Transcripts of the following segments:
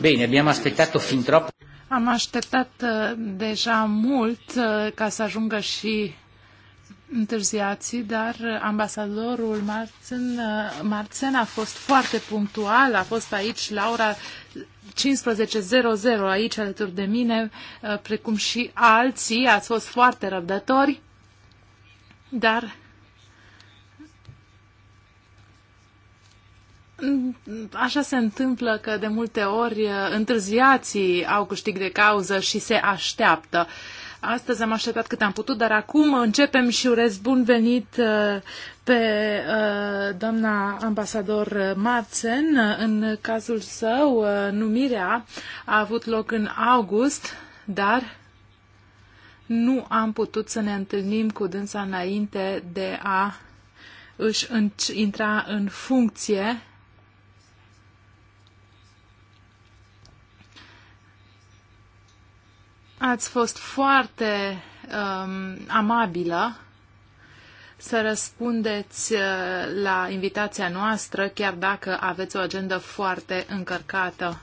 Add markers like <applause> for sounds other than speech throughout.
Bine, abbiamo aspettato fin troppo. Am așteptat uh, deja mult uh, ca să ajungă și întârziații, dar ambasadorul Marțen, uh, Marțen a fost foarte punctual, a fost aici la ora 15.00 aici alături de mine, precum și alții, ați fost foarte răbdători, dar Așa se întâmplă că de multe ori uh, întârziații au câștig de cauză și se așteaptă. Astăzi am așteptat cât am putut, dar acum începem și urez bun venit uh, pe uh, doamna ambasador Marțen. În cazul său, numirea a avut loc în august, dar nu am putut să ne întâlnim cu dânsa înainte de a își intra în funcție Ați fost foarte um, amabilă să răspundeți uh, la invitația noastră, chiar dacă aveți o agendă foarte încărcată.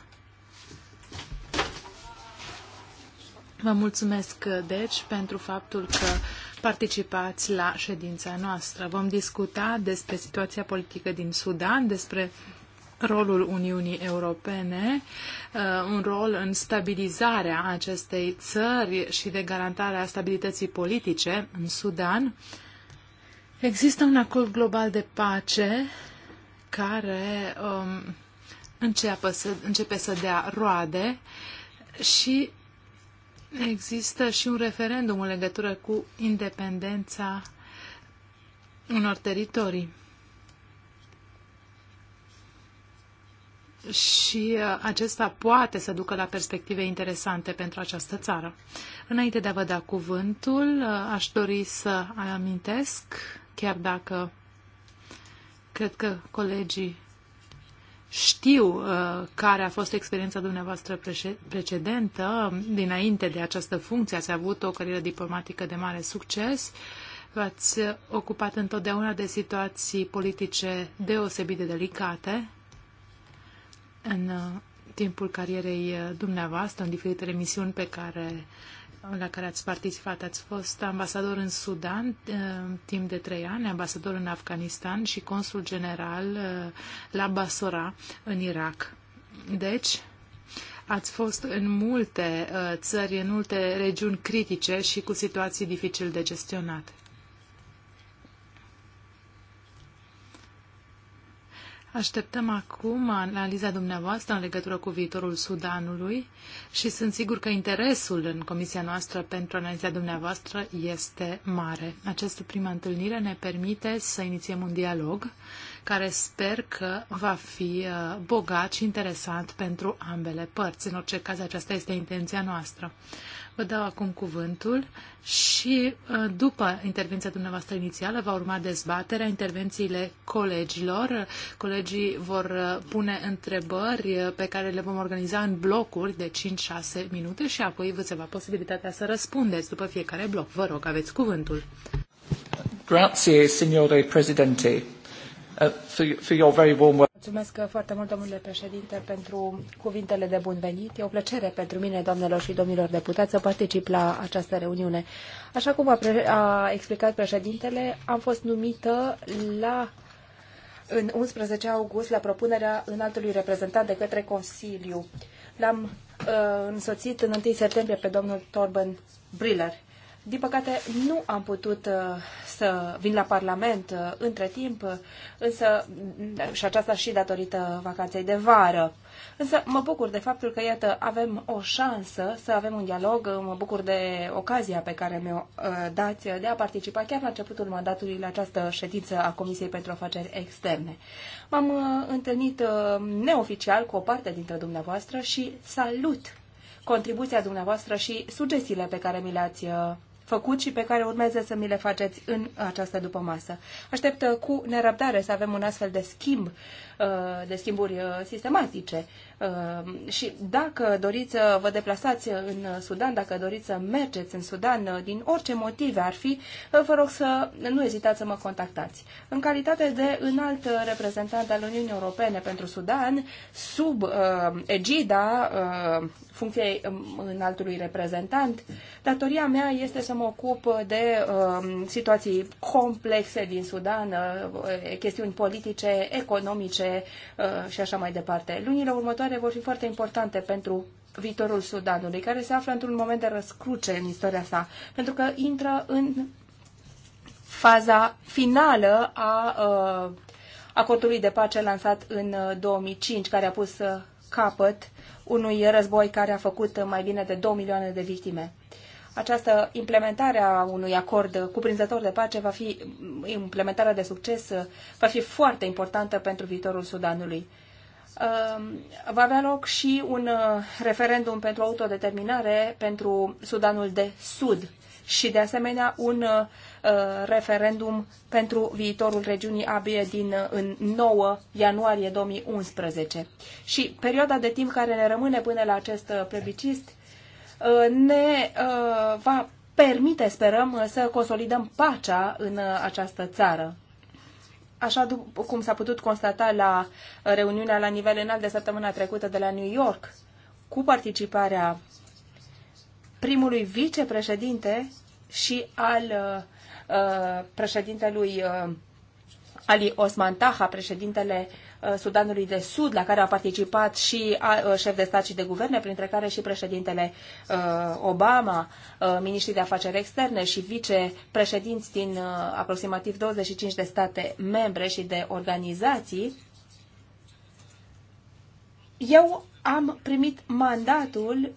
Vă mulțumesc, deci, pentru faptul că participați la ședința noastră. Vom discuta despre situația politică din Sudan, despre rolul Uniunii Europene, uh, un rol în stabilizarea acestei țări și de garantarea stabilității politice în Sudan. Există un acord global de pace care um, începe, să, începe să dea roade și există și un referendum în legătură cu independența unor teritorii. și uh, acesta poate să ducă la perspective interesante pentru această țară. Înainte de a vă da cuvântul, uh, aș dori să amintesc, chiar dacă cred că colegii știu uh, care a fost experiența dumneavoastră precedentă, dinainte de această funcție, ați avut o carieră diplomatică de mare succes, v-ați ocupat întotdeauna de situații politice deosebit de delicate, în uh, timpul carierei uh, dumneavoastră, în diferitele misiuni pe care, uh, la care ați participat. Ați fost ambasador în Sudan timp de trei ani, ambasador în Afganistan și consul general la Basora, în Irak. Deci, ați fost în multe țări, în multe regiuni critice și cu situații dificil de gestionate. Așteptăm acum analiza dumneavoastră în legătură cu viitorul Sudanului și sunt sigur că interesul în comisia noastră pentru analiza dumneavoastră este mare. Această prima întâlnire ne permite să inițiem un dialog care sper că va fi uh, bogat și interesant pentru ambele părți. În orice caz, aceasta este intenția noastră. Vă dau acum cuvântul și uh, după intervenția dumneavoastră inițială va urma dezbaterea, intervențiile colegilor. Colegii vor uh, pune întrebări uh, pe care le vom organiza în blocuri de 5-6 minute și apoi vă se va posibilitatea să răspundeți după fiecare bloc. Vă rog, aveți cuvântul. Grazie, signore Presidente, uh, for, for your very warm Mulțumesc foarte mult, domnule președinte, pentru cuvintele de bun venit. E o plăcere pentru mine, doamnelor și domnilor deputați, să particip la această reuniune. Așa cum a, pre- a explicat președintele, am fost numită la în 11 august la propunerea înaltului reprezentant de către Consiliu. L-am uh, însoțit în 1 septembrie pe domnul Torben Briller din păcate, nu am putut uh, să vin la Parlament uh, între timp, uh, însă, mm, și aceasta și datorită vacanței de vară. Însă mă bucur de faptul că, iată, avem o șansă să avem un dialog, mă bucur de ocazia pe care mi-o dați de a participa chiar la începutul mandatului la această ședință a Comisiei pentru Afaceri Externe. M-am întâlnit neoficial cu o parte dintre dumneavoastră și salut contribuția dumneavoastră și sugestiile pe care mi le-ați făcut și pe care urmează să mi le faceți în această dupămasă. Aștept uh, cu nerăbdare să avem un astfel de schimb, uh, de schimburi uh, sistematice. Și dacă doriți să vă deplasați în Sudan, dacă doriți să mergeți în Sudan, din orice motive ar fi, vă rog să nu ezitați să mă contactați. În calitate de înalt reprezentant al Uniunii Europene pentru Sudan, sub egida funcției um, înaltului reprezentant. Datoria mea este să mă ocup de uh, situații complexe din Sudan, uh, chestiuni politice, economice uh, și așa mai departe. Lunile următoare vor fi foarte importante pentru viitorul Sudanului, care se află într-un moment de răscruce în istoria sa, pentru că intră în faza finală a uh, acordului de pace lansat în 2005, uh, care a pus uh, capăt unui război care a făcut mai bine de 2 milioane de victime. Această implementare a unui acord cuprinzător de pace va fi, implementarea de succes va fi foarte importantă pentru viitorul Sudanului va avea loc și un uh, referendum pentru autodeterminare pentru Sudanul de Sud și, de asemenea, un uh, Uh, referendum pentru viitorul regiunii ABE din uh, în 9 ianuarie 2011. Și perioada de timp care ne rămâne până la acest uh, plebiscit ne va permite, sperăm, să consolidăm pacea în această țară. Așa cum s-a putut constata la reuniunea la nivel înalt de săptămâna trecută de la New York, cu participarea primului vicepreședinte și al Uh, președintelui uh, Ali Osman Taha, președintele uh, Sudanului de Sud, la care au participat și șef de stat și de guverne, printre care și președintele Obama, miniștrii de afaceri externe și vicepreședinți din aproximativ 25 de state membre și de organizații. Eu am primit mandatul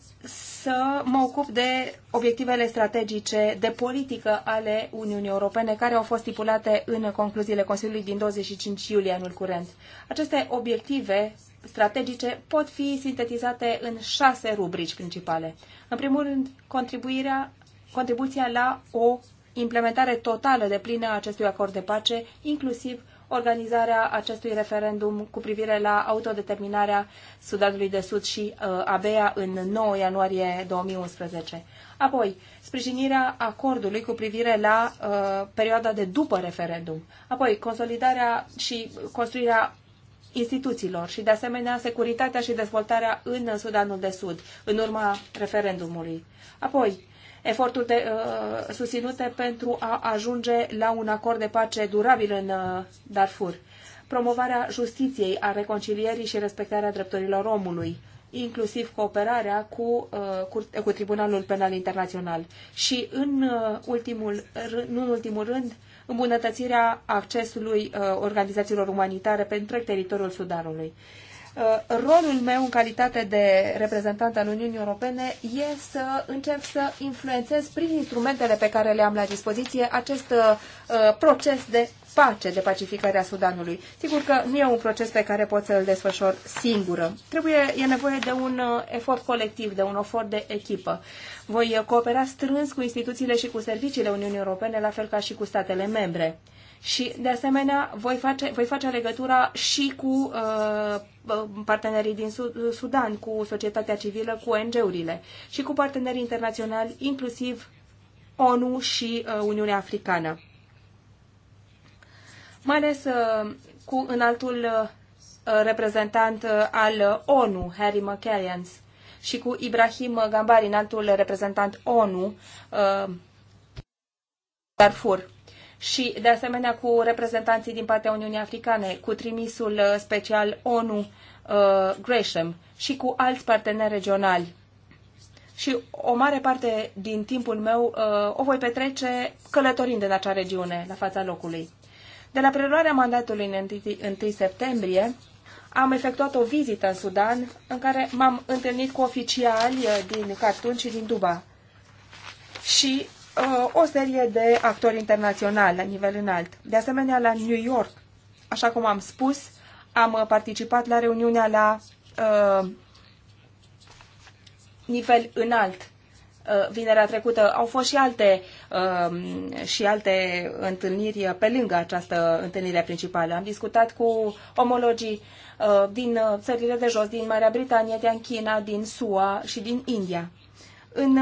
să mă ocup de obiectivele strategice de politică ale Uniunii Europene, care au fost stipulate în concluziile Consiliului din 25 iulie anul curent. Aceste obiective strategice pot fi sintetizate în șase rubrici principale. În primul rând, contribuirea, contribuția la o implementare totală de plină a acestui acord de pace, inclusiv organizarea acestui referendum cu privire la autodeterminarea Sudanului de Sud și uh, ABEA în 9 ianuarie 2011. Apoi, sprijinirea acordului cu privire la uh, perioada de după referendum. Apoi, consolidarea și construirea instituțiilor și, de asemenea, securitatea și dezvoltarea în Sudanul de Sud, în urma referendumului. Apoi, eforturi de, uh, susținute pentru a ajunge la un acord de pace durabil în uh, Darfur, promovarea justiției, a reconcilierii și respectarea drepturilor omului, inclusiv cooperarea cu, uh, cu, cu Tribunalul Penal Internațional și, în uh, ultimul, nu în ultimul rând, îmbunătățirea accesului uh, organizațiilor umanitare pentru întreg teritoriul Sudanului. Uh, rolul meu în calitate de reprezentant al Uniunii Europene e să încerc să influențez prin instrumentele pe care le am la dispoziție acest uh, uh, proces de pace, de pacificare a Sudanului. Sigur că nu e un proces pe care pot să-l desfășor singură. Trebuie, e nevoie de un efort colectiv, de un efort de echipă. Voi coopera strâns cu instituțiile și cu serviciile Uniunii Europene, la fel ca și cu statele membre. Și, de asemenea, voi face, voi face legătura și cu uh, partenerii din Sudan, cu societatea civilă, cu ONG-urile și cu partenerii internaționali, inclusiv ONU și uh, Uniunea Africană. Mai ales uh, cu înaltul uh, reprezentant uh, al ONU, Harry McCallions, și cu Ibrahim Gambari, înaltul reprezentant ONU, uh, Darfur și, de asemenea, cu reprezentanții din partea Uniunii Africane, cu trimisul uh, special ONU uh, Gresham și cu alți parteneri regionali. Și o mare parte din timpul meu uh, o voi petrece călătorind în acea regiune, la fața locului. De la preluarea mandatului în 1 septembrie, am efectuat o vizită în Sudan în care m-am întâlnit cu oficiali din Khartoum și din Duba. Și Uh, o serie de actori internaționali la nivel înalt. De asemenea, la New York, așa cum am spus, am uh, participat la reuniunea la uh, nivel înalt. Uh, vinerea trecută au fost și alte, uh, și alte întâlniri pe lângă această întâlnire principală. Am discutat cu omologii uh, din țările de jos, din Marea Britanie, din China, din SUA și din India. În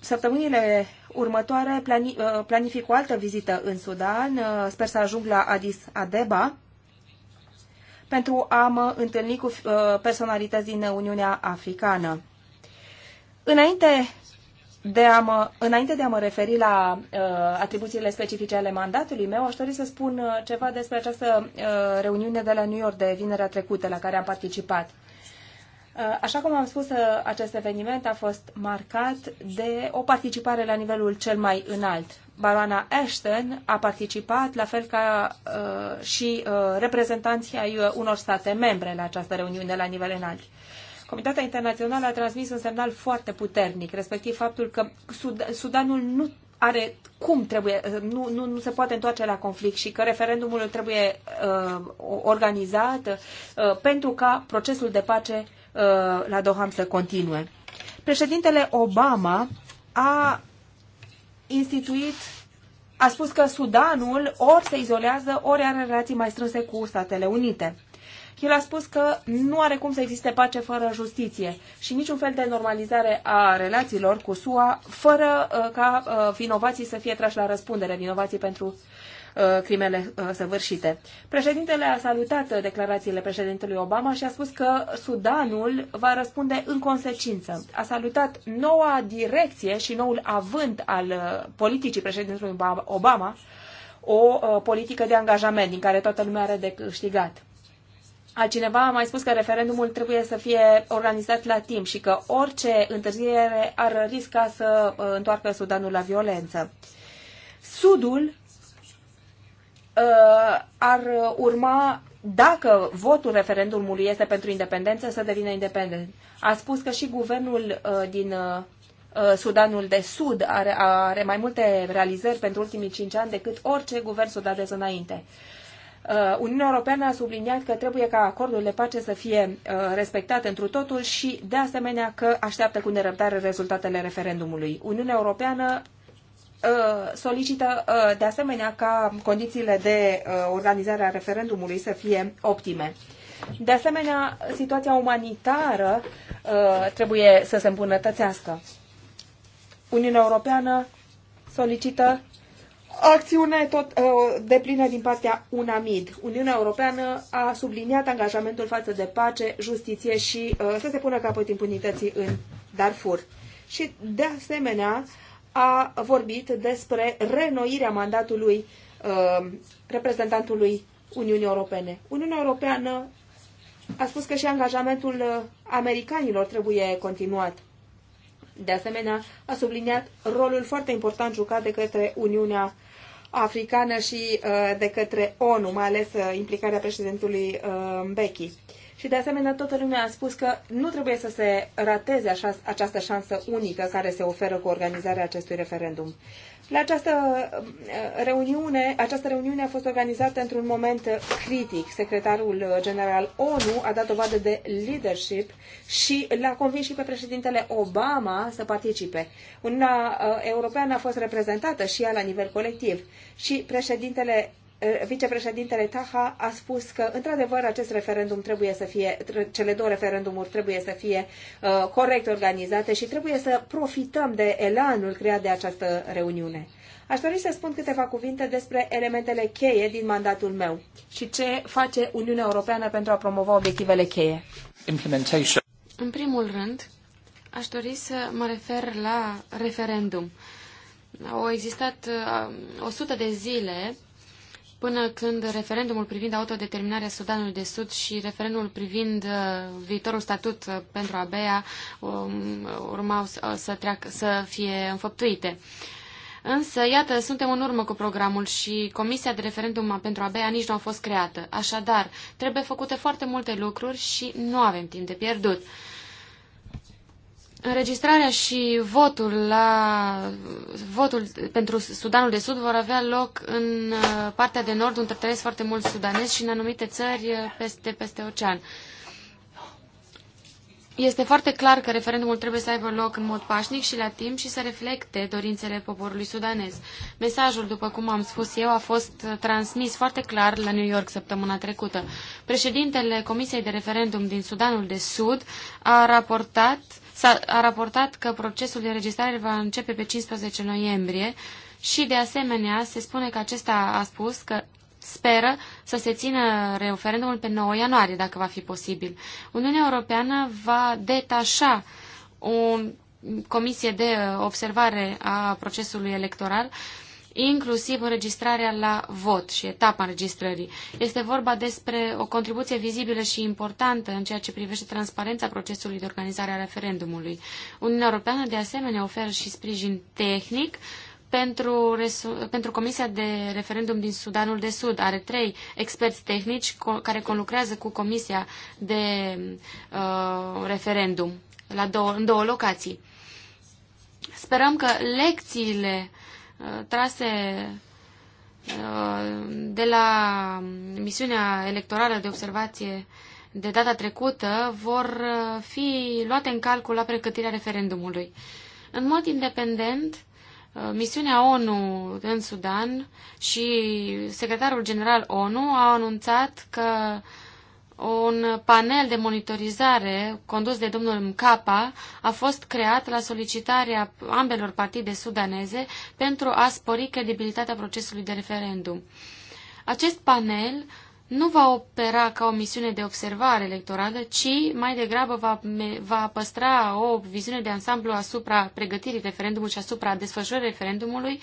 săptămânile următoare plani, uh, planific o altă vizită în Sudan. Uh, sper să ajung la Addis Adeba pentru a mă întâlni cu uh, personalități din Uniunea Africană. Înainte de a mă, înainte de a mă referi la uh, atribuțiile specifice ale mandatului meu, aș dori să spun ceva despre această uh, reuniune de la New York de vinerea trecută la care am participat. Uh, așa cum am spus, uh, acest eveniment a fost marcat de o participare la nivelul cel mai înalt. Baroana Ashton a participat, la fel ca uh, și reprezentanții ai unor state membre la această reuniune la nivel înalt. Comitatea internațională a transmis un semnal foarte puternic, respectiv faptul că Sud- Sudanul nu are cum trebuie, nu, nu, nu se poate întoarce la conflict și că referendumul trebuie uh, organizat uh, pentru ca procesul de pace Uh, la Doham să continue. Președintele Obama a instituit, a spus că Sudanul ori se izolează, ori are relații mai strânse cu Statele Unite. El a spus că nu are cum să existe pace fără justiție și niciun fel de normalizare a relațiilor cu SUA fără uh, ca uh, vinovații să fie trași la răspundere, vinovații pentru Uh, crimele uh, săvârșite. Președintele a salutat declarațiile președintelui Obama și a spus că Sudanul va răspunde în consecință. A salutat noua direcție și noul avânt al uh, politicii președintelui Obama, o politică de angajament din care toată lumea are de câștigat. Altcineva a mai spus că referendumul trebuie să fie organizat la timp și că orice întârziere ar risca să întoarcă Sudanul la violență. Sudul Uh, ar urma dacă votul referendumului este pentru independență, să devină independent. A spus că și guvernul uh, din uh, Sudanul de Sud are, are mai multe realizări pentru ultimii cinci ani decât orice guvern sudanez înainte. Uniunea Europeană a subliniat că trebuie ca acordul de pace să fie respectat întru totul și, de asemenea, că așteaptă cu nerăbdare rezultatele referendumului. Uniunea Europeană Uh, solicită uh, de asemenea ca condițiile de uh, organizare a referendumului să fie optime. De asemenea, situația umanitară trebuie să se îmbunătățească. Uniunea Europeană solicită acțiune tot deplină din partea UNAMID. Uniunea Europeană a subliniat angajamentul față de pace, justiție și să se pună capăt impunității în Darfur. Și, de asemenea, uh, a vorbit despre renoirea mandatului uh, reprezentantului Uniunii Europene. Uniunea Europeană a spus că și angajamentul uh, americanilor trebuie continuat. De asemenea, a subliniat rolul foarte important jucat de către Uniunea Africană și uh, de către ONU, mai ales implicarea președintului Becky. Și de asemenea, toată lumea a spus că nu trebuie să se rateze așa, această șansă unică care se oferă cu organizarea acestui referendum. La această uh, reuniune, această reuniune a fost organizată într-un moment critic. Secretarul general ONU a dat dovadă de leadership și l-a convins și pe președintele Obama să participe. Una uh, Europeană a fost reprezentată și ea la nivel colectiv și președintele Eh, vicepreședintele Taha a spus că, într-adevăr, acest referendum trebuie să fie, cele două referendumuri trebuie să fie uh, corect organizate și trebuie să profităm de elanul creat de această reuniune. Aș dori să spun câteva cuvinte despre elementele cheie din mandatul meu și ce face Uniunea Europeană pentru a promova obiectivele cheie. Implementation. În primul rând, aș dori să mă refer la referendum. Au existat 100 uh, de zile până când referendumul privind autodeterminarea Sudanului de Sud și referendumul privind uh, viitorul statut uh, pentru ABEA um, urmau uh, să, treacă, să fie înfăptuite. Însă, iată, suntem în urmă cu programul și Comisia de Referendum pentru ABEA nici nu a fost creată. Așadar, trebuie făcute foarte multe lucruri și nu avem timp de pierdut. Înregistrarea și votul la votul pentru Sudanul de Sud vor avea loc în uh, partea de nord, unde trăiesc foarte mulți sudanezi și în anumite țări uh, peste, peste ocean. Este foarte clar că referendumul trebuie să aibă loc în mod pașnic și la timp și să reflecte dorințele poporului sudanez. Mesajul, după cum am spus eu, a fost uh, transmis foarte clar la New York săptămâna trecută. Președintele Comisiei de Referendum din Sudanul de Sud a raportat uh, S-a a raportat că procesul de înregistrare va începe pe 15 noiembrie și, de asemenea, se spune că acesta a spus că speră să se țină referendumul pe 9 ianuarie, dacă va fi posibil. Uniunea Europeană va detașa o comisie de observare a procesului electoral uh, inclusiv înregistrarea la vot și etapa înregistrării. Este vorba despre o contribuție vizibilă și importantă în ceea ce privește transparența procesului de organizare a referendumului. Uniunea Europeană, de asemenea, oferă și sprijin tehnic pentru, pentru Comisia de Referendum din Sudanul de Sud. Are trei experți tehnici co care conlucrează cu Comisia de uh, Referendum la două, în două locații. Sperăm că lecțiile trase uh, de la misiunea electorală de observație de data trecută vor uh, fi luate în calcul la pregătirea referendumului. În mod independent, uh, misiunea ONU în Sudan și secretarul general ONU au anunțat că un panel de monitorizare condus de domnul Mkapa a fost creat la solicitarea ambelor partide sudaneze pentru a spori credibilitatea procesului de referendum. Acest panel nu va opera ca o misiune de observare electorală, ci mai degrabă va, va păstra o viziune de ansamblu asupra pregătirii referendumului și asupra desfășurării referendumului, uh,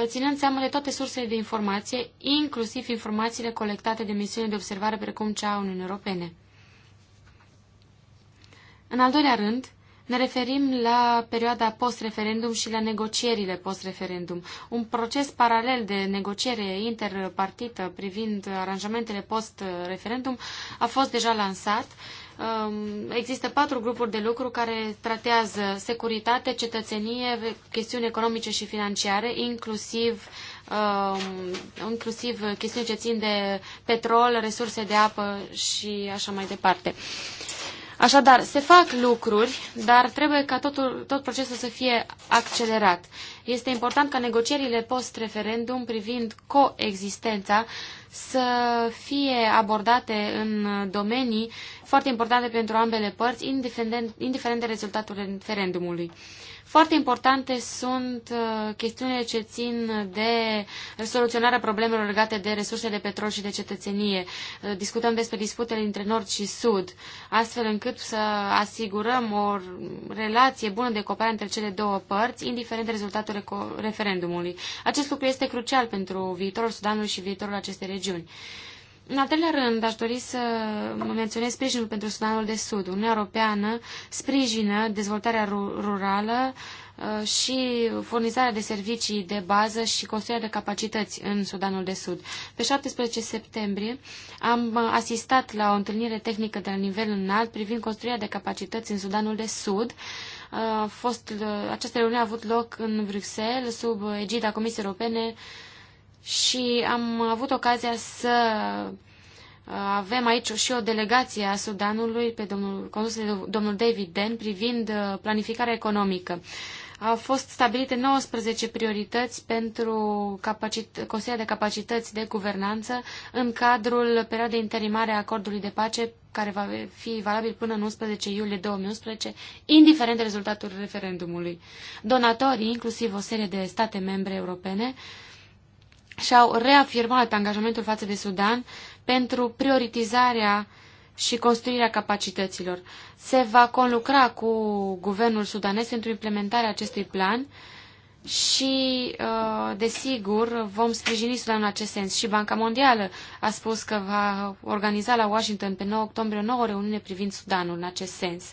Eh, ținând seama de toate sursele de informație, inclusiv informațiile colectate de misiuni de observare precum cea a Uniunii Europene. În al doilea rând, ne referim la perioada post-referendum și la negocierile post-referendum. Un proces paralel de negociere interpartită privind aranjamentele post-referendum a fost deja lansat Um, există patru grupuri de lucru care tratează securitate, cetățenie, chestiuni economice și financiare, inclusiv, um, inclusiv chestiuni ce țin de petrol, resurse de apă și așa mai departe. Așadar, se fac lucruri, dar trebuie ca totul, tot procesul să fie accelerat. Este important ca negocierile post-referendum privind coexistența să fie abordate în domenii foarte importante pentru ambele părți, indiferent, indiferent de rezultatul referendumului. Foarte importante sunt uh, chestiunile ce țin de soluționarea problemelor legate de resurse de petrol și de cetățenie. Uh, discutăm despre disputele dintre nord și sud, astfel încât să asigurăm o relație bună de cooperare între cele două părți, indiferent de rezultatul referendumului. Acest lucru este crucial pentru viitorul Sudanului și viitorul acestei regiuni. În al treilea rând, aș dori să menționez sprijinul pentru Sudanul de Sud. Uniunea Europeană sprijină dezvoltarea rurală uh, și furnizarea de servicii de bază și construirea de capacități în Sudanul de Sud. Pe 17 septembrie am uh, asistat la o întâlnire tehnică de la nivel înalt privind construirea de capacități în Sudanul de Sud, uh, a fost, această reuniune a avut loc în Bruxelles sub egida Comisiei Europene și am avut ocazia să uh, avem aici și o delegație a Sudanului pe domnul, condusă de domnul David Den privind uh, planificarea economică. Au fost stabilite 19 priorități pentru capacit- Consiliul de Capacități de Guvernanță în cadrul perioadei interimare a acordului de pace care va fi valabil până în 11 iulie 2011, indiferent de rezultatul referendumului. Donatorii, inclusiv o serie de state membre europene, uh, și-au reafirmat angajamentul față de Sudan pentru prioritizarea și construirea capacităților. Se va conlucra cu guvernul sudanez pentru implementarea acestui plan și, uh, desigur, vom sprijini Sudanul în acest sens. Și Banca Mondială a spus că va organiza la Washington pe 9 octombrie o nouă reuniune privind Sudanul în acest sens.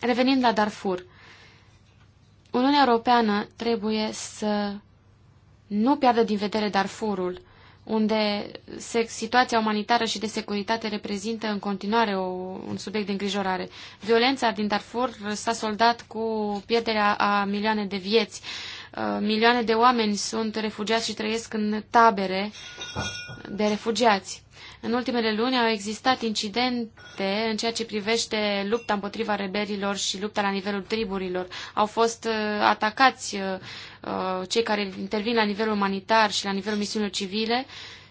Revenind la Darfur, Uniunea Europeană trebuie să nu piardă din vedere Darfurul, unde situația umanitară și de securitate reprezintă în continuare o, un subiect de îngrijorare. Violența din Darfur s-a soldat cu pierderea a milioane de vieți. Uh, milioane de oameni sunt refugiați și trăiesc în tabere de refugiați. În ultimele luni au existat incidente în ceea ce privește lupta împotriva rebelilor și lupta la nivelul triburilor. Au fost uh, atacați uh, uh, cei care intervin la nivelul umanitar și la nivelul misiunilor civile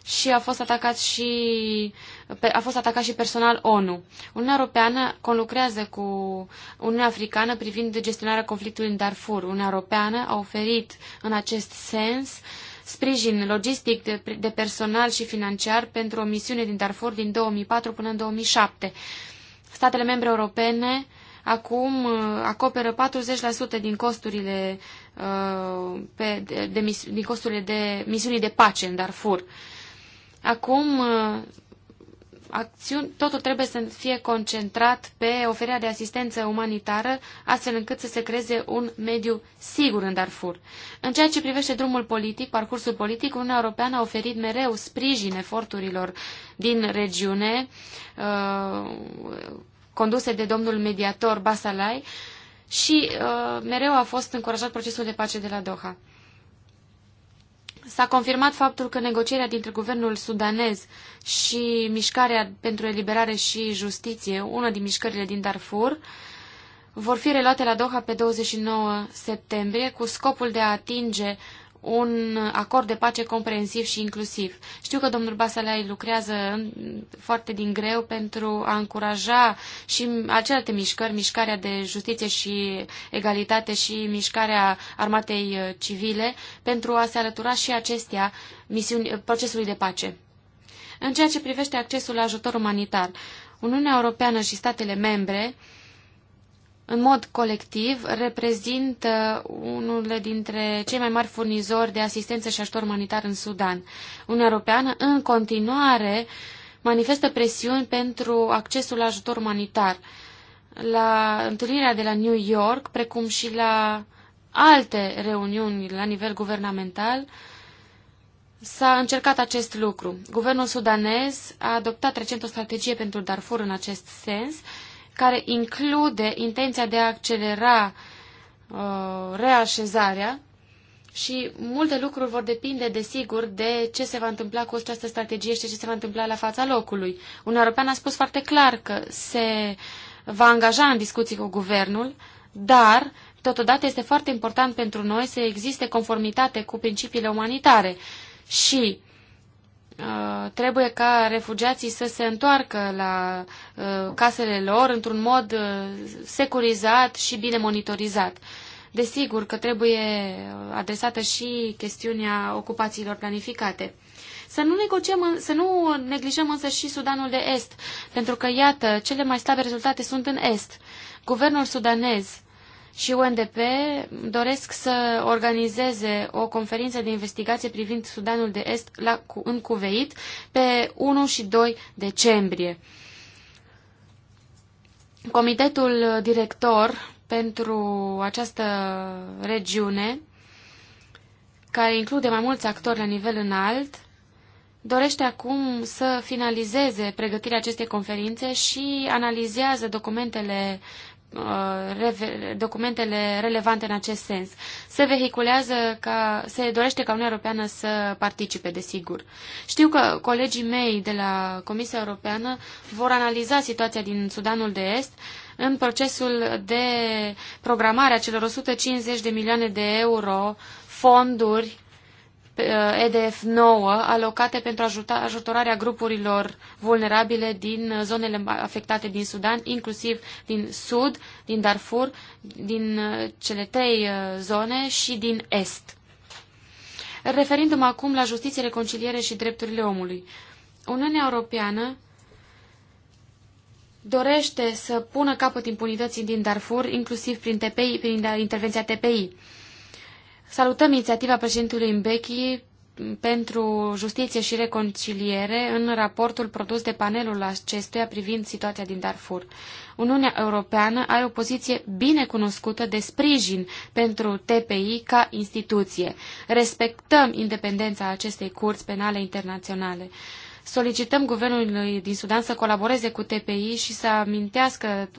și a fost atacat și, a fost atacat și personal ONU. Uniunea Europeană conlucrează cu Uniunea Africană privind gestionarea conflictului în Darfur. Uniunea Europeană a oferit în acest sens uh, sprijin logistic de, de personal și financiar pentru o misiune din Darfur din 2004 până în 2007. Statele membre europene acum uh, acoperă 40% din costurile, uh, pe, de, de, din costurile de misiunii de pace în Darfur. Acum uh, acțiuni, totul trebuie să fie concentrat pe oferirea de asistență umanitară, astfel încât să se creeze un mediu sigur în Darfur. În ceea ce privește drumul politic, parcursul politic, Uniunea Europeană a oferit mereu sprijin eforturilor din regiune, uh, conduse de domnul mediator Basalai, și uh, mereu a fost încurajat procesul de pace de la Doha. S-a confirmat faptul că negocierea dintre guvernul sudanez și mișcarea pentru eliberare și justiție, una din mișcările din Darfur, vor fi reluate la Doha pe 29 septembrie cu scopul de a atinge un acord de pace comprehensiv și inclusiv. Știu că domnul Basalei lucrează foarte din greu pentru a încuraja și acelealte mișcări, mișcarea de justiție și egalitate și mișcarea armatei uh, civile, pentru a se alătura și acestea misiuni, uh, procesului de pace. În ceea ce privește accesul la ajutor umanitar, Uniunea Europeană și statele membre în mod colectiv, reprezintă unul dintre cei mai mari furnizori de asistență și ajutor umanitar în Sudan. Uniunea Europeană, în continuare, manifestă presiuni pentru accesul la ajutor umanitar. La întâlnirea de la New York, precum și la alte reuniuni la nivel guvernamental, S-a încercat acest lucru. Guvernul sudanez a adoptat recent o strategie pentru Darfur în acest sens care include intenția de a accelera uh, reașezarea și multe lucruri vor depinde, desigur, de ce se va întâmpla cu această strategie și ce se va întâmpla la fața locului. Un european a spus foarte clar că se va angaja în discuții cu guvernul, dar totodată este foarte important pentru noi să existe conformitate cu principiile umanitare și uh, Uh, trebuie ca refugiații să se întoarcă la uh, casele lor într-un mod uh, securizat și bine monitorizat. Desigur că trebuie adresată și chestiunea ocupațiilor planificate. Să nu, negociem, să nu neglijăm însă și Sudanul de Est, pentru că, iată, cele mai slabe rezultate sunt în Est. Guvernul sudanez și UNDP doresc să organizeze o conferință de investigație privind Sudanul de Est la, în Cuveit pe 1 și 2 decembrie. Comitetul director pentru această regiune, care include mai mulți actori la nivel înalt, dorește acum să finalizeze pregătirea acestei conferințe și analizează documentele Uh, documentele relevante în acest sens. Se vehiculează ca, se dorește ca Uniunea Europeană să participe, desigur. Știu că colegii mei de la Comisia Europeană vor analiza situația din Sudanul de Est în procesul de programare a celor 150 de milioane de euro fonduri EDF uh, 9 alocate pentru ajuta, ajutorarea grupurilor vulnerabile din zonele afectate din Sudan, inclusiv din Sud, din Darfur, din uh, cele trei uh, zone și din Est. Referindu-mă acum la justiție, reconciliere și drepturile omului. Uniunea Europeană dorește să pună capăt impunității din Darfur, inclusiv prin, TPI, prin intervenția TPI. Salutăm inițiativa președintelui Mbeki pentru justiție și reconciliere în raportul produs de panelul acestuia privind situația din Darfur. Uniunea Europeană are o poziție bine cunoscută de sprijin pentru TPI ca instituție. Respectăm independența acestei curți penale internaționale solicităm guvernului din Sudan să colaboreze cu TPI și să amintească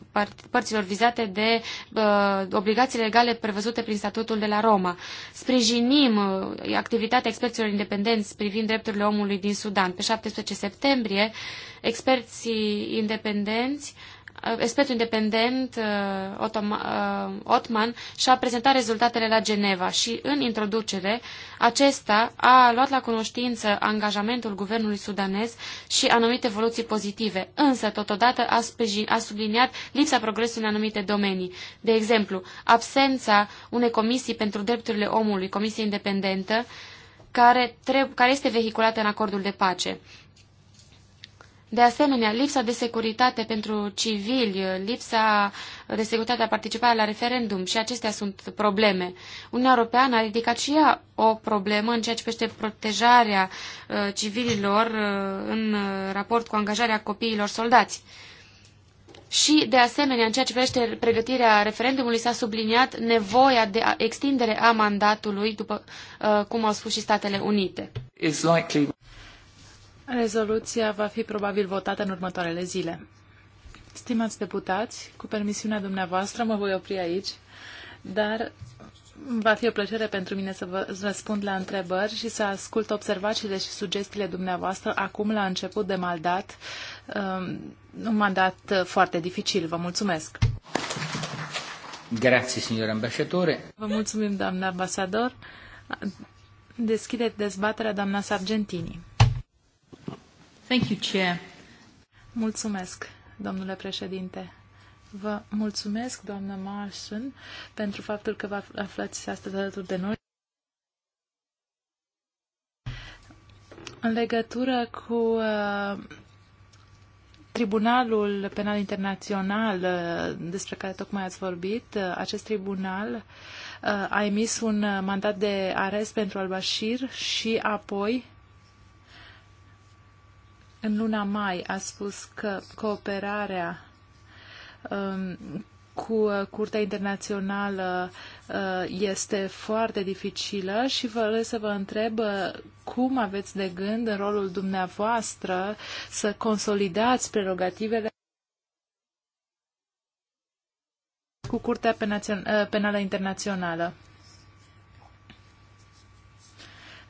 părților vizate de uh, obligațiile legale prevăzute prin statutul de la Roma. Sprijinim uh, activitatea experților independenți privind drepturile omului din Sudan. Pe 17 septembrie, experții independenți uh, Uh, expertul independent uh, uh, Otman și-a prezentat rezultatele la Geneva și, în introducere, acesta a luat la cunoștință angajamentul guvernului sudanez și anumite evoluții pozitive, însă, totodată, a, sprijin, a subliniat lipsa progresului în anumite domenii. De exemplu, absența unei comisii pentru drepturile omului, comisie independentă, care, care este vehiculată în acordul de pace. De asemenea, lipsa de securitate pentru civili, lipsa de securitate a participarea la referendum și acestea sunt probleme. Uniunea Europeană a ridicat și ea o problemă în ceea ce privește protejarea uh, civililor uh, în raport cu angajarea copiilor soldați. Și, de asemenea, în ceea ce privește pregătirea referendumului, s-a subliniat nevoia de extindere a mandatului, după uh, cum au spus și Statele Unite. Likely... Rezoluția va fi probabil votată în următoarele zile. Stimați deputați, cu permisiunea dumneavoastră mă voi opri aici, dar va fi o plăcere pentru mine să vă răspund la întrebări și să ascult observațiile și sugestiile dumneavoastră acum la început de mandat, um, un mandat foarte dificil. Vă mulțumesc! Grazie, signor ambasciatore. Vă mulțumim, doamna ambasador. Deschide dezbaterea doamna Sargentini. Thank you, Chair. Mulțumesc, domnule președinte. Vă mulțumesc, doamnă Marson, pentru faptul că vă aflați astăzi alături de noi. În legătură cu uh, Tribunalul Penal Internațional uh, despre care tocmai ați vorbit, uh, acest tribunal uh, a emis un mandat de arest pentru al-Bashir și apoi în luna mai a spus că cooperarea um, cu uh, Curtea Internațională uh, este foarte dificilă și vă să vă întreb uh, cum aveți de gând în rolul dumneavoastră să consolidați prerogativele cu Curtea Penală Internațională.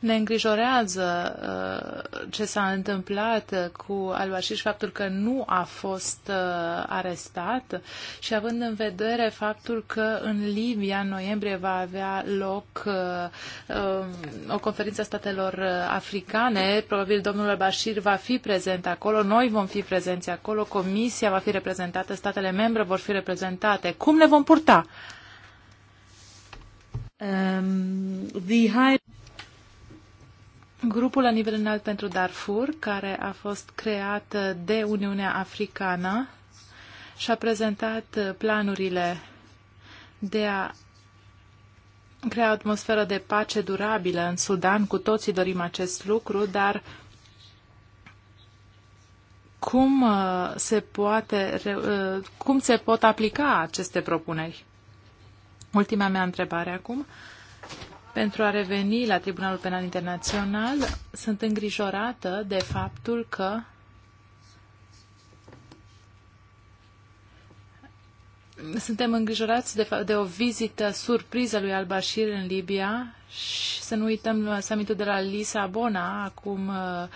Ne îngrijorează uh, ce s-a întâmplat uh, cu Al-Bashir și faptul că nu a fost uh, arestat și având în vedere faptul că în Libia în noiembrie va avea loc uh, um, o conferință a statelor uh, africane, probabil domnul Al-Bashir va fi prezent acolo, noi vom fi prezenți acolo, comisia va fi reprezentată, statele membre vor fi reprezentate. Cum ne vom purta? Um, the high... Grupul la nivel înalt pentru Darfur, care a fost creat de Uniunea Africană, și-a prezentat planurile de a crea o atmosferă de pace durabilă în Sudan. Cu toții dorim acest lucru, dar cum uh, se, poate, uh, cum se pot aplica aceste propuneri? Ultima mea întrebare acum. Uh, pentru a reveni la Tribunalul Penal Internațional, sunt îngrijorată de faptul că suntem îngrijorați de, de o vizită surpriză lui Al-Bashir în Libia și să nu uităm summitul de la Lisabona acum uh,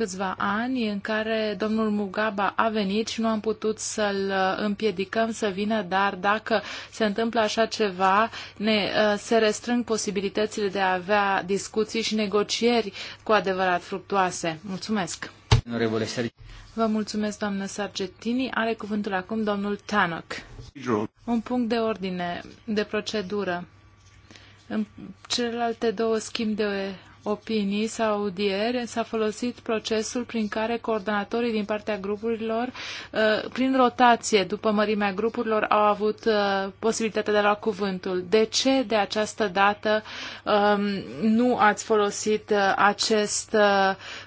câțiva ani în care domnul Mugaba a venit și nu am putut să-l uh, împiedicăm să vină, dar dacă se întâmplă așa ceva, ne, uh, se restrâng posibilitățile de a avea discuții și negocieri cu adevărat fructuoase. Mulțumesc! Vă mulțumesc, doamnă Sargentini. Are cuvântul acum domnul Tanok. Un punct de ordine, de procedură. În celelalte două schimb de opinii sau audieri, s-a folosit procesul prin care coordonatorii din partea grupurilor, uh, prin rotație după mărimea grupurilor, au avut uh, posibilitatea de a lua cuvântul. De ce de această dată um, nu ați folosit uh, acest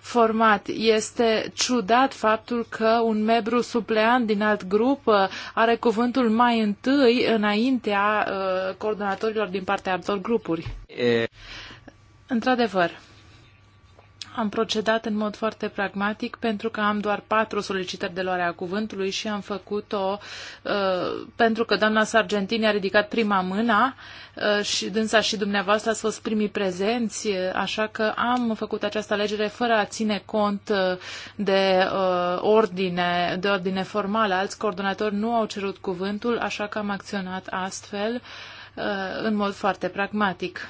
format? Este ciudat faptul că un membru supleant din alt grup are cuvântul mai întâi înaintea coordonatorilor din partea altor grupuri. E... Într-adevăr, am procedat în mod foarte pragmatic pentru că am doar patru solicitări de luare a cuvântului și am făcut-o uh, pentru că doamna Sargentini a ridicat prima mână uh, și dânsa și dumneavoastră ați fost primii prezenți, uh, așa că am făcut această alegere fără a ține cont uh, de uh, ordine, de ordine formală. Alți coordonatori nu au cerut cuvântul, așa că am acționat astfel uh, în mod foarte pragmatic.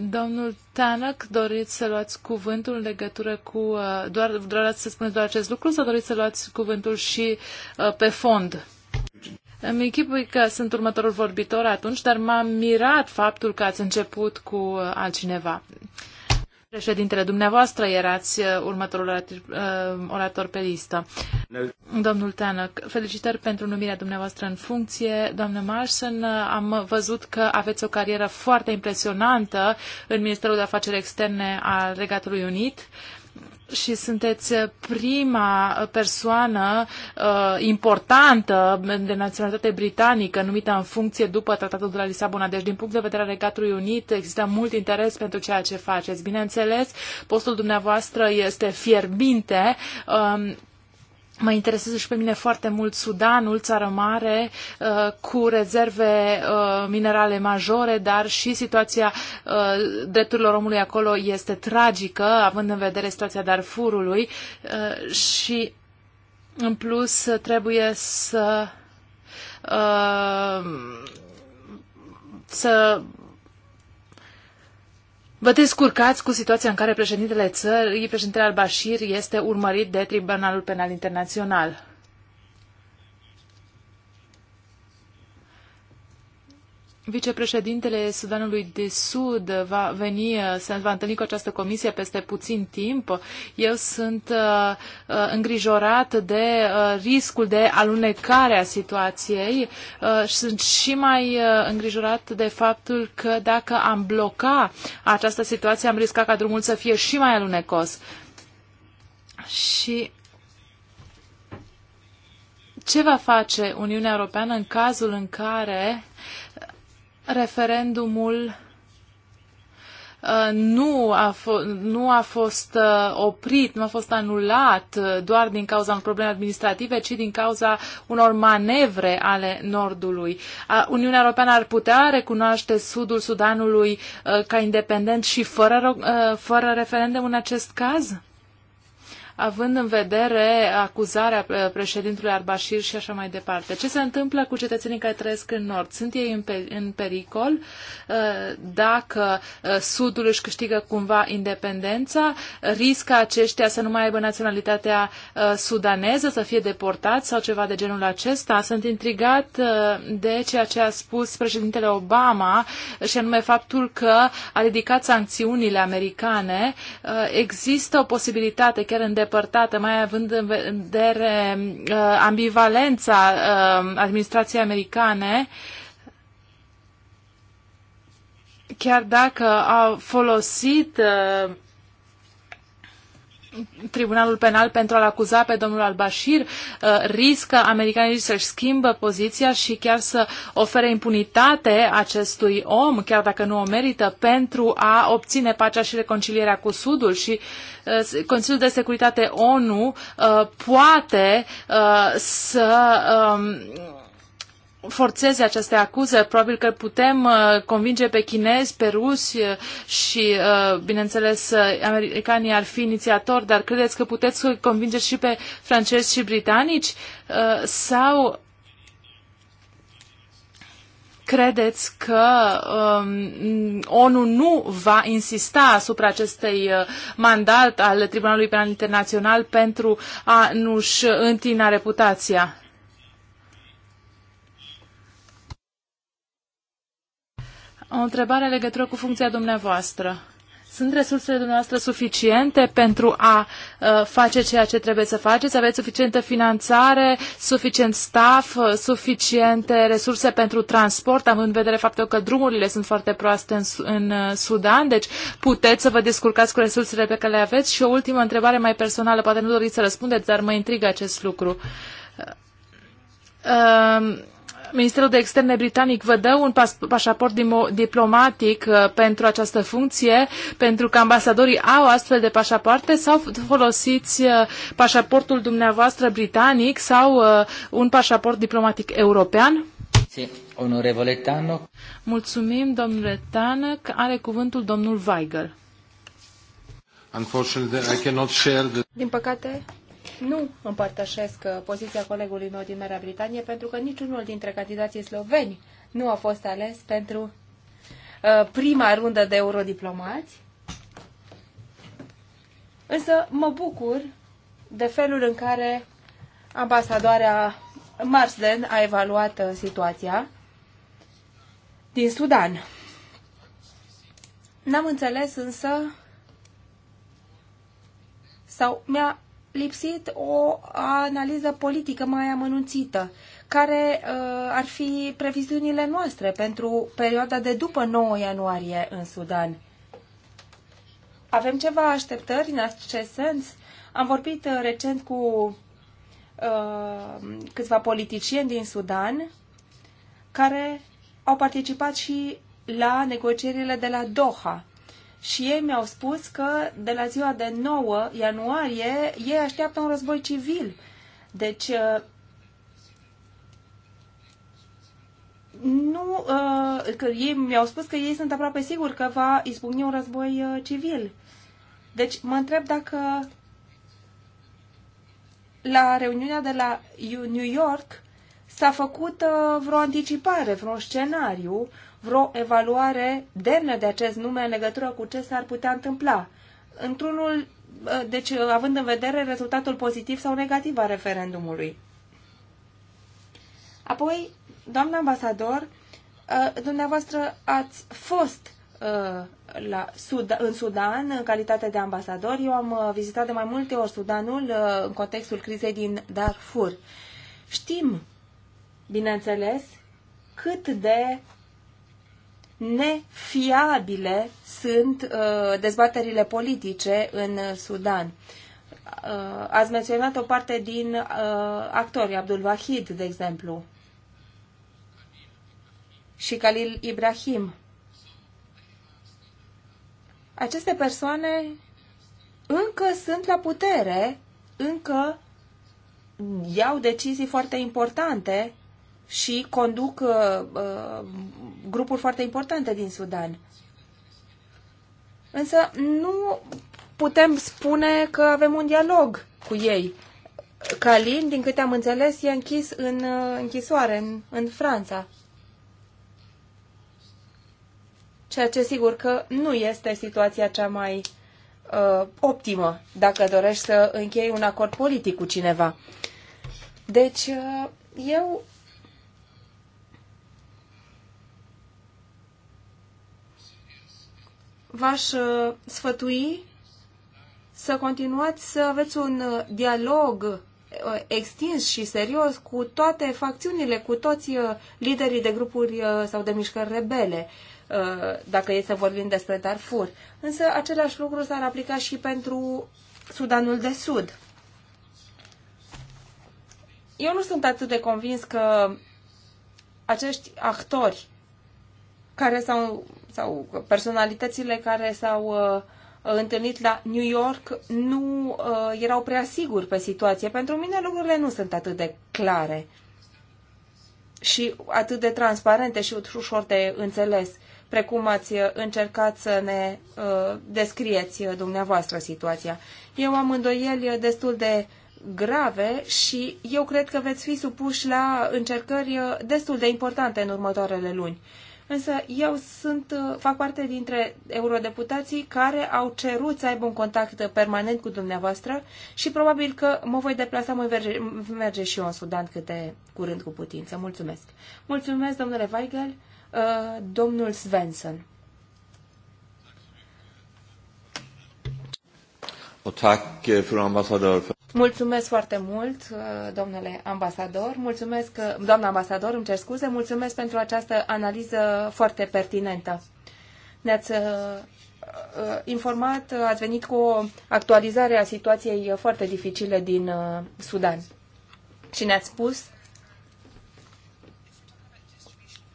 Domnul Tanak, doriți să luați cuvântul în legătură cu... Uh, doar, doar să spuneți doar acest lucru sau doriți să luați cuvântul și uh, pe fond? Îmi închipui că sunt următorul vorbitor atunci, dar m-a mirat faptul că ați început cu uh, altcineva. Președintele, dumneavoastră erați uh, următorul uh, orator, pe listă. Domnul Tanăc, felicitări pentru numirea dumneavoastră în funcție. Doamnă Marsen, uh, am văzut că aveți o carieră foarte impresionantă în Ministerul de Afaceri Externe al Regatului Unit. Uh, și sunteți prima persoană uh, importantă de naționalitate britanică numită în funcție după Tratatul de la Lisabona. Deci, din punct de vedere al Regatului Unit, există mult interes pentru ceea ce faceți. Bineînțeles, postul dumneavoastră este fierbinte. Uh, Mă interesează și pe mine foarte mult Sudanul, țară mare, uh, cu rezerve uh, minerale majore, dar și situația uh, drepturilor omului acolo este tragică, având în vedere situația Darfurului și în plus trebuie să să Vă descurcați cu situația în care președintele țării, președintele al-Bashir, este urmărit de Tribunalul Penal Internațional. Vicepreședintele Sudanului de Sud va veni, uh, se va întâlni cu această comisie peste puțin timp. Eu sunt uh, uh, îngrijorat de riscul de alunecare a situației și sunt și mai îngrijorat de faptul că dacă am bloca această situație, am riscat ca drumul să fie și mai alunecos. Și ce va face Uniunea Europeană în cazul în care referendumul uh, nu a, nu a fost uh, oprit, nu a fost anulat uh, doar din cauza unor probleme administrative, ci din cauza unor manevre ale Nordului. Uniunea Europeană ar putea recunoaște Sudul Sudanului ca independent și fără, fără referendum în acest caz? având în vedere acuzarea uh, președintelui Arbashir și așa mai departe. Ce se întâmplă cu cetățenii care trăiesc în nord? Sunt ei în pericol uh, dacă uh, sudul își câștigă cumva independența? Riscă aceștia să nu mai aibă naționalitatea sudaneză, să fie deportați sau ceva de genul acesta? Sunt intrigat de ceea ce a spus președintele Obama și anume faptul că a ridicat sancțiunile americane. Există o posibilitate chiar în îndepărtată, mai având în vedere uh, ambivalența uh, administrației americane, chiar dacă au folosit uh, Tribunalul Penal pentru a-l acuza pe domnul al-Bashir, uh, riscă americanii să-și schimbă poziția și chiar să ofere impunitate acestui om, chiar dacă nu o merită, pentru a obține pacea și reconcilierea cu Sudul și uh, Consiliul de Securitate ONU uh, poate să um, forțeze aceste acuze, probabil că putem uh, convinge pe chinezi, pe rusi uh, și, uh, bineînțeles, americanii ar fi inițiatori, dar credeți că puteți să convingeți și pe francezi și britanici? Sau credeți că um, ONU nu va insista asupra acestei uh, mandat al Tribunalului Penal Internațional pentru a nu-și întina reputația? O întrebare legătură cu funcția dumneavoastră. Sunt resursele dumneavoastră suficiente pentru a uh, face ceea ce trebuie să faceți? Aveți suficientă finanțare, suficient staff, uh, suficiente resurse pentru transport, având în vedere faptul că drumurile sunt foarte proaste în, în uh, Sudan, deci puteți să vă descurcați cu resursele pe care le aveți? Și o ultimă întrebare mai personală, poate nu doriți să răspundeți, dar mă intrigă acest lucru. Uh, uh, Ministerul de Externe britanic vă dă un pașaport diplomatic uh, pentru această funcție, pentru că ambasadorii au astfel de pașapoarte sau folosiți uh, pașaportul dumneavoastră britanic sau uh, un pașaport diplomatic european? Onorevole Tanoc. Mulțumim, domnule Tanoc. Are cuvântul domnul Weigel. Din păcate, nu împărtășesc uh, poziția colegului meu din Marea Britanie pentru că niciunul dintre candidații sloveni nu a fost ales pentru uh, prima rundă de eurodiplomați. Însă mă bucur de felul în care ambasadoarea Marsden a evaluat uh, situația din Sudan. N-am înțeles însă sau mi-a lipsit o analiză politică mai amănunțită, care uh, ar fi previziunile noastre pentru perioada de după 9 ianuarie în Sudan. Avem ceva așteptări în acest sens? Am vorbit uh, recent cu uh, câțiva politicieni din Sudan care au participat și la negocierile de la Doha și ei mi-au spus că de la ziua de 9 ianuarie ei așteaptă un război civil. Deci uh, nu, uh, că ei mi-au spus că ei sunt aproape siguri că va izbucni un război uh, civil. Deci mă întreb dacă la reuniunea de la New York s-a făcut vreo anticipare, vreun scenariu, vreo evaluare demnă de acest nume în legătură cu ce s-ar putea întâmpla. Într-unul, ă, deci având în vedere rezultatul pozitiv sau negativ al referendumului. Apoi, doamna ambasador, ă, dumneavoastră ați fost ă, la Sud- în Sudan în calitate de ambasador. Eu am vizitat de mai multe ori Sudanul în contextul crizei din Darfur. Știm, bineînțeles, cât de nefiabile sunt uh, dezbaterile politice în Sudan. Uh, ați menționat o parte din uh, actori, Abdul Wahid, de exemplu, și Khalil Ibrahim. Aceste persoane încă sunt la putere, încă iau decizii foarte importante și conduc uh, grupuri foarte importante din Sudan. Însă nu putem spune că avem un dialog cu ei. Calin, din câte am înțeles, e închis în uh, închisoare, în, în Franța. Ceea ce sigur că nu este situația cea mai uh, optimă dacă dorești să închei un acord politic cu cineva. Deci, uh, eu v-aș uh, sfătui să continuați să aveți un uh, dialog uh, extins și serios cu toate facțiunile, cu toți liderii de grupuri sau de mișcări rebele, dacă e să vorbim despre Darfur. Însă același lucru s-ar aplica și pentru Sudanul de Sud. Eu nu sunt atât de convins că acești actori care s-au sau personalitățile care s-au uh, întâlnit la New York nu uh, erau prea siguri pe situație. Pentru mine lucrurile nu sunt atât de clare și atât de transparente și ușor de înțeles, precum ați uh, încercat să ne descrieți dumneavoastră situația. Eu am îndoieli destul de grave și eu cred că veți fi supuși la încercări destul de importante în următoarele luni. Însă eu sunt, uh, fac parte dintre eurodeputații care au cerut să aibă un contact permanent cu dumneavoastră și probabil că mă voi deplasa, mă merge, merge și eu în Sudan câte curând cu putință. Mulțumesc. Mulțumesc, domnule Weigel, uh, domnul Svensson. Eh, Mulțumesc foarte mult, eh, domnule ambasador. Mulțumesc, doamna ambasador, îmi cer scuze. Mulțumesc pentru această analiză foarte pertinentă. Ne-ați eh, informat, ați venit cu o actualizare a situației foarte dificile din Sudan. Și ne-ați spus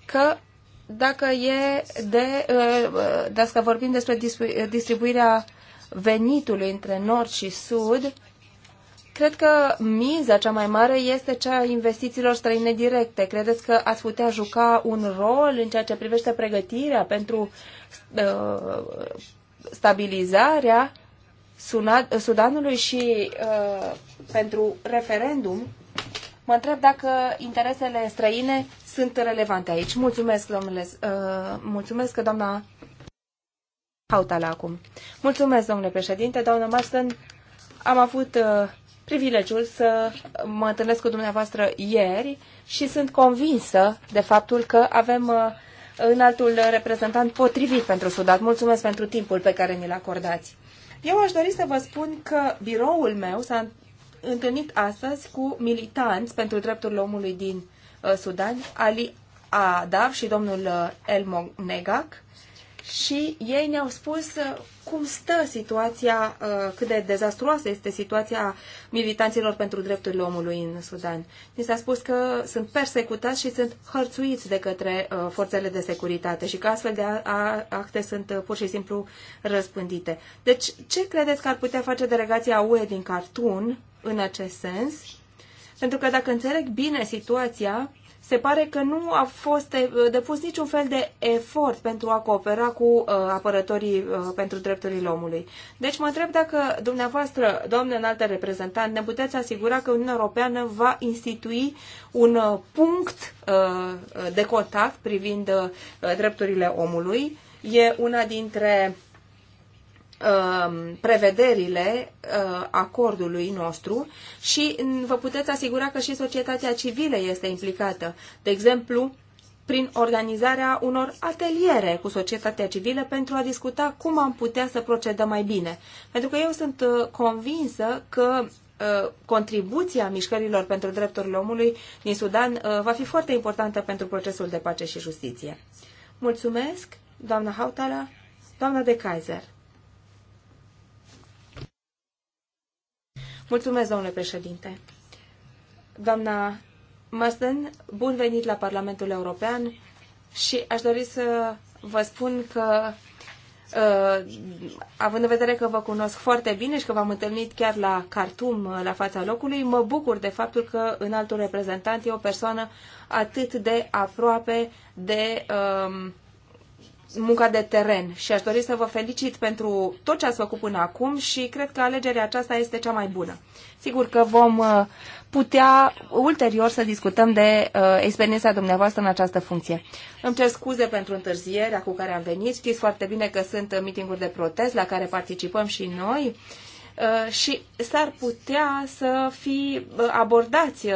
că dacă e de, dacă vorbim despre distribuirea venitului între nord și sud, cred că miza cea mai mare este cea a investițiilor străine directe. Credeți că ați putea juca un rol în ceea ce privește pregătirea pentru uh, stabilizarea Sunat, Sudanului și uh, pentru referendum? Mă întreb dacă interesele străine sunt relevante aici. Mulțumesc, domnule, uh, mulțumesc, doamna Hautala acum. Mulțumesc, domnule președinte, doamnă Marston. Am avut uh, privilegiul să mă întâlnesc cu dumneavoastră ieri și sunt convinsă de faptul că avem uh, altul reprezentant potrivit pentru Sudat. Mulțumesc pentru timpul pe care mi-l acordați. Eu aș dori să vă spun că biroul meu s-a întâlnit astăzi cu militanți pentru drepturile omului din uh, Sudan, Ali Adav și domnul uh, Elmo Negac și ei ne-au spus uh, cum stă situația, uh, cât de dezastruoasă este situația militanților pentru drepturile omului în Sudan. Ni s-a spus că sunt persecutați și sunt hărțuiți de către uh, forțele de securitate și că astfel de acte sunt pur și simplu răspândite. Deci, ce credeți că ar putea face delegația UE din Cartun în acest sens? Pentru că dacă înțeleg bine situația, se pare că nu a fost eh, depus niciun fel de efort pentru a coopera cu eh, apărătorii eh, pentru drepturile omului. Deci mă întreb dacă dumneavoastră, doamnă înaltă reprezentant, ne puteți asigura că Uniunea Europeană va institui un punct de contact privind drepturile omului. E una dintre Um, prevederile uh, acordului nostru și vă puteți asigura că și societatea civilă este implicată. De exemplu, prin organizarea unor ateliere cu societatea civilă pentru a discuta cum am putea să procedăm mai bine. Pentru că eu sunt uh, convinsă că uh, contribuția mișcărilor pentru drepturile omului din Sudan va fi foarte importantă pentru procesul de pace și justiție. Mulțumesc, doamna Hautala, doamna de Kaiser. Mulțumesc, domnule președinte. Doamna Masden, bun venit la Parlamentul European și aș dori să vă spun că uh, având în vedere că vă cunosc foarte bine și că v-am întâlnit chiar la Khartoum, uh, la fața locului, mă bucur de faptul că în altul reprezentant e o persoană atât de aproape de um, munca de teren și aș dori să vă felicit pentru tot ce ați făcut până acum și cred că alegerea aceasta este cea mai bună. Sigur că vom uh, putea ulterior să discutăm de uh, experiența dumneavoastră în această funcție. Îmi cer scuze pentru întârzierea cu care am venit. Știți foarte bine că sunt mitinguri de protest la care participăm și noi uh, și s-ar putea să fi uh, abordați uh,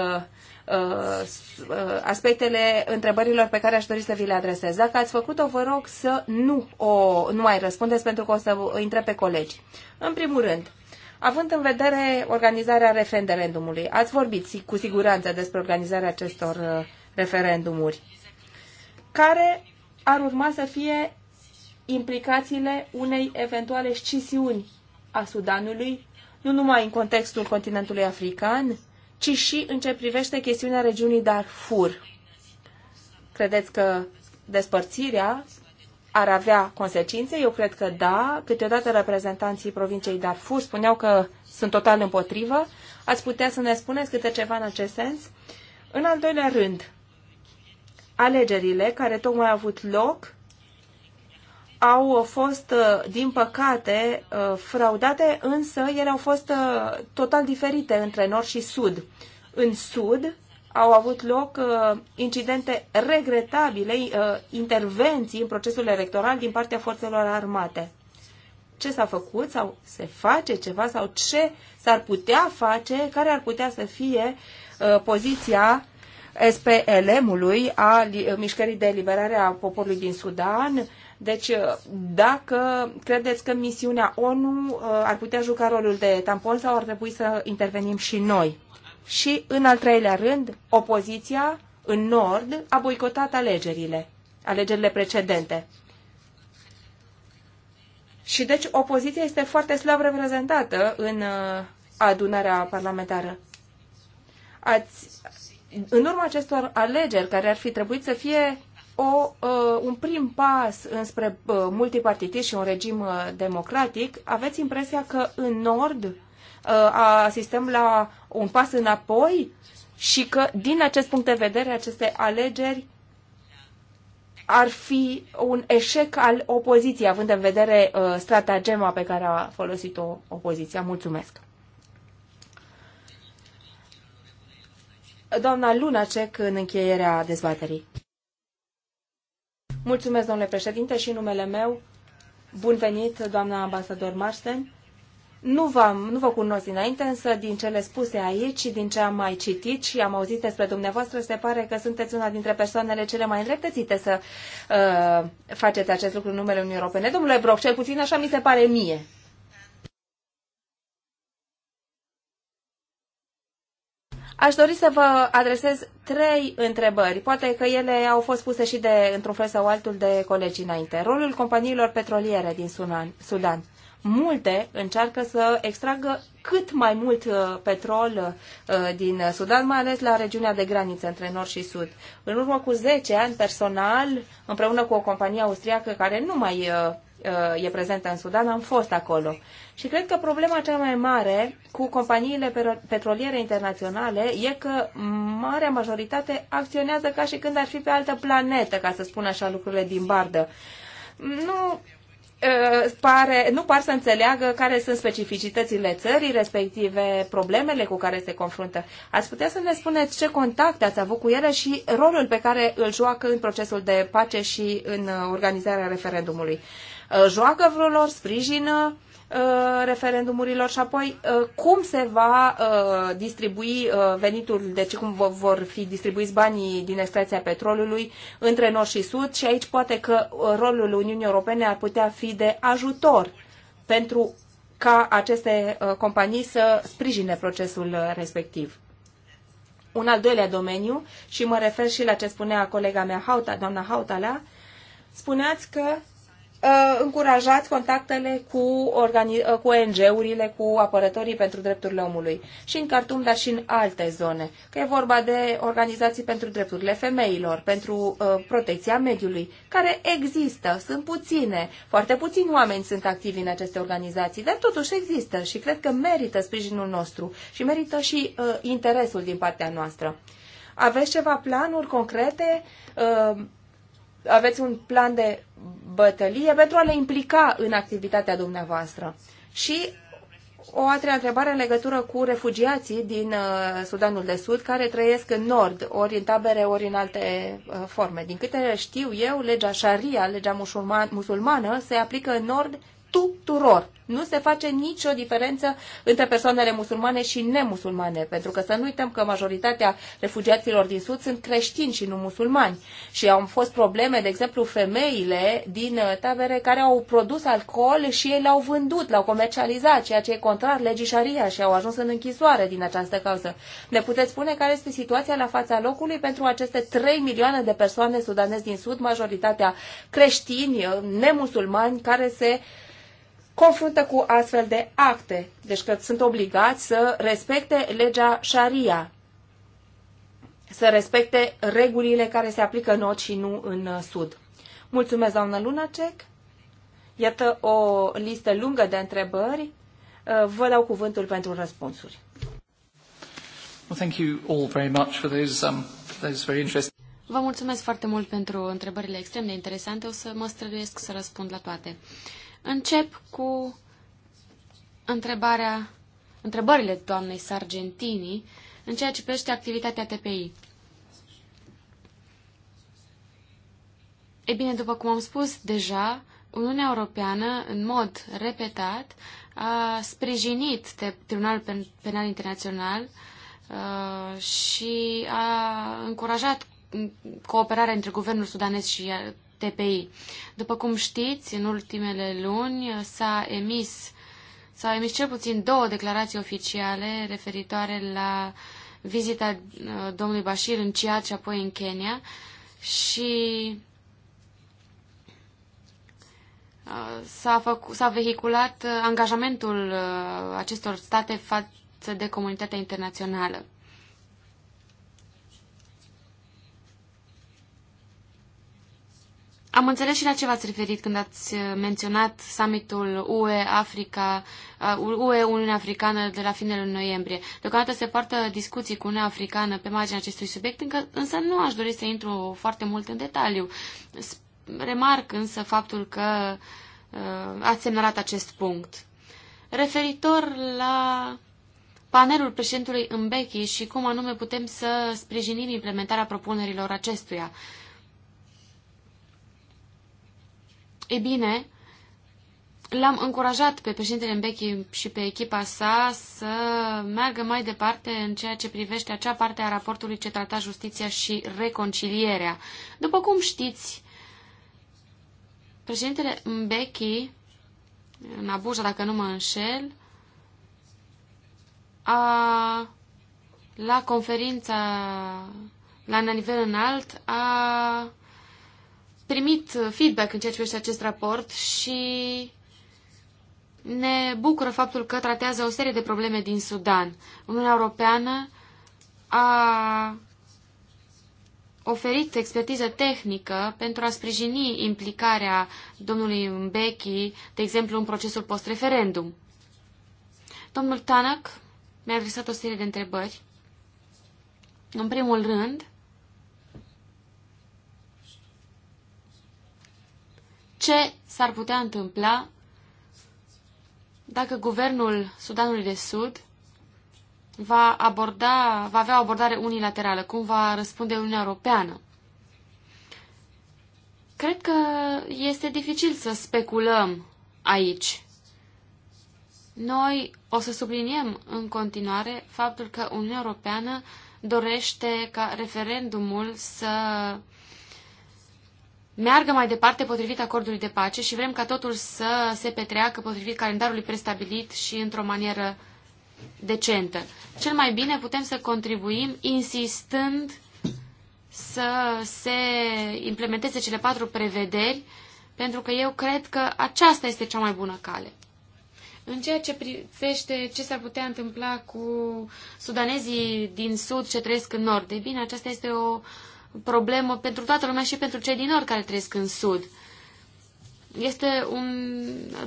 Uh, uh, aspectele întrebărilor pe care aș dori să vi le adresez. Dacă ați făcut-o, vă rog să nu, o, nu mai răspundeți pentru că o să intre pe colegi. În primul rând, având în vedere organizarea referendumului, ați vorbit cu siguranță despre organizarea acestor uh, referendumuri, care ar urma să fie implicațiile unei eventuale scisiuni a Sudanului, nu numai în contextul continentului african, ci și în ce privește chestiunea regiunii Darfur. Credeți că despărțirea ar avea consecințe? Eu cred că da. Câteodată reprezentanții provinciei Darfur spuneau că sunt total împotrivă. Ați putea să ne spuneți câte ceva în acest sens? În al doilea rând, alegerile care tocmai au avut loc au fost, uh, din păcate, uh, fraudate, însă ele au fost uh, total diferite între nord și sud. În sud au avut loc incidente regretabile, intervenții în procesul electoral din partea forțelor armate. Ce s-a făcut sau se face ceva sau ce s-ar putea face, care ar putea să fie poziția SPLM-ului, a Mișcării de Eliberare a Poporului din Sudan, deci, uh, dacă credeți că misiunea ONU uh, ar putea juca rolul de tampon sau ar trebui să intervenim și noi? Și, în al treilea rând, opoziția în Nord a boicotat alegerile, alegerile precedente. Și deci opoziția este foarte slab reprezentată în uh, adunarea parlamentară. Ați, în urma acestor alegeri care ar fi trebuit să fie o, uh, un prim pas înspre uh, multipartitism și un regim uh, democratic, aveți impresia că în Nord asistăm la un pas înapoi și că, din acest punct de vedere, aceste alegeri ar fi un eșec al opoziției, având în vedere uh, stratagema pe care a folosit-o opoziția. Mulțumesc! Doamna Lunacek, în încheierea dezbaterii. Mulțumesc, domnule președinte, și numele meu. Bun venit, doamna ambasador Marsten. Nu, v nu vă cunosc dinainte, însă din cele spuse aici și din ce am mai citit și am auzit despre dumneavoastră, se pare că sunteți una dintre persoanele cele mai îndreptățite să uh, faceți acest lucru în numele Uniunii Europene. Domnule Broc, cel puțin așa mi se pare mie. Aș dori să vă adresez trei întrebări. Poate că ele au fost puse și de, într-un fel sau altul, de colegi înainte. Rolul companiilor petroliere din Sudan. Multe încearcă să extragă cât mai mult uh, petrol uh, din Sudan, mai ales la regiunea de graniță între nord și sud. În urmă cu 10 ani, personal, împreună cu o companie austriacă care nu mai uh, Uh, e prezentă în Sudan, am fost acolo. Și cred că problema cea mai mare cu companiile petroliere internaționale e că marea majoritate acționează ca și când ar fi pe altă planetă, ca să spun așa lucrurile din bardă. Nu uh, pare, nu par să înțeleagă care sunt specificitățile țării respective, problemele cu care se confruntă. Ați putea să ne spuneți ce contacte ați avut cu ele și rolul pe care îl joacă în procesul de pace și în uh, organizarea referendumului. Uh, joacă vreo lor, sprijină uh, referendumurilor și apoi uh, cum se va distribui venitul, deci cum vor fi distribuiți banii din extracția petrolului între nord și sud și aici poate că rolul Uniunii Europene ar putea fi de ajutor pentru ca aceste companii să sprijine procesul respectiv. Un al doilea domeniu, și mă refer și la ce spunea colega mea Hauta, doamna Hautala, spuneați că Uh, încurajați contactele cu, organi- uh, cu ONG-urile, cu apărătorii pentru drepturile omului și în Cartum, dar și în alte zone. Că e vorba de organizații pentru drepturile femeilor, pentru uh, protecția mediului, care există, sunt puține, foarte puțini oameni sunt activi în aceste organizații, dar totuși există și cred că merită sprijinul nostru și merită și uh, interesul din partea noastră. Aveți ceva planuri concrete? Uh, aveți un plan de bătălie pentru a le implica în activitatea dumneavoastră. Și o a treia întrebare în legătură cu refugiații din uh, Sudanul de Sud care trăiesc în nord, ori în tabere, ori în alte uh, forme. Din câte știu eu, legea șaria, legea musulmană, se aplică în nord tuturor. Nu se face nicio diferență între persoanele musulmane și nemusulmane, pentru că să nu uităm că majoritatea refugiaților din Sud sunt creștini și nu musulmani. Și au fost probleme, de exemplu, femeile din uh, tabere care au produs alcool și ei l-au vândut, l-au comercializat, ceea ce e contrar legii șaria și au ajuns în închisoare din această cauză. Ne puteți spune care este situația la fața locului pentru aceste 3 milioane de persoane sudanezi din Sud, majoritatea creștini, uh, nemusulmani, care se uh, confruntă cu astfel de acte, deci că sunt obligați să respecte legea Sharia, să respecte regulile care se aplică în nord și nu în uh, sud. Mulțumesc, doamnă Lunacek. Iată o listă lungă de întrebări. Uh, vă dau cuvântul pentru răspunsuri. Um, vă mulțumesc foarte mult pentru întrebările extrem de interesante. O să mă străduiesc să răspund la toate. Uh, Încep cu întrebarea, întrebările doamnei Sargentini în ceea ce privește activitatea TPI. Ei bine, după cum am spus deja, Uniunea Europeană, în mod repetat, a sprijinit Tribunalul Penal Internațional uh, și a încurajat cooperarea între guvernul sudanez și TPI. După cum știți, în ultimele luni s-a emis s-au emis cel puțin două declarații oficiale referitoare la vizita uh, domnului Bashir în Ciad și apoi în Kenya și uh, s-a, s-a vehiculat uh, angajamentul acestor state față de comunitatea internațională. Am înțeles și la ce v-ați referit când ați uh, menționat summitul UE-Africa, UE-Uniunea uh, Africană de la finele noiembrie. Deocamdată se poartă discuții cu Uniunea Africană pe marginea acestui subiect, încă, însă nu aș dori să intru foarte mult în detaliu. Remarc însă faptul că uh, ați semnalat acest punct. Referitor la panelul președintului Mbeki și cum anume putem să sprijinim implementarea propunerilor acestuia. Uh, E bine, l-am încurajat pe președintele Mbeki și pe echipa sa să meargă mai departe în ceea ce privește acea parte a raportului ce trata justiția și reconcilierea. După cum știți, președintele Mbeki, în Abuja, dacă nu mă înșel, a, la conferința la nivel înalt a trimit feedback în ceea ce privește acest raport și ne bucură faptul că tratează o serie de probleme din Sudan. Uniunea Europeană a oferit expertiză tehnică pentru a sprijini implicarea domnului Mbeki, de exemplu, în procesul post-referendum. Domnul Tanak mi-a adresat o serie de întrebări. În primul rând, ce s-ar putea întâmpla dacă guvernul Sudanului de Sud va, aborda, va avea o abordare unilaterală, cum va răspunde Uniunea Europeană. Cred că este dificil să speculăm aici. Noi o să subliniem în continuare faptul că Uniunea Europeană dorește ca referendumul să meargă mai departe potrivit acordului de pace și vrem ca totul să se petreacă potrivit calendarului prestabilit și într-o manieră decentă. Cel mai bine putem să contribuim insistând să se implementeze cele patru prevederi, pentru că eu cred că aceasta este cea mai bună cale. În ceea ce privește ce s-ar putea întâmpla cu sudanezii din sud ce trăiesc în nord, e bine, aceasta este o uh, problemă pentru toată lumea și pentru cei din nord care trăiesc în sud. Este un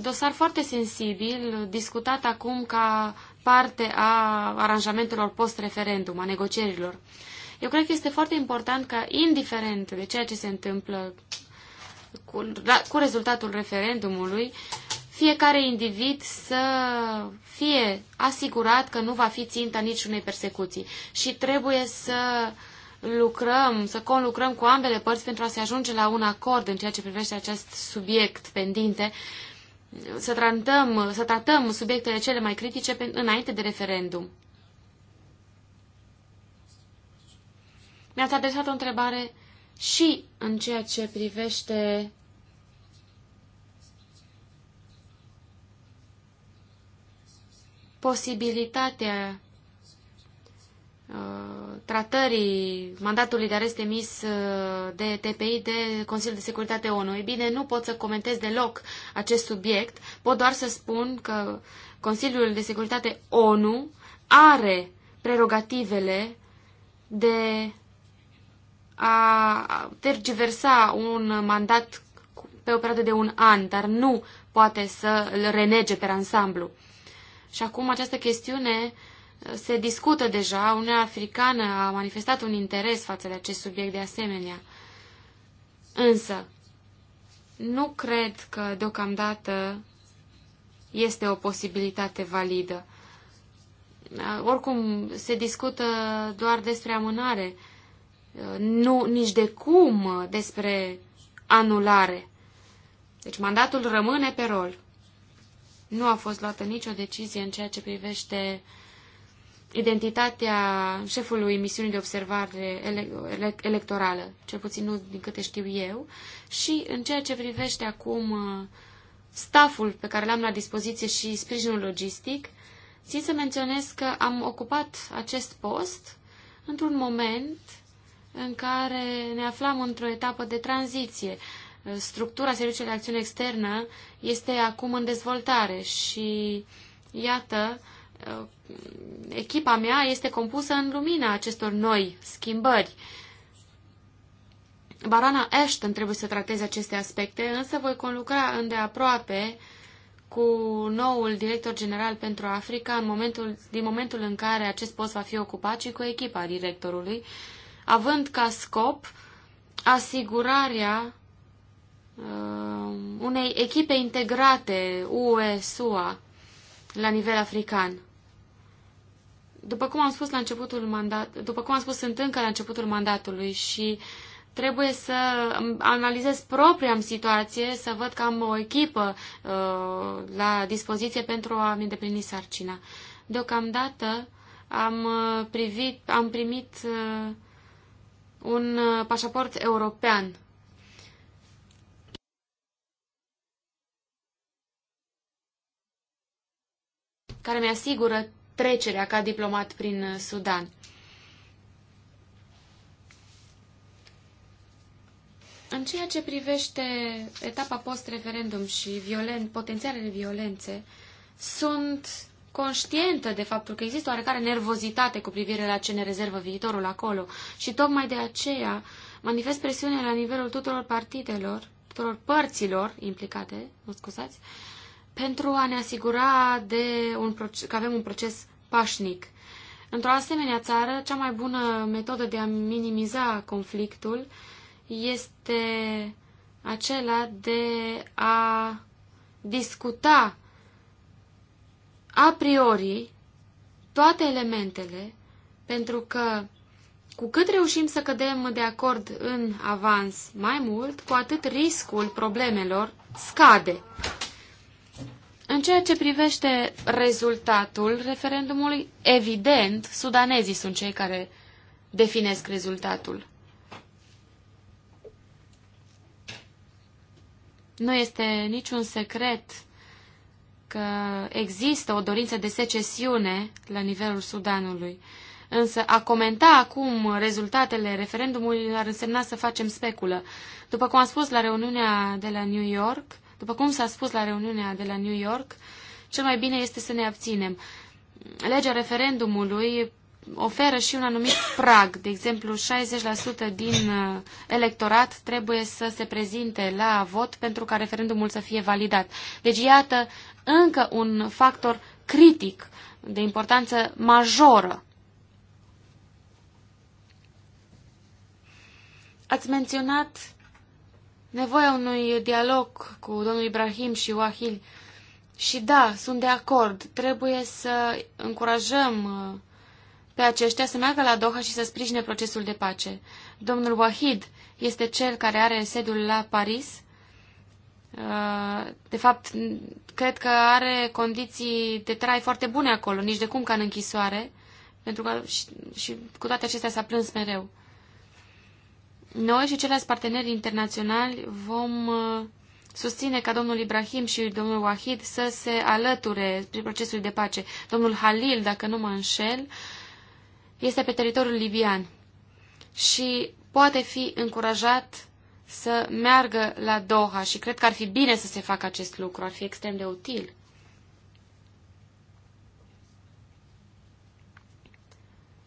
dosar foarte sensibil, discutat acum ca parte a aranjamentelor post-referendum, a negocierilor. Eu cred că este foarte important ca, indiferent de ceea ce se întâmplă cu, cu rezultatul referendumului, fiecare individ să fie asigurat că nu va fi ținta niciunei persecuții și trebuie să uh, lucrăm, să conlucrăm cu ambele părți pentru a se ajunge la un acord în ceea ce privește acest subiect pendinte, să tratăm, să tratăm subiectele cele mai critice înainte de referendum. Mi-ați adresat o întrebare și în ceea ce privește posibilitatea uh, tratării mandatului de arest emis uh, de TPI de Consiliul de Securitate ONU. Ei bine, nu pot să comentez deloc acest subiect, pot doar să spun că Consiliul de Securitate ONU are prerogativele de a tergiversa un mandat pe o perioadă de un an, dar nu poate să îl renege pe ansamblu. Și acum această chestiune uh, se discută deja, Uniunea Africană a manifestat un interes față de acest subiect de asemenea. Însă, nu cred că deocamdată este o posibilitate validă. Oricum, se discută doar despre amânare, nu nici de cum despre anulare. Deci mandatul rămâne pe rol. Nu a fost luată nicio decizie în ceea ce privește uh, identitatea șefului misiunii de observare ele electorală, cel puțin nu din câte știu eu, și în ceea ce privește acum uh, staful pe care l-am la dispoziție și sprijinul logistic, țin să menționez că am ocupat acest post într-un moment în care ne aflam într-o etapă de tranziție. Uh, structura Serviciului de Acțiune Externă este acum în dezvoltare și, iată, uh, echipa mea este compusă în lumina acestor noi schimbări. Barana Ashton trebuie să trateze aceste aspecte, însă voi conlucra îndeaproape cu noul director general pentru Africa în momentul, din momentul în care acest post va fi ocupat și cu echipa directorului, având ca scop asigurarea uh, unei echipe integrate UE-SUA la nivel african. După cum am spus la începutul mandat, după cum am spus, sunt încă la începutul mandatului și trebuie să analizez propria situație, să văd că am o echipă uh, la dispoziție pentru a-mi îndeplini sarcina. Deocamdată am, uh, privit, am primit uh, un uh, pașaport european care mi asigură trecerea ca diplomat prin uh, Sudan. În ceea ce privește etapa post-referendum și violen, potențialele violențe, sunt conștientă de faptul că există oarecare nervozitate cu privire la ce ne rezervă viitorul acolo și tocmai de aceea manifest presiune la nivelul tuturor partidelor, tuturor părților implicate, mă scuzați, uh, pentru a ne asigura de un proces, că avem un proces pașnic. Într-o asemenea țară, cea mai bună metodă de a minimiza conflictul este acela de a discuta a priori toate elementele, pentru că cu cât reușim să cădem de acord în avans mai mult, cu atât riscul problemelor scade. În ceea ce privește rezultatul referendumului, evident, sudanezii sunt cei care definesc rezultatul. Nu este niciun secret că există o dorință de secesiune la nivelul Sudanului. Însă a comenta acum rezultatele referendumului ar însemna să facem speculă. După cum am spus la reuniunea de la New York, după cum s-a spus la reuniunea de la New York, cel mai bine este să ne abținem. Legea referendumului oferă și un anumit prag, de exemplu 60% din uh, electorat trebuie să se prezinte la vot pentru ca referendumul să fie validat. Deci iată încă un factor critic de importanță majoră. Ați menționat nevoia unui dialog cu domnul Ibrahim și Wahil. Și da, sunt de acord, trebuie să încurajăm uh, pe aceștia să meargă la Doha și să sprijine procesul de pace. Domnul Wahid este cel care are sediul la Paris. Uh, de fapt, cred că are condiții de trai foarte bune acolo, nici de cum ca în închisoare, pentru că și, și cu toate acestea s-a plâns mereu. Noi și ceilalți parteneri internaționali vom uh, susține ca domnul Ibrahim și domnul Wahid să se alăture prin procesul de pace. Domnul Halil, dacă nu mă înșel, este pe teritoriul libian și poate fi încurajat să meargă la Doha și cred că ar fi bine să se facă acest lucru, ar fi extrem de util.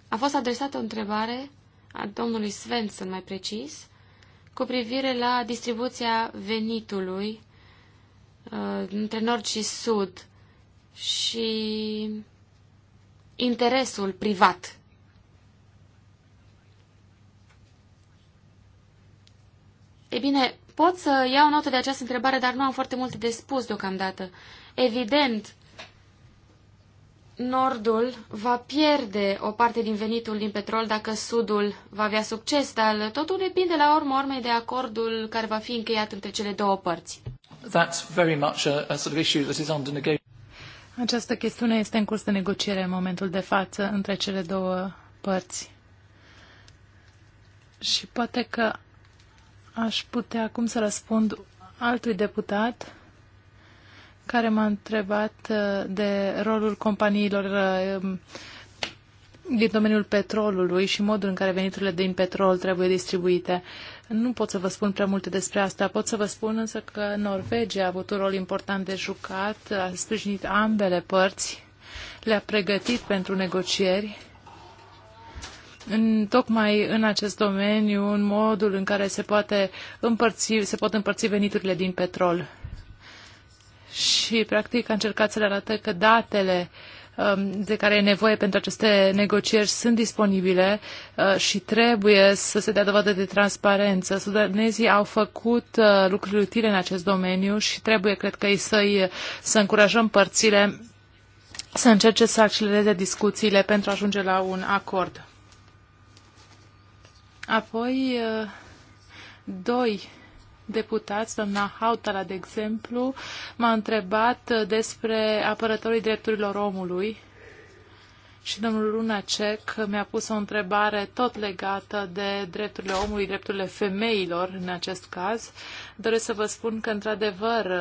A fost adresată o întrebare a domnului Svensson mai precis, cu privire la distribuția venitului uh, între nord și sud și interesul privat. E bine, pot să iau notă de această întrebare, dar nu am foarte multe de spus deocamdată. Evident, Nordul va pierde o parte din venitul din petrol dacă Sudul va avea succes, dar totul depinde la urmă urmei de acordul care va fi încheiat între cele două părți. Această chestiune este în curs de negociere în momentul de față între cele două părți. Și poate că aș putea acum să răspund altui deputat care m-a întrebat uh, de rolul companiilor uh, um, din domeniul petrolului și modul în care veniturile din petrol trebuie distribuite. Nu pot să vă spun prea multe despre asta. Pot să vă spun însă că Norvegia a avut un rol important de jucat, a sprijinit ambele părți, le-a pregătit pentru negocieri în, tocmai în acest domeniu, în modul în care se, poate împărți, se pot împărți veniturile din petrol și practic a încercat să le arate că datele um, de care e nevoie pentru aceste negocieri sunt disponibile uh, și trebuie să se dea dovadă de transparență. Sudanezii au făcut uh, lucruri utile în acest domeniu și trebuie, cred că, să-i, să încurajăm părțile să încerce să accelereze discuțiile pentru a ajunge la un acord. Apoi, uh, doi deputați, doamna Hautala, de exemplu, m-a întrebat despre apărătorii drepturilor omului și domnul Lunacek mi-a pus o întrebare tot legată de drepturile omului, drepturile femeilor în acest caz. Doresc să vă spun că, într-adevăr,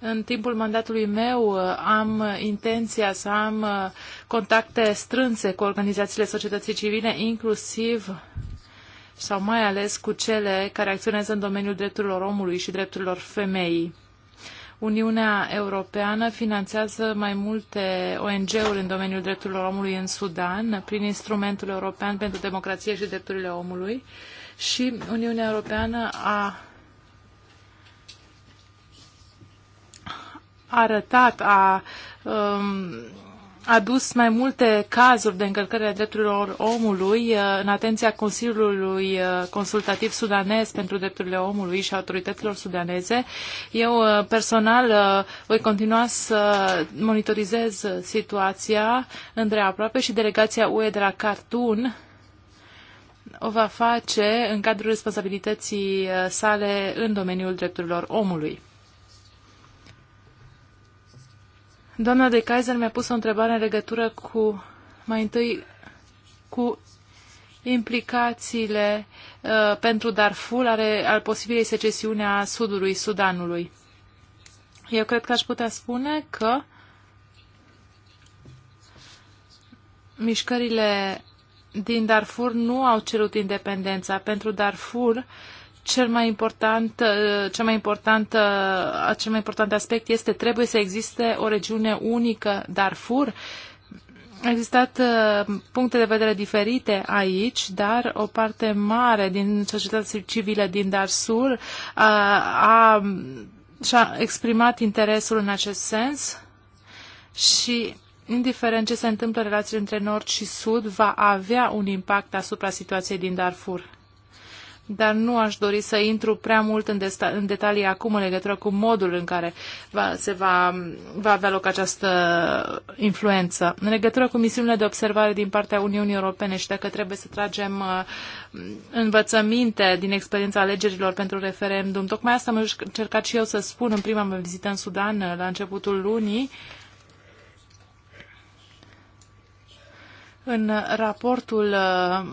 în timpul mandatului meu am intenția să am contacte strânse cu organizațiile societății civile, inclusiv sau mai ales cu cele care acționează în domeniul drepturilor omului și drepturilor femeii. Uniunea Europeană finanțează mai multe ONG-uri în domeniul drepturilor omului în Sudan prin instrumentul european pentru democrație și drepturile omului și Uniunea Europeană a arătat, a um, adus mai multe cazuri de încălcări a drepturilor omului uh, în atenția Consiliului uh, Consultativ Sudanez pentru Drepturile Omului și autorităților sudaneze. Eu uh, personal voi continua să monitorizez situația îndreaproape și delegația UE de la Cartoon o va face în cadrul responsabilității sale în domeniul drepturilor omului. Doamna de Kaiser mi-a pus o întrebare în legătură cu, mai întâi, cu implicațiile uh, pentru Darfur are al posibilei secesiuni a sudului Sudanului. Eu cred că aș putea spune că mișcările din Darfur nu au cerut independența. Pentru Darfur, cel mai important, uh, cel mai important, uh, cel mai important aspect este trebuie să existe o regiune unică Darfur. Au existat uh, puncte de vedere diferite aici, dar o parte mare din societatea civilă din Darfur a, a, și-a exprimat interesul în acest sens și indiferent ce se întâmplă, relațiile între nord și sud va avea un impact asupra situației din Darfur dar nu aș dori să intru prea mult în, în detalii acum în legătură cu modul în care va, se va, va avea loc această influență. În legătură cu misiunile de observare din partea Uniunii Europene și dacă trebuie să tragem uh, învățăminte din experiența alegerilor pentru referendum, tocmai asta am încercat și eu să spun în prima mea vizită în Sudan uh, la începutul lunii, în raportul uh,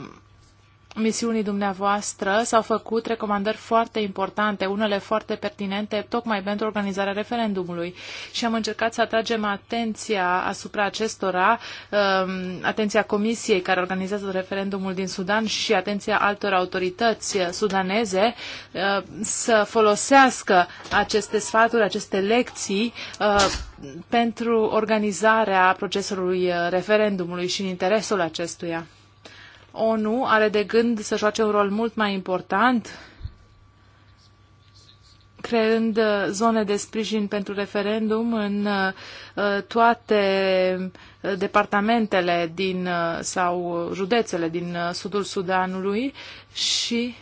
misiunii dumneavoastră s-au făcut recomandări foarte importante, unele foarte pertinente, tocmai pentru organizarea referendumului. Și am încercat să atragem atenția asupra acestora, um, atenția Comisiei care organizează referendumul din Sudan și atenția altor autorități sudaneze uh, să folosească aceste sfaturi, aceste lecții uh, pentru organizarea procesului uh, referendumului și în interesul acestuia. ONU are de gând să joace un rol mult mai important creând uh, zone de sprijin pentru referendum în uh, uh, toate departamentele din, sau județele din sudul Sudanului și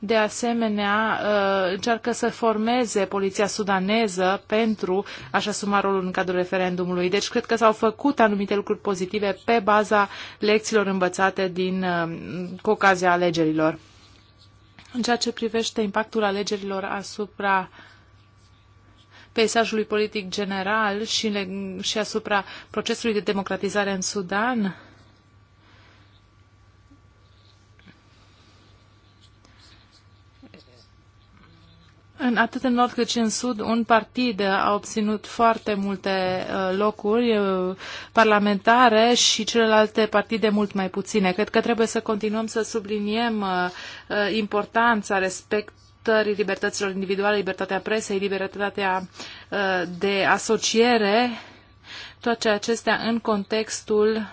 de asemenea, uh, încearcă să formeze poliția sudaneză pentru așa suma rolul în cadrul referendumului. Deci cred că s-au făcut anumite lucruri pozitive pe baza lecțiilor învățate din, uh, cu ocazia alegerilor. În ceea ce privește impactul alegerilor asupra peisajului politic general și, și asupra procesului de democratizare în Sudan, în atât în nord cât și în sud, un partid a obținut foarte multe uh, locuri uh, parlamentare și celelalte partide mult mai puține. Cred că trebuie să continuăm să subliniem uh, importanța respect libertăților individuale, libertatea presei, libertatea de asociere, toate acestea în contextul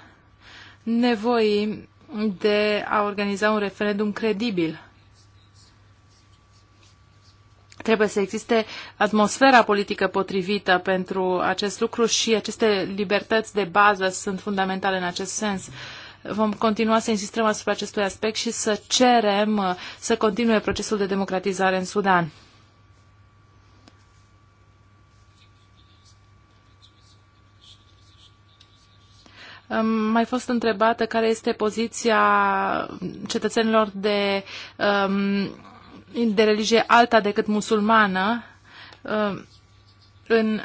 nevoii de a organiza un referendum credibil. Trebuie să existe atmosfera politică potrivită pentru acest lucru și aceste libertăți de bază sunt fundamentale în acest sens. Vom continua să insistăm asupra acestui aspect și să cerem uh, să continue procesul de democratizare în Sudan. mai fost întrebată care este poziția cetățenilor de um, de religie alta decât musulmană uh, în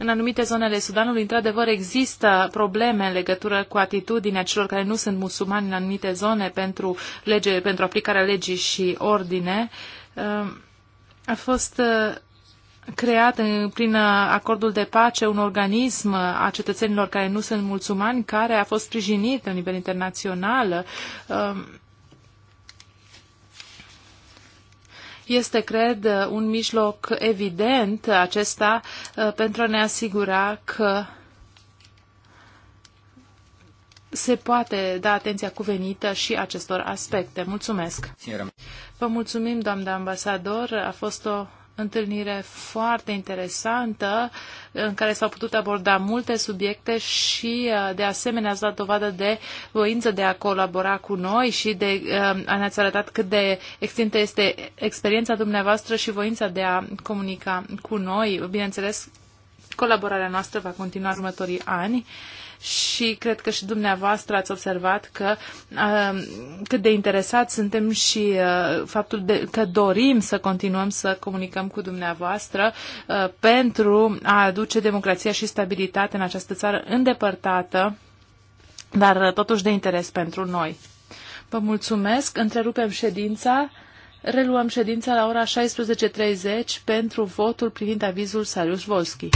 în anumite zone ale Sudanului, într-adevăr, există probleme în legătură cu atitudinea celor care nu sunt musulmani în anumite zone pentru, lege, pentru aplicarea legii și ordine. Uh, a fost uh, creat prin acordul de pace un organism a cetățenilor care nu sunt musulmani, care a fost sprijinit la nivel internațional Este, cred, un mijloc evident acesta uh, pentru a ne asigura că se poate da atenția cuvenită și acestor aspecte. Mulțumesc! Vă mulțumim, doamna ambasador. A fost o întâlnire foarte interesantă în care s-au putut aborda multe subiecte și uh, de asemenea ați dat dovadă de voință de a colabora cu noi și de uh, a ne-ați arătat cât de extinsă este experiența dumneavoastră și voința de a comunica cu noi. Bineînțeles, colaborarea noastră va continua în următorii ani și cred că și dumneavoastră ați observat că um, cât de interesați suntem și uh, faptul de, că dorim să continuăm să comunicăm cu dumneavoastră uh, pentru a aduce democrația și stabilitate în această țară îndepărtată, dar uh, totuși de interes pentru noi. Vă mulțumesc, întrerupem ședința. Reluăm ședința la ora 16.30 pentru votul privind avizul Sarius Volski.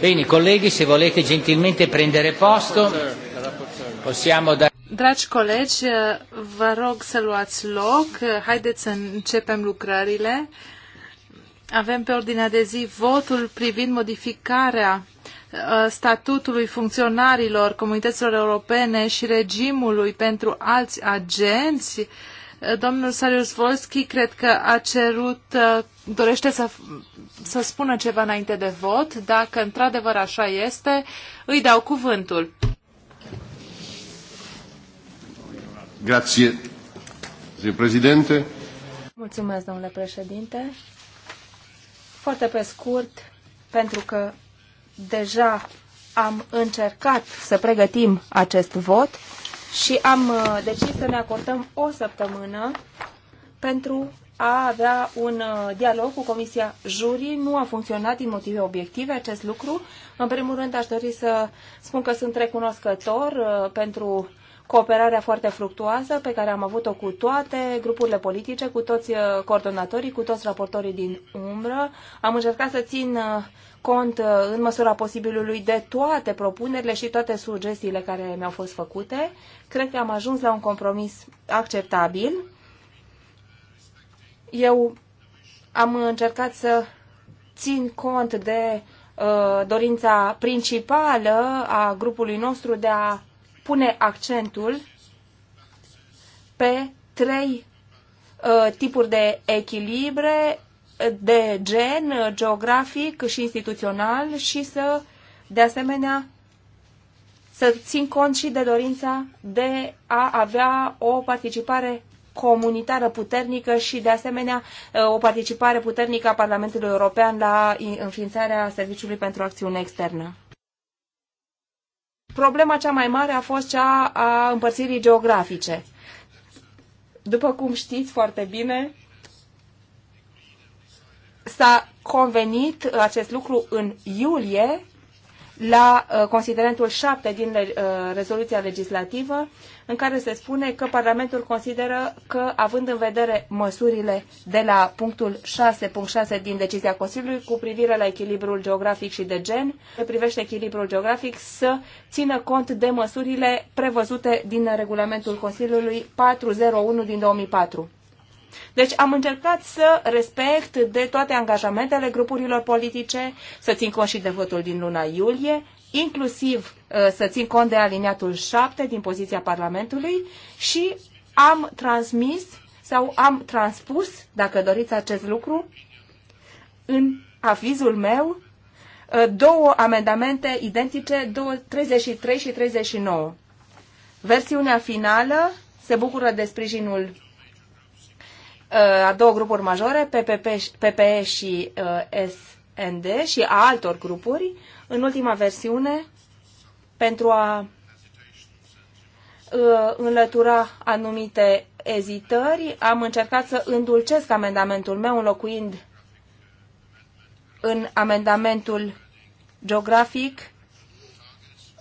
Bine, colegi, se volete gentilmente prendere posto, possiamo da... Dragi colegi, vă rog să luați loc. Haideți să începem lucrările. Avem pe ordinea de zi votul privind modificarea uh, statutului funcționarilor comunităților europene și regimului pentru alți agenți. Uh, Domnul Sarius Volski cred că a cerut, uh, dorește să, să spună ceva înainte de vot. Dacă într-adevăr așa este, îi dau cuvântul. Grazie, președinte. Mulțumesc, domnule președinte. Foarte pe scurt, pentru că deja am încercat să pregătim acest vot și am uh, decis să ne acordăm o săptămână pentru a avea un uh, dialog cu Comisia Jurii. Nu a funcționat din motive obiective acest lucru. În primul rând aș dori să spun că sunt recunoscător uh, pentru cooperarea foarte fructuoasă pe care am avut-o cu toate grupurile politice, cu toți uh, coordonatorii, cu toți raportorii din umbră. Am încercat să țin uh, cont uh, în măsura posibilului de toate propunerile și toate sugestiile care mi-au fost făcute. Cred că am ajuns la un compromis acceptabil. Eu am încercat să țin cont de uh, dorința principală a grupului nostru de a pune accentul pe trei uh, tipuri de echilibre de gen, uh, geografic și instituțional și să, de asemenea, să țin cont și de dorința de a avea o participare comunitară puternică și, de asemenea, uh, o participare puternică a Parlamentului European la înființarea Serviciului pentru Acțiune Externă. Problema cea mai mare a fost cea a împărțirii geografice. După cum știți foarte bine, s-a convenit acest lucru în iulie la uh, considerentul 7 din uh, rezoluția legislativă în care se spune că Parlamentul consideră că, având în vedere măsurile de la punctul 6.6 din decizia Consiliului cu privire la echilibrul geografic și de gen, se privește echilibrul geografic, să țină cont de măsurile prevăzute din regulamentul Consiliului 401 din 2004. Deci am încercat să respect de toate angajamentele grupurilor politice, să țin cont și de votul din luna iulie, inclusiv Uh, să țin cont de aliniatul 7 din poziția Parlamentului și am transmis sau am transpus, dacă doriți acest lucru, în avizul meu uh, două amendamente identice, 33 și 39. Versiunea finală se bucură de sprijinul uh, a două grupuri majore, PPE și SND și a altor grupuri. În ultima versiune pentru a uh, înlătura anumite ezitări. Am încercat să îndulcesc amendamentul meu înlocuind în amendamentul geografic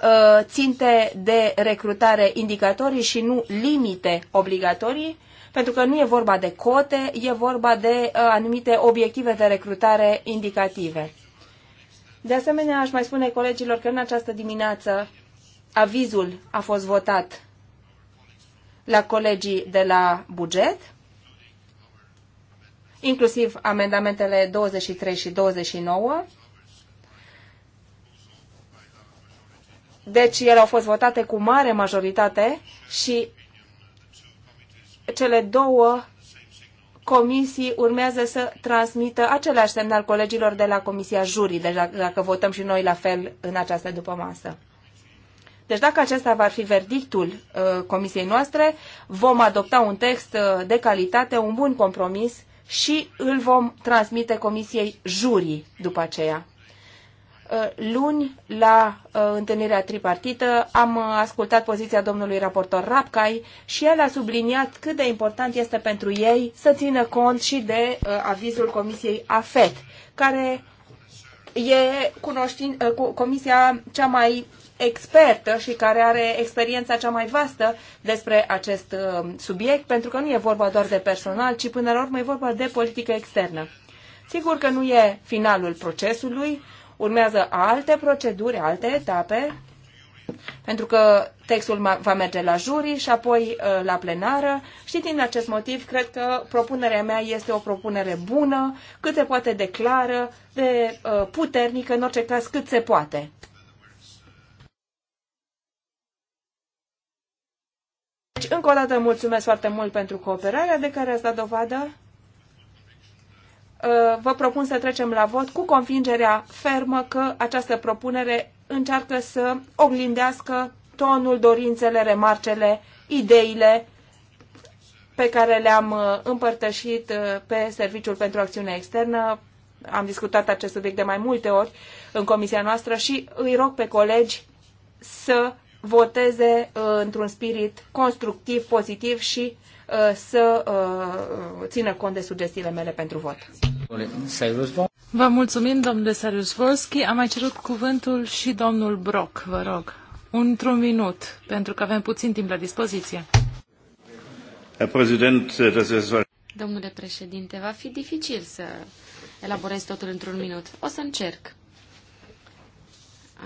uh, ținte de recrutare indicatorii și nu limite obligatorii, pentru că nu e vorba de cote, e vorba de uh, anumite obiective de recrutare indicative. De asemenea, aș mai spune colegilor că în această dimineață avizul a fost votat la colegii de la buget, inclusiv amendamentele 23 și 29. Deci ele au fost votate cu mare majoritate și cele două comisii urmează să transmită același al colegilor de la Comisia Jurii, deci dacă votăm și noi la fel în această după masă. Deci dacă acesta va fi verdictul uh, comisiei noastre, vom adopta un text uh, de calitate, un bun compromis și îl vom transmite comisiei jurii după aceea. Uh, luni, la uh, întâlnirea tripartită, am uh, ascultat poziția domnului raportor Rapcai și el a subliniat cât de important este pentru ei să țină cont și de avizul Comisiei AFET, care e cunoștin, comisia cea mai expertă și care are experiența cea mai vastă despre acest subiect, pentru că nu e vorba doar de personal, ci până la urmă e vorba de politică externă. Sigur că nu e finalul procesului, urmează alte proceduri, alte etape, pentru că textul va merge la juri și apoi uh, la plenară și din acest motiv cred că propunerea mea este o propunere bună, cât se poate de clară, de uh, puternică, în orice caz cât se poate. Deci, încă o dată, mulțumesc foarte mult pentru cooperarea de care ați dat dovadă Uh, vă propun să trecem la vot cu convingerea fermă că această propunere încearcă să oglindească tonul, dorințele, remarcele, ideile pe care le-am uh, împărtășit uh, pe Serviciul pentru Acțiune Externă. Am discutat acest subiect de mai multe ori în comisia noastră și îi rog pe colegi să voteze într-un spirit constructiv, pozitiv și uh, Uh, să uh, țină cont de sugestiile mele pentru vot. Vă mulțumim, domnule Sarusvolski. Am mai cerut cuvântul și domnul Brock, vă rog. Într-un minut, pentru că avem puțin timp la dispoziție. Domnule președinte, va fi dificil să elaborez totul într-un minut. O să încerc.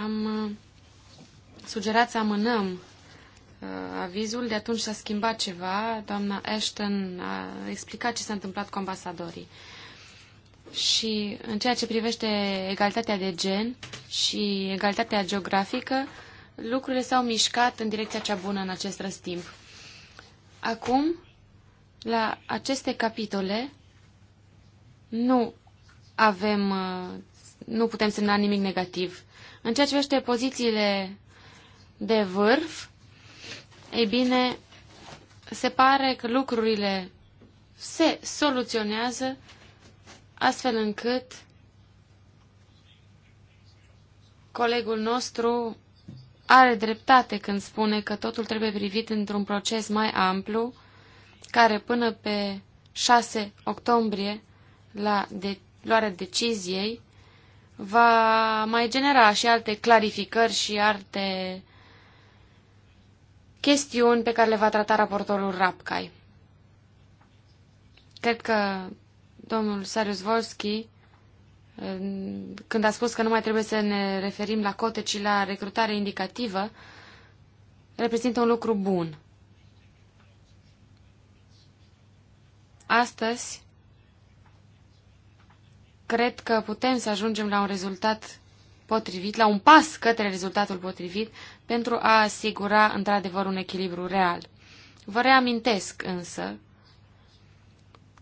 Am uh, sugerat să amânăm Uh, avizul, de atunci s-a schimbat ceva, doamna Ashton a explicat ce s-a întâmplat cu ambasadorii. Și în ceea ce privește egalitatea de gen și egalitatea geografică, lucrurile s-au mișcat în direcția cea bună în acest răstimp. Acum, la aceste capitole, nu avem, uh, nu putem semna nimic negativ. În ceea ce privește pozițiile de vârf, ei bine, se pare că lucrurile se soluționează astfel încât colegul nostru are dreptate când spune că totul trebuie privit într-un proces mai amplu, care până pe 6 octombrie, la de luarea deciziei, va mai genera și alte clarificări și alte chestiuni pe care le va trata raportorul Rapcai. Cred că domnul Sarius Volski, când a spus că nu mai trebuie să ne referim la cote, ci la recrutare indicativă, reprezintă un lucru bun. Astăzi, cred că putem să ajungem la un rezultat potrivit, la un pas către rezultatul potrivit pentru a asigura într-adevăr un echilibru real. Vă reamintesc însă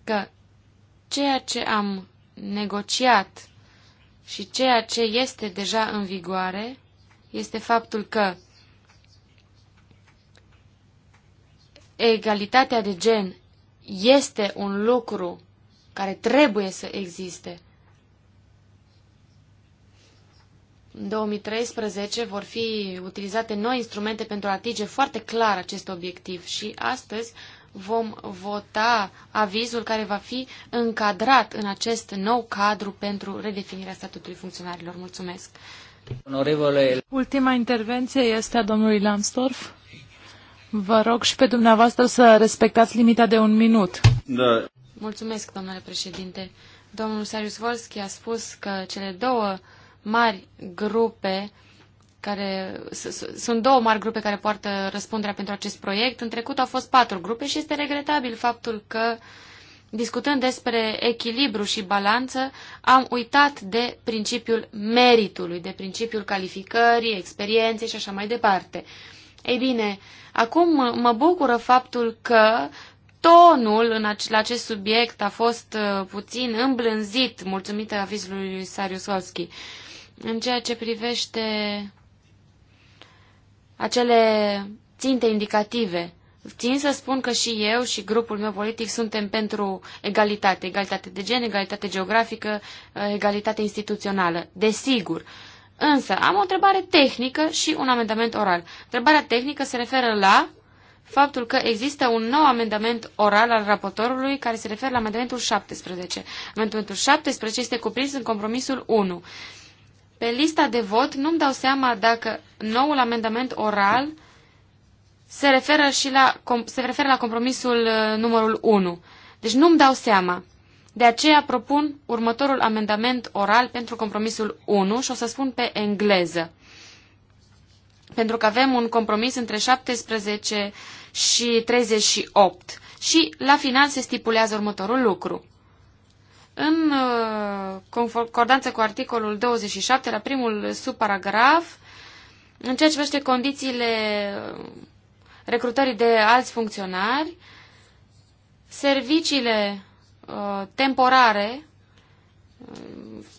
că ceea ce am negociat și ceea ce este deja în vigoare este faptul că egalitatea de gen este un lucru care trebuie să existe. în 2013 vor fi utilizate noi instrumente pentru a atinge foarte clar acest obiectiv și astăzi vom vota avizul care va fi încadrat în acest nou cadru pentru redefinirea statutului funcționarilor. Mulțumesc! Onorevole... Ultima intervenție este a domnului Lansdorf. Vă rog și pe dumneavoastră să respectați limita de un minut. Da. Mulțumesc, domnule președinte. Domnul Sarius Volski a spus că cele două mari grupe care sunt două mari grupe care poartă răspunderea pentru acest proiect. În trecut au fost patru grupe și este regretabil faptul că discutând despre echilibru și balanță, am uitat de principiul meritului, de principiul calificării, experienței și așa mai departe. Ei bine, acum mă bucură faptul că tonul în ac- la acest subiect a fost uh, puțin îmblânzit, mulțumită avizului Sarius Wolski. Uh, în ceea ce privește acele ținte indicative, țin să spun că și eu și grupul meu politic suntem pentru egalitate, egalitate de gen, egalitate geografică, eh, egalitate instituțională, desigur. Însă am o întrebare tehnică și un amendament oral. Întrebarea tehnică se referă la faptul că există un nou amendament oral al raportorului care se referă la amendamentul 17. Amendamentul 17 este cuprins în compromisul 1. Pe lista de vot nu-mi dau seama dacă noul amendament oral se referă, și la, se referă la compromisul uh, numărul 1. Deci nu-mi dau seama. De aceea propun următorul amendament oral pentru compromisul 1 și o să spun pe engleză. Pentru că avem un compromis între 17 și 38 și la final se stipulează următorul lucru. În uh, concordanță cu articolul 27, la primul subparagraf, în ceea ce privește condițiile recrutării de alți funcționari, serviciile uh, temporare uh,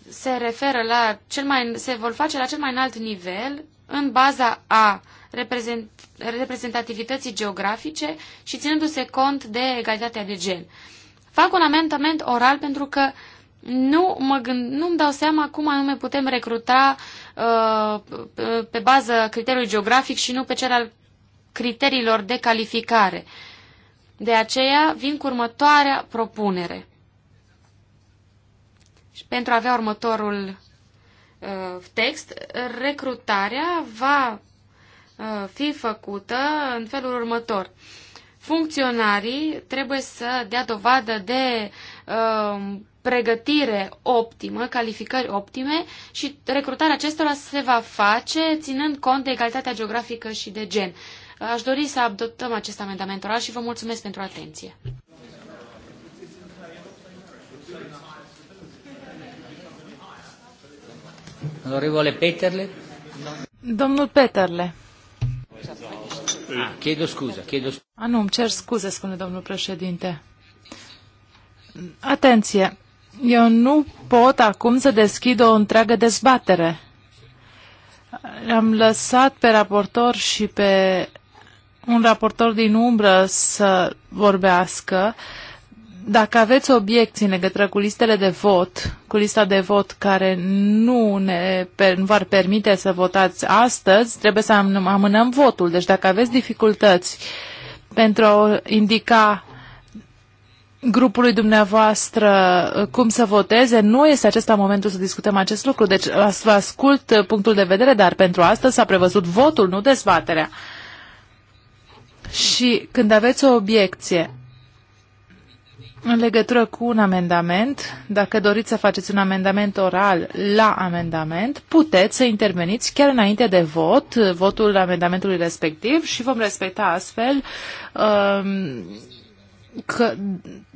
se referă la cel mai, se vor face la cel mai înalt nivel în baza a reprezentativității geografice și ținându-se cont de egalitatea de gen. Fac un amendament oral pentru că nu mă gând, nu-mi dau seama cum anume putem recruta uh, pe bază criteriului geografic și nu pe cel al criteriilor de calificare. De aceea vin cu următoarea propunere. Și pentru a avea următorul uh, text, recrutarea va uh, fi făcută în felul următor. Uh, funcționarii trebuie să dea dovadă de uh, pregătire optimă, calificări optime și recrutarea acestora se va face ținând cont de egalitatea geografică și de gen. Aș dori să adoptăm acest amendament oral și vă mulțumesc pentru atenție. Peterle. Domnul Peterle. Ah, chiedo scuza, chiedo scuza. nu, îmi cer scuze, spune domnul președinte. Atenție! Eu nu pot acum să deschid o întreagă dezbatere. Am lăsat pe raportor și pe un raportor din umbră să vorbească. Uh, dacă aveți obiecții în legătură cu listele de vot, cu lista de vot care nu ne nu v-ar permite să votați astăzi, trebuie să amânăm votul. Deci dacă aveți dificultăți pentru a indica grupului dumneavoastră uh, cum să voteze. Nu este acesta momentul să discutăm acest lucru, deci vă ascult uh, punctul de vedere, dar pentru asta s-a prevăzut votul, nu dezbaterea. Și când aveți o obiecție, în legătură cu un amendament, dacă doriți să faceți un amendament oral la amendament, puteți să interveniți chiar înainte de vot, votul amendamentului respectiv și vom respecta astfel um, că,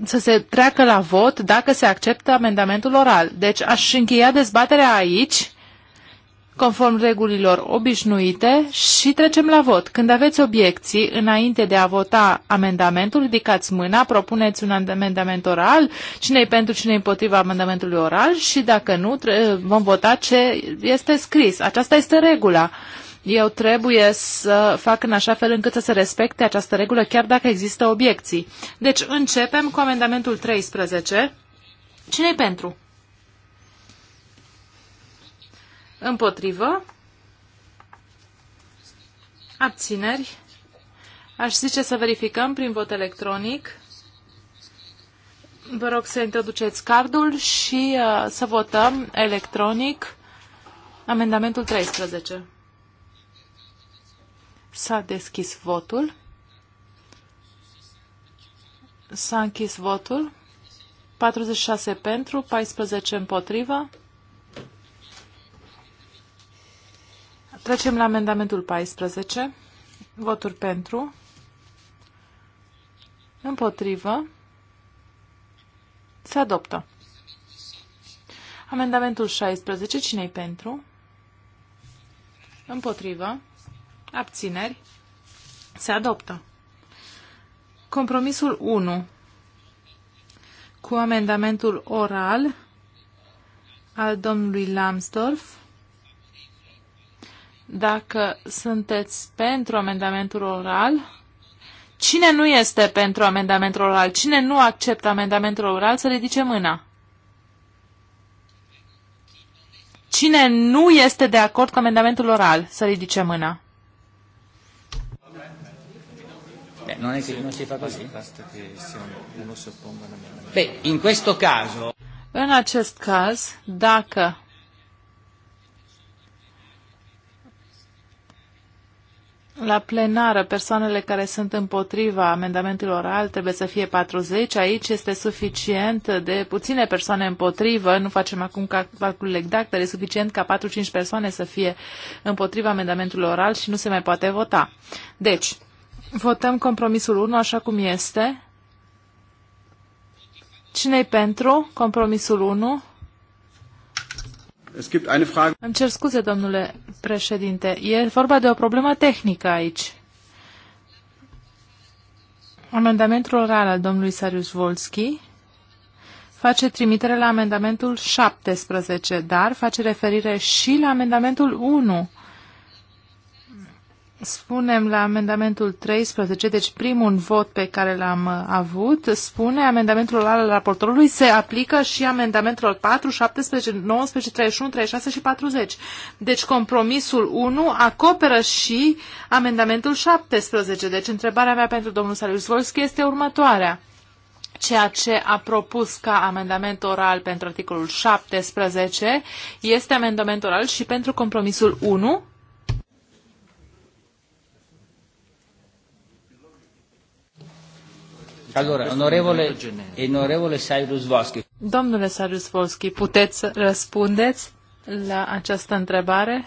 să se treacă la vot dacă se acceptă amendamentul oral. Deci aș încheia dezbaterea aici conform regulilor obișnuite și trecem la vot. Când aveți obiecții, înainte de a vota amendamentul, ridicați mâna, propuneți un amendament oral, cine e pentru, cine e împotriva amendamentului oral și dacă nu, vom vota ce este scris. Aceasta este regula. Eu trebuie să fac în așa fel încât să se respecte această regulă, chiar dacă există obiecții. Deci începem cu amendamentul 13. cine e pentru? Împotrivă. Abțineri. Aș zice să verificăm prin vot electronic. Vă rog să introduceți cardul și uh, să votăm electronic amendamentul 13. S-a deschis votul. S-a închis votul. 46 pentru, 14 împotriva. Trecem la amendamentul 14. Voturi pentru. Împotrivă. Se adoptă. Amendamentul 16. Cine-i pentru? Împotrivă. Abțineri. Se adoptă. Compromisul 1. Cu amendamentul oral al domnului Lambsdorff dacă sunteți pentru amendamentul oral, cine nu este pentru amendamentul oral, cine nu acceptă amendamentul oral, să ridice mâna. Cine nu este de acord cu amendamentul oral, să ridice mâna. Beh, in questo caso... În acest caz, dacă La plenară, persoanele care sunt împotriva amendamentelor al trebuie să fie 40. Aici este suficient de puține persoane împotrivă. Nu facem acum calculul exact, dar e suficient ca 4-5 persoane să fie împotriva amendamentul oral și nu se mai poate vota. Deci, votăm compromisul 1 așa cum este. Cine-i pentru compromisul 1? Îmi cer scuze, domnule președinte. E vorba de o problemă tehnică aici. Amendamentul oral al domnului Sarius Volski face trimitere la amendamentul 17, dar face referire și la amendamentul 1 spunem la amendamentul 13, deci primul vot pe care l-am uh, avut, spune amendamentul al raportorului se aplică și amendamentul 4, 17, 19, 31, 36 și 40. Deci compromisul 1 acoperă și amendamentul 17. Deci întrebarea mea pentru domnul Sarius Volski este următoarea ceea ce a propus ca amendament oral pentru articolul 17 este amendament oral și pentru compromisul 1 Allora, onorevole, onorevole Cyrus Volsky. Domnule Cyrus Volsky, puteți să răspundeți la această întrebare?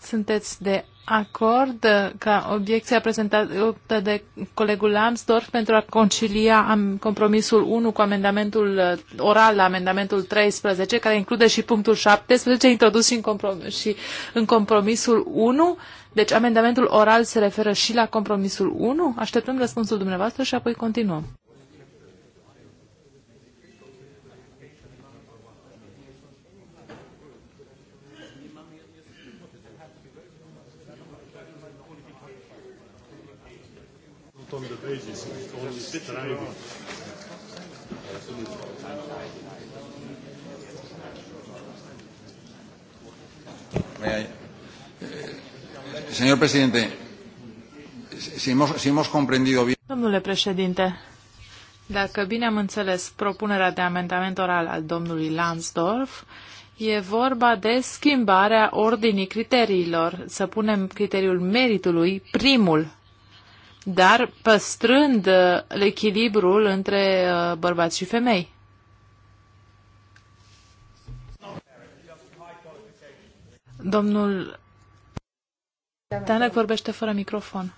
Sunteți de acord ca obiecția prezentată de colegul Lambsdorff pentru a concilia compromisul 1 cu amendamentul uh, oral la amendamentul 13, care include și punctul 17, introdus și în, comprom- și în compromisul 1. Deci amendamentul oral se referă și la compromisul 1. Așteptăm răspunsul dumneavoastră și apoi continuăm. Domnule președinte, dacă bine am înțeles propunerea de amendament oral al domnului Lansdorf, e vorba de schimbarea ordinii criteriilor, să punem criteriul meritului primul dar păstrând uh, echilibrul între uh, bărbați și femei. Domnul Tanec vorbește fără microfon.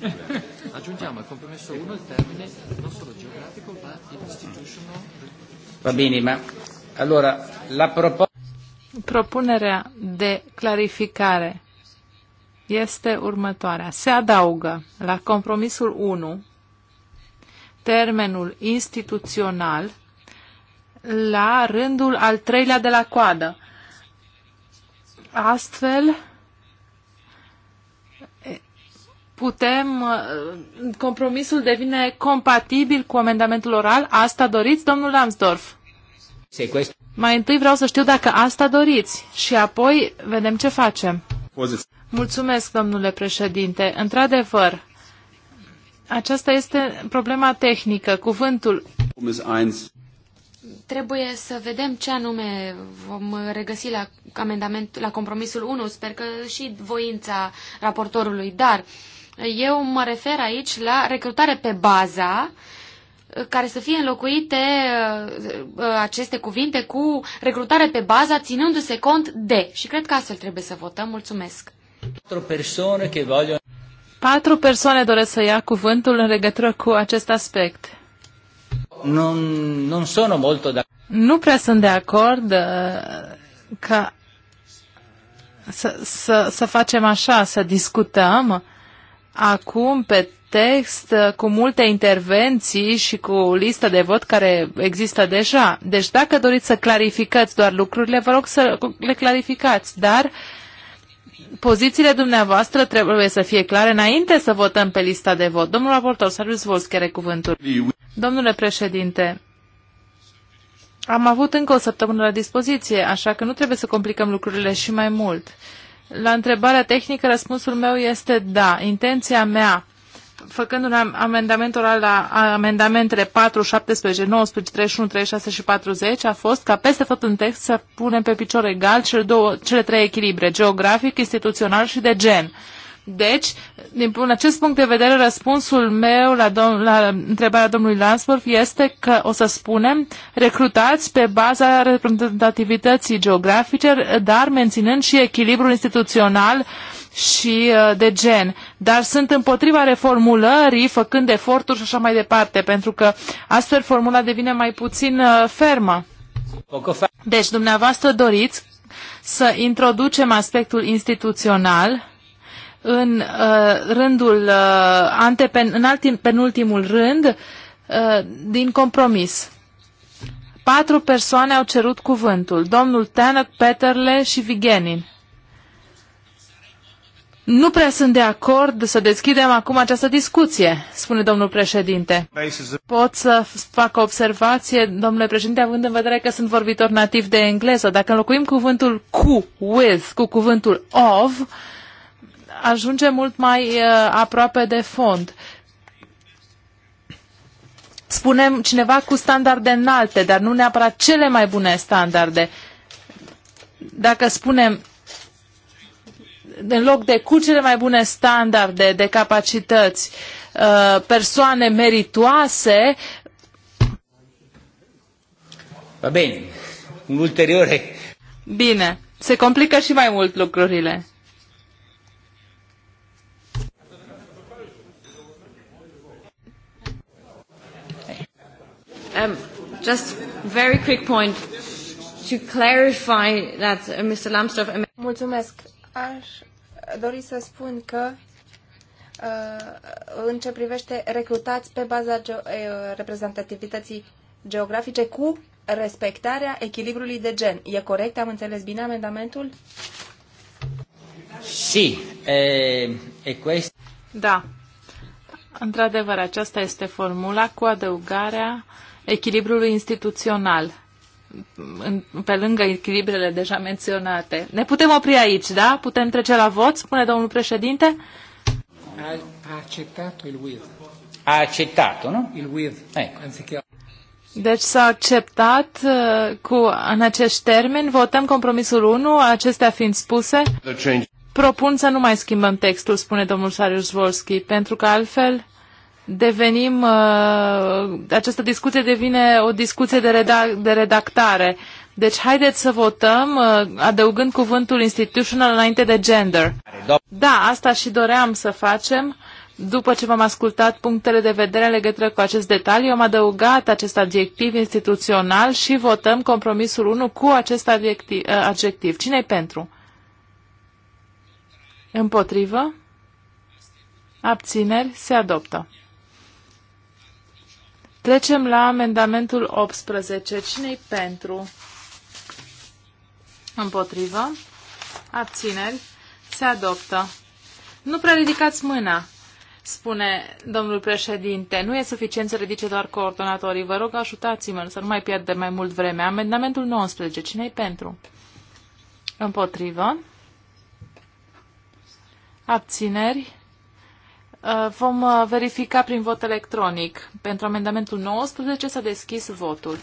Yeah. <laughs> aggiungiamo al compromesso 1 il termine non solo geografico ma institutional. Va bene, ma allora la proposta. Propunerea de clarificare este următoarea. Se adaugă la compromisul 1 termenul instituțional la rândul al treilea de la coadă. Astfel, putem, uh, compromisul devine compatibil cu amendamentul oral. Asta doriți, domnul Lambsdorff? Mai întâi vreau să știu dacă asta doriți și apoi vedem ce facem. Mulțumesc, domnule președinte. Într-adevăr, aceasta este problema tehnică. Cuvântul trebuie să vedem ce anume vom regăsi la, amendament, la compromisul 1. Sper că și voința raportorului, dar eu mă refer aici la recrutare pe baza care să fie înlocuite uh, uh, aceste cuvinte cu recrutare pe baza ținându-se cont de. Și cred că astfel trebuie să votăm. Mulțumesc. Patru persoane doresc să ia cuvântul în legătură cu acest aspect. Non, non sono molto da... Nu prea sunt de acord uh, ca să, să, să facem așa, să discutăm acum pe text uh, cu multe intervenții și cu o listă de vot care există deja. Deci dacă doriți să clarificați doar lucrurile, vă rog să le clarificați, dar pozițiile dumneavoastră trebuie să fie clare înainte să votăm pe lista de vot. Domnul raportor, să-l Sarvius vă schere cuvântul. Domnule președinte, am avut încă o săptămână la dispoziție, așa că nu trebuie să complicăm lucrurile și mai mult. La întrebarea tehnică, răspunsul meu este da. Intenția mea, făcând un amendament oral la amendamentele 4, 17, 19, 31, 36 și 40, a fost ca peste tot în text să punem pe picior egal cele, două, cele trei echilibre, geografic, instituțional și de gen deci, din acest punct de vedere, răspunsul meu la, dom- la întrebarea domnului Lansworth este că, o să spunem, recrutați pe baza reprezentativității geografice, dar menținând și echilibrul instituțional și uh, de gen. Dar sunt împotriva reformulării, făcând eforturi și așa mai departe, pentru că astfel formula devine mai puțin uh, fermă. Deci, dumneavoastră doriți să introducem aspectul instituțional în uh, rândul uh, antepen, în altim, penultimul rând uh, din compromis. Patru persoane au cerut cuvântul, domnul Tanăc, Peterle și Vigenin. Nu prea sunt de acord să deschidem acum această discuție, spune domnul președinte. Pot să fac o observație, domnule președinte, având în vedere că sunt vorbitor nativ de engleză. Dacă înlocuim cuvântul cu, with, cu cuvântul of, ajunge mult mai uh, aproape de fond. Spunem cineva cu standarde înalte, dar nu neapărat cele mai bune standarde. Dacă spunem în loc de cu cele mai bune standarde de capacități, uh, persoane meritoase. Va bine, un ulteriore. Bine, se complică și mai mult lucrurile. Um, just very quick point to clarify that uh, Mr. Lambsdorff... Um, Mulțumesc. Aș dori să spun că uh, în ce privește recrutați pe baza ge- uh, reprezentativității geografice cu respectarea echilibrului de gen. E corect? Am înțeles bine amendamentul? Si, e, eh, e quest... Da. Într-adevăr, aceasta este formula cu adăugarea uh, echilibrului instituțional, pe lângă echilibrele deja menționate. Ne putem opri aici, da? Putem trece la vot, spune domnul președinte? A, acceptat il with. A acceptat, nu? Il with, ecco. Deci s-a acceptat uh, cu, în acești termeni, votăm compromisul 1, acestea fiind spuse. Propun să nu mai schimbăm textul, spune domnul Sarius Volski, pentru că altfel devenim, uh, această discuție devine o discuție de, redac- de redactare. Deci haideți să votăm uh, adăugând cuvântul institutional înainte de gender. Da, asta și doream să facem. După ce v-am ascultat punctele de vedere legătură cu acest detaliu, am adăugat acest adjectiv instituțional și votăm compromisul 1 cu acest uh, adjectiv. adjectiv. cine e pentru? Împotrivă? Abțineri? Se adoptă. Trecem la amendamentul 18. Cine-i pentru? Împotrivă. Abțineri. Se adoptă. Nu prea ridicați mâna, spune domnul președinte. Nu e suficient să ridice doar coordonatorii. Vă rog, ajutați-mă să nu mai pierdem mai mult vreme. Amendamentul 19. Cine-i pentru? Împotrivă. Abțineri. Uh, vom uh, verifica prin vot electronic. Pentru amendamentul 19 s-a deschis votul.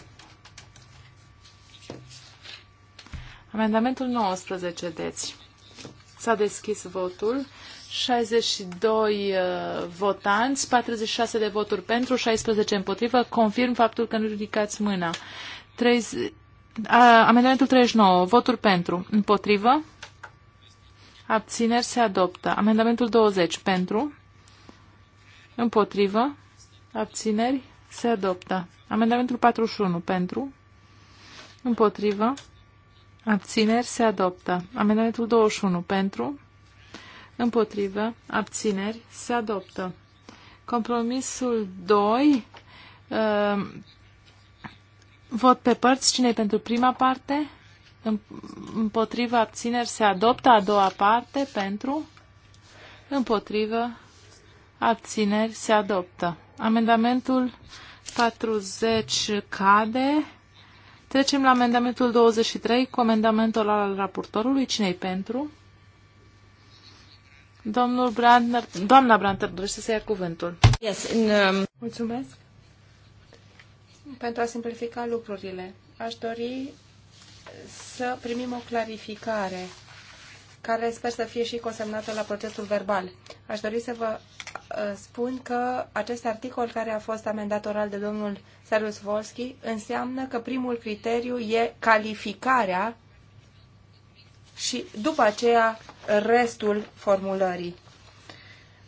Amendamentul 19, deci. S-a deschis votul. 62 uh, votanți, 46 de voturi pentru, 16 împotrivă. Confirm faptul că nu ridicați mâna. 30, uh, amendamentul 39, voturi pentru, împotrivă. Abțineri se adoptă. Amendamentul 20 pentru, Împotrivă. Abțineri. Se adoptă. Amendamentul 41. Pentru. Împotrivă. Abțineri. Se adoptă. Amendamentul 21. Pentru. Împotrivă. Abțineri. Se adoptă. Compromisul 2. Uh, vot pe părți. cine pentru prima parte? Împotrivă abțineri se adoptă a doua parte pentru. Împotrivă abțineri, se adoptă. Amendamentul 40 cade. Trecem la amendamentul 23 cu amendamentul al raportorului. Cine-i pentru? Domnul Brandner, doamna Brandner, dorește să ia cuvântul. Yes, in, um... Mulțumesc. Pentru a simplifica lucrurile, aș dori să primim o clarificare care sper să fie și consemnată la procesul verbal. Aș dori să vă uh, spun că acest articol care a fost amendat oral de domnul Sarus Volski înseamnă că primul criteriu e calificarea și după aceea restul formulării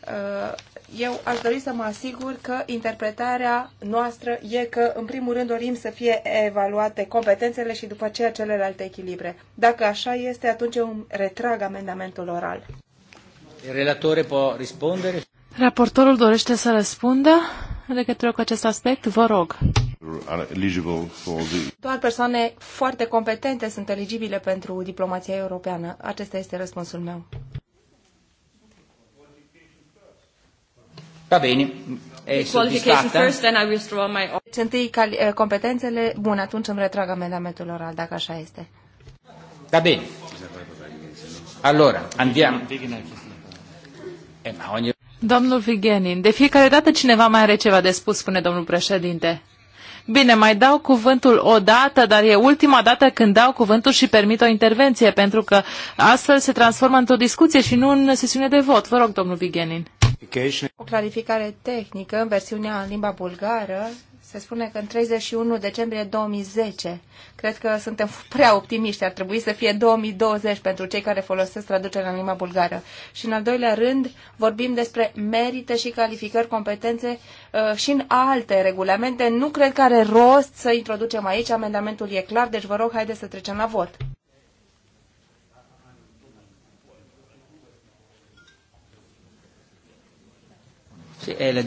uh, eu aș dori să mă asigur că interpretarea noastră e că, în primul rând, dorim să fie evaluate competențele și după aceea celelalte echilibre. Dacă așa este, atunci eu îmi retrag amendamentul oral. Relatorul poate răspunde? Raportorul dorește să răspundă în legătură cu acest aspect. Vă rog. Doar persoane foarte competente sunt eligibile pentru diplomația europeană. Acesta este răspunsul meu. Va bene, e eh, soddisfatta. Deci întâi eh, competențele, bun, atunci îmi retrag amendamentul oral, dacă așa este. Va bene. Allora, andiamo. Eh, domnul Vigenin, de fiecare dată cineva mai are ceva de spus, spune domnul președinte. Bine, mai dau cuvântul o dată, dar e ultima dată când dau cuvântul și permit o intervenție, pentru că astfel se transformă într-o discuție și nu în sesiune de vot. Vă rog, domnul Vigenin. O clarificare tehnică, în versiunea în limba bulgară, se spune că în 31 decembrie 2010. Cred că suntem <laughs> prea optimiști. Ar trebui să fie 2020 pentru cei care folosesc traducerea în limba bulgară. Și în al doilea rând vorbim despre merite și calificări, competențe uh, și în alte regulamente. Nu cred că are rost să introducem aici. Amendamentul e clar, deci vă rog, haideți să trecem la vot. È la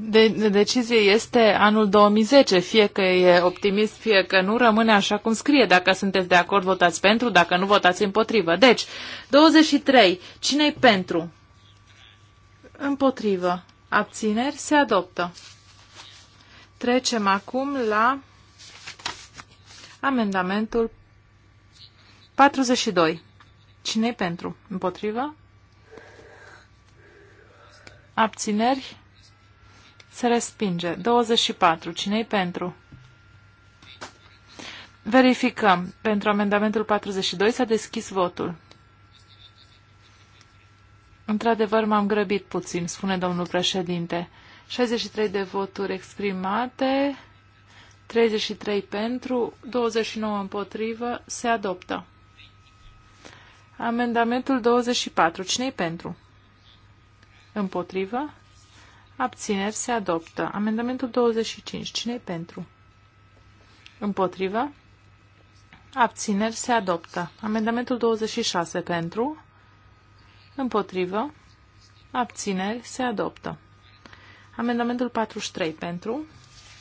De, de decizie este anul 2010, fie că e optimist, fie că nu, rămâne așa cum scrie. Dacă sunteți de acord, votați pentru, dacă nu, votați împotrivă. Deci, 23. Cine-i pentru? Împotrivă. Abțineri se adoptă. Trecem acum la amendamentul 42. Cine-i pentru? Împotrivă? Abțineri? Se respinge. 24. Cine-i pentru? Verificăm. Pentru amendamentul 42 s-a deschis votul. Într-adevăr, m-am grăbit puțin, spune domnul președinte. 63 de voturi exprimate, 33 pentru, 29 împotrivă, se adoptă. Amendamentul 24. Cine-i pentru? Împotrivă? Abțineri se adoptă. Amendamentul 25. cine pentru? Împotrivă? Abțineri se adoptă. Amendamentul 26 pentru? Împotrivă? Abțineri se adoptă. Amendamentul 43 pentru?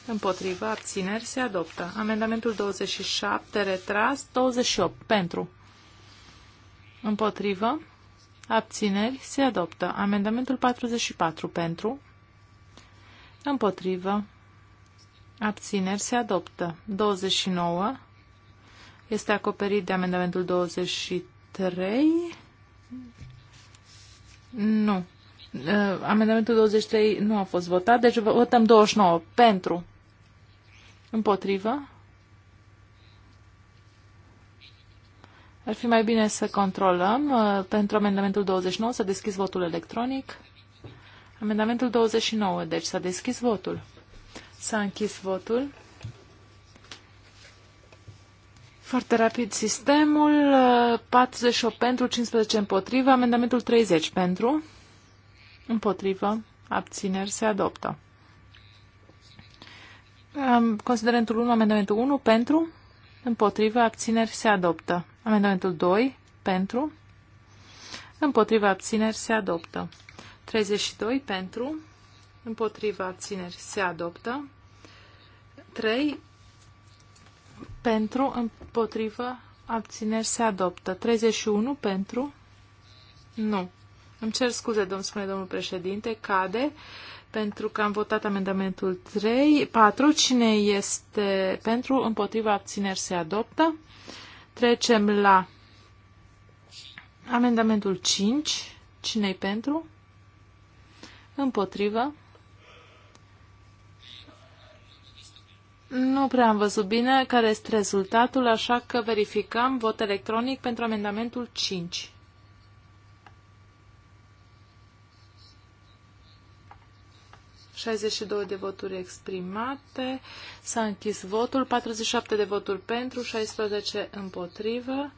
Împotrivă? Abțineri se adoptă. Amendamentul 27 retras. 28 pentru? Împotrivă? Abțineri se adoptă. Amendamentul 44 pentru. Împotrivă. Abțineri se adoptă. 29. Este acoperit de amendamentul 23. Nu. Uh, amendamentul 23 nu a fost votat, deci votăm 29 pentru. Împotrivă. Ar fi mai bine să controlăm. Uh, pentru amendamentul 29 s-a deschis votul electronic. Amendamentul 29, deci s-a deschis votul. S-a închis votul. Foarte rapid sistemul. 48 uh, pentru, 15 împotrivă. Amendamentul 30 pentru. Împotrivă. Abțineri se adoptă. Considerentul 1, amendamentul 1 pentru. Împotriva abțineri se adoptă. Amendamentul 2, pentru. Împotriva abțineri se adoptă. 32, pentru. Împotriva abțineri se adoptă. 3, pentru. Împotriva abțineri se adoptă. 31, pentru. Nu. Îmi cer scuze, domn, spune domnul președinte, cade pentru că am votat amendamentul 3. 4. Cine este pentru? Împotriva abțineri se adoptă. Trecem la amendamentul 5. Cine-i pentru? Împotrivă. Nu prea am văzut bine care este rezultatul, așa că verificăm vot electronic pentru amendamentul 5. 62 de voturi exprimate, s-a închis votul, 47 de voturi pentru, 16 împotrivă,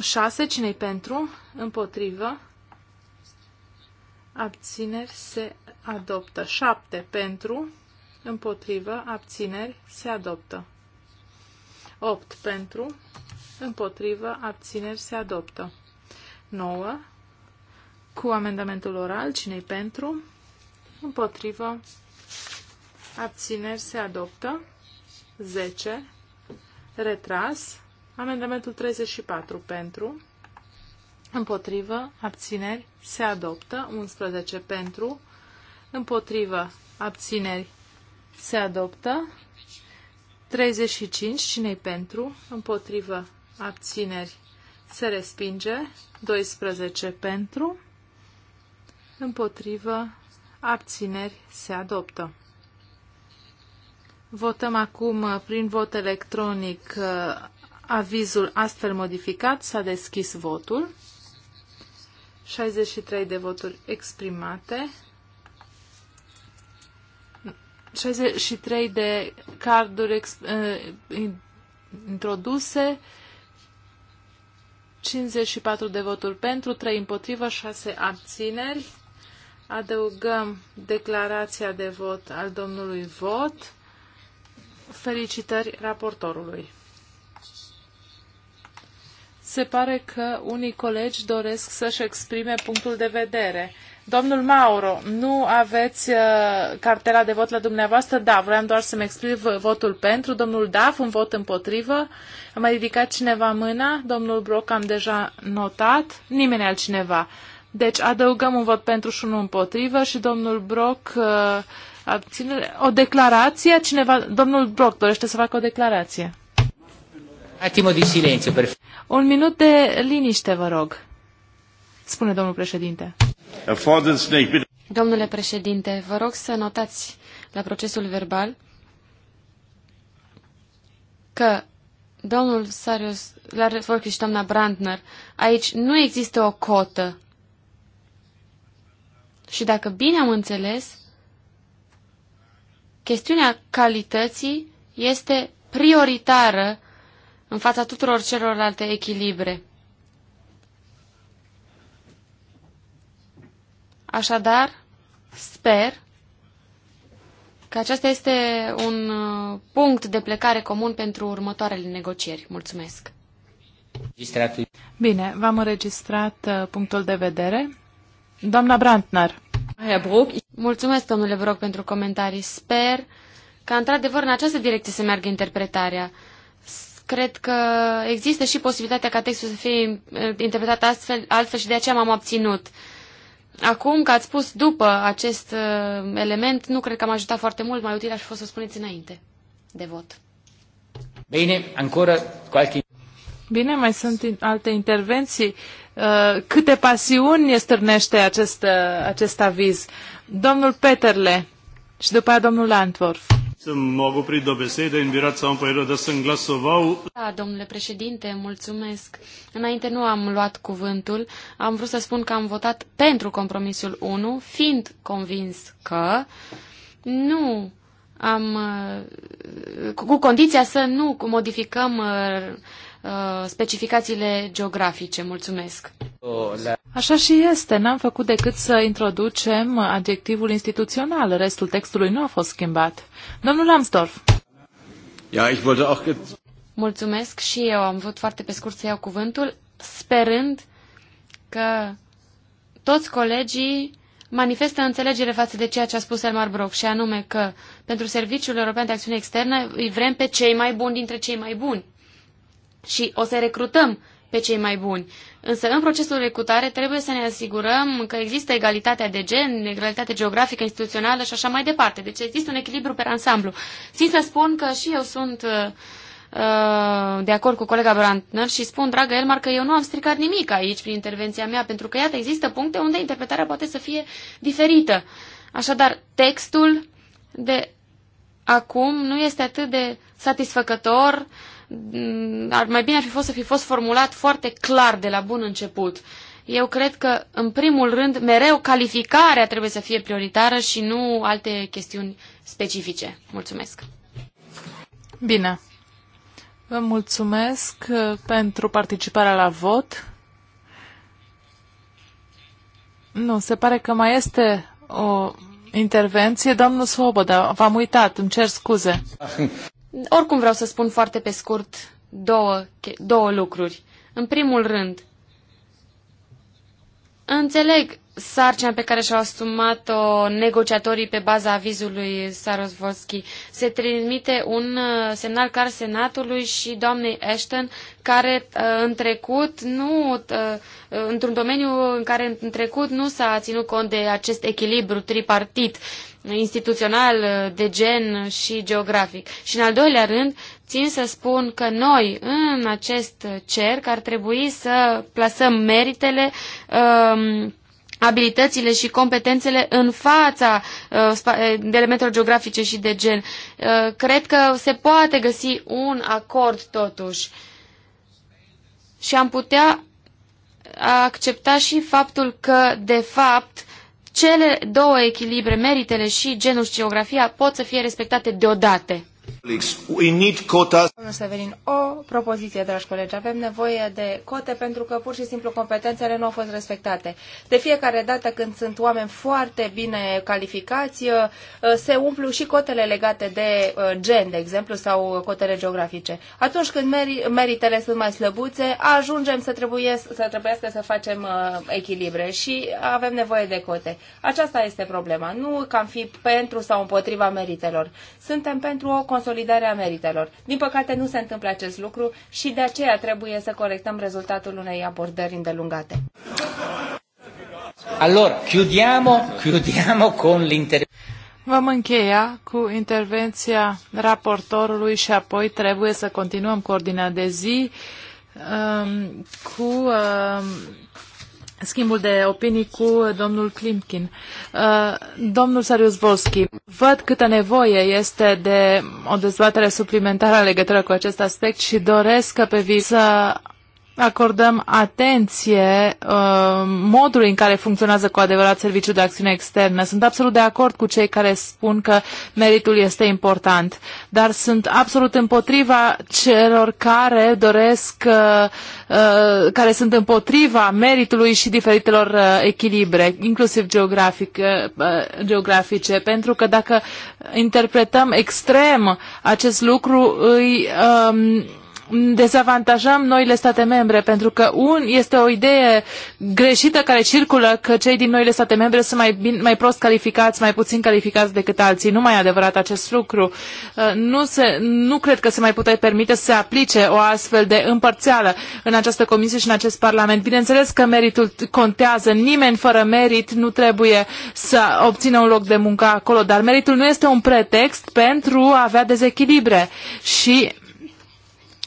6 cine pentru, împotrivă, abțineri se adoptă, 7 pentru, împotrivă, abțineri se adoptă, 8 pentru, împotrivă, abțineri se adoptă, 9 cu amendamentul oral, cine pentru, împotrivă, abțineri se adoptă, 10, retras, amendamentul 34 pentru, împotrivă, abțineri se adoptă, 11 pentru, împotrivă, abțineri se adoptă, 35, cine pentru, împotrivă, abțineri se respinge, 12 pentru, împotrivă, Abțineri se adoptă. Votăm acum uh, prin vot electronic uh, avizul astfel modificat. S-a deschis votul. 63 de voturi exprimate. 63 de carduri uh, introduse. 54 de voturi pentru, 3 împotrivă, 6 abțineri adăugăm declarația de vot al domnului Vot. Felicitări raportorului. Se pare că unii colegi doresc să-și exprime punctul de vedere. Domnul Mauro, nu aveți uh, cartela de vot la dumneavoastră? Da, vreau doar să-mi exprim votul pentru. Domnul Daf, un vot împotrivă. A mai ridicat cineva mâna? Domnul Broc, am deja notat. Nimeni altcineva. Deci adăugăm un vot pentru și unul împotrivă și domnul Broc uh, abține o declarație. Cineva, domnul Broc dorește să facă o declarație. Atimo Un minut de liniște, vă rog. Spune domnul președinte. Domnule președinte, vă rog să notați la procesul verbal că domnul Sarius, la refor și doamna Brandner, aici nu există o cotă. Și dacă bine am înțeles, chestiunea calității este prioritară în fața tuturor celorlalte echilibre. Așadar, sper că acesta este un uh, punct de plecare comun pentru următoarele negocieri. Mulțumesc! Bine, v-am înregistrat uh, punctul de vedere. Doamna Brandner. Mulțumesc, domnule Brock, pentru comentarii. Sper ca, într-adevăr, în această direcție să meargă interpretarea. Cred că există și posibilitatea ca textul să fie interpretat astfel, altfel și de aceea m-am obținut. Acum că ați spus după acest uh, element, nu cred că am ajutat foarte mult, mai util aș fi fost să spuneți înainte de vot. Bine, ancora qualche... Bine, mai sunt alte intervenții. Uh, câte pasiuni stârnește acest, uh, acest aviz. Domnul Peterle și după aia domnul Antworf. Sem oprit do besede in sau părere da sem glasovau. Da, domnule președinte, mulțumesc. Înainte nu am luat cuvântul. Am vrut să spun că am votat pentru compromisul 1, fiind convins că nu am, uh, cu condiția să nu modificăm Uh, specificațiile geografice. Mulțumesc! Așa și este. N-am făcut decât să introducem adjectivul instituțional. Restul textului nu a fost schimbat. Domnul Lambsdorff. Mulțumesc și eu. Am vrut foarte pe scurt să iau cuvântul, sperând că toți colegii manifestă înțelegere față de ceea ce a spus Elmar Brock, și anume că pentru Serviciul European de Acțiune Externă îi vrem pe cei mai buni dintre cei mai buni și o să recrutăm pe cei mai buni. Însă în procesul de recrutare trebuie să ne asigurăm că există egalitatea de gen, egalitate geografică, instituțională și așa mai departe. Deci există un echilibru pe ansamblu. Țin să spun că și eu sunt uh, uh de acord cu colega Brandner și spun, dragă Elmar, că eu nu am stricat nimic aici prin intervenția mea, pentru că, iată, există puncte unde interpretarea poate să fie diferită. Așadar, textul de acum nu este atât de satisfăcător uh, ar, mai bine ar fi fost să fi fost formulat foarte clar de la bun început. Eu cred că, în primul rând, mereu calificarea trebuie să fie prioritară și nu alte chestiuni specifice. Mulțumesc! Bine! Vă mulțumesc uh, pentru participarea la vot. Nu, se pare că mai este o intervenție. Domnul Svoboda, v-am uitat, îmi cer scuze. <laughs> Oricum vreau să spun foarte pe scurt două, două lucruri. În primul rând, înțeleg sarcina pe care și-au asumat-o negociatorii pe baza avizului Sarosvolski. Se trimite un uh, semnal clar Senatului și doamnei Ashton, care uh, în trecut nu, uh, într-un domeniu în care în trecut nu s-a ținut cont de acest echilibru tripartit instituțional, de gen și geografic. Și în al doilea rând, țin să spun că noi, în acest cerc, ar trebui să plasăm meritele um, abilitățile și competențele în fața uh, uh elementelor geografice și de gen. Uh, cred că se poate găsi un acord totuși și am putea accepta și faptul că, de fapt, cele două echilibre, meritele și genul și geografia, pot să fie respectate deodată. We need quotas. Domnul Severin, o propoziție, dragi colegi. Avem nevoie de cote pentru că pur și simplu competențele nu au fost respectate. De fiecare dată când sunt oameni foarte bine calificați, uh, se umplu și cotele legate de uh, gen, de exemplu, sau cotele geografice. Atunci când meritele sunt mai slăbuțe, ajungem să, trebuie, să trebuiască să facem uh, echilibre și avem nevoie de cote. Aceasta este problema. Nu că am fi pentru sau împotriva meritelor. Suntem pentru o consolidarea meritelor. Din păcate nu se întâmplă acest lucru și de aceea trebuie să corectăm rezultatul unei abordări îndelungate. Allora, chiudiamo, chiudiamo con Vom încheia cu intervenția raportorului și apoi trebuie să continuăm cu ordinea de zi um, cu um, schimbul de opinii cu domnul Klimkin. Uh, domnul Sarius Volski, văd câtă nevoie este de o dezbatere suplimentară legătură cu acest aspect și doresc că pe viitor să acordăm atenție uh, modului în care funcționează cu adevărat serviciul de acțiune externă. Sunt absolut de acord cu cei care spun că meritul este important, dar sunt absolut împotriva celor care doresc, uh, uh, care sunt împotriva meritului și diferitelor uh, echilibre, inclusiv geografic, uh, uh geografice, pentru că dacă interpretăm extrem acest lucru, îi Uh, dezavantajăm noile state membre, pentru că un, este o idee greșită care circulă că cei din noile state membre sunt mai, bin, mai prost calificați, mai puțin calificați decât alții. Nu mai e adevărat acest lucru. Uh, nu, se, nu cred că se mai putea permite să se aplice o astfel de împărțeală în această comisie și în acest Parlament. Bineînțeles că meritul contează, nimeni fără merit nu trebuie să obțină un loc de muncă acolo, dar meritul nu este un pretext pentru a avea dezechilibre și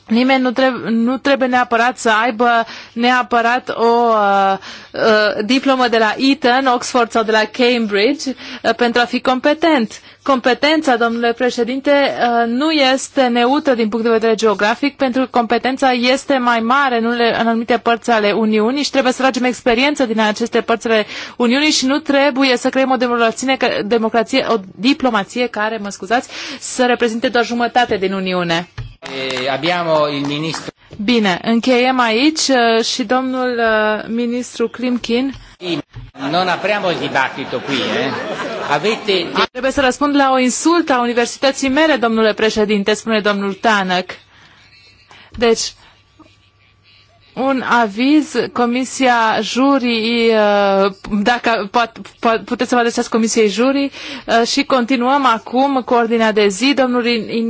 Nimeni nu, trebuie, nu trebuie neapărat să aibă neapărat o uh, uh, diplomă de la Eton, Oxford sau de la Cambridge uh, pentru a fi competent. Competența, domnule președinte, uh, nu este neutră din punct de vedere geografic, pentru că competența este mai mare în, în anumite părți ale Uniunii și trebuie să tragem experiență din aceste părți ale Uniunii și nu trebuie să creăm o democrație, democrație o diplomație care, mă scuzați, să reprezinte doar jumătate din Uniune. Eh, abbiamo il ministro. Bine, încheiem aici eh, și domnul eh, ministru Klimkin. Non apriamo il dibattito qui, eh? Avete... Trebuie să răspund la o insultă a universității mele, domnule președinte, spune domnul Tanăc. Deci, un aviz, Comisia Jurii, uh, dacă puteți să vă adresați Comisiei Jurii uh, și continuăm acum cu ordinea de zi. Domnul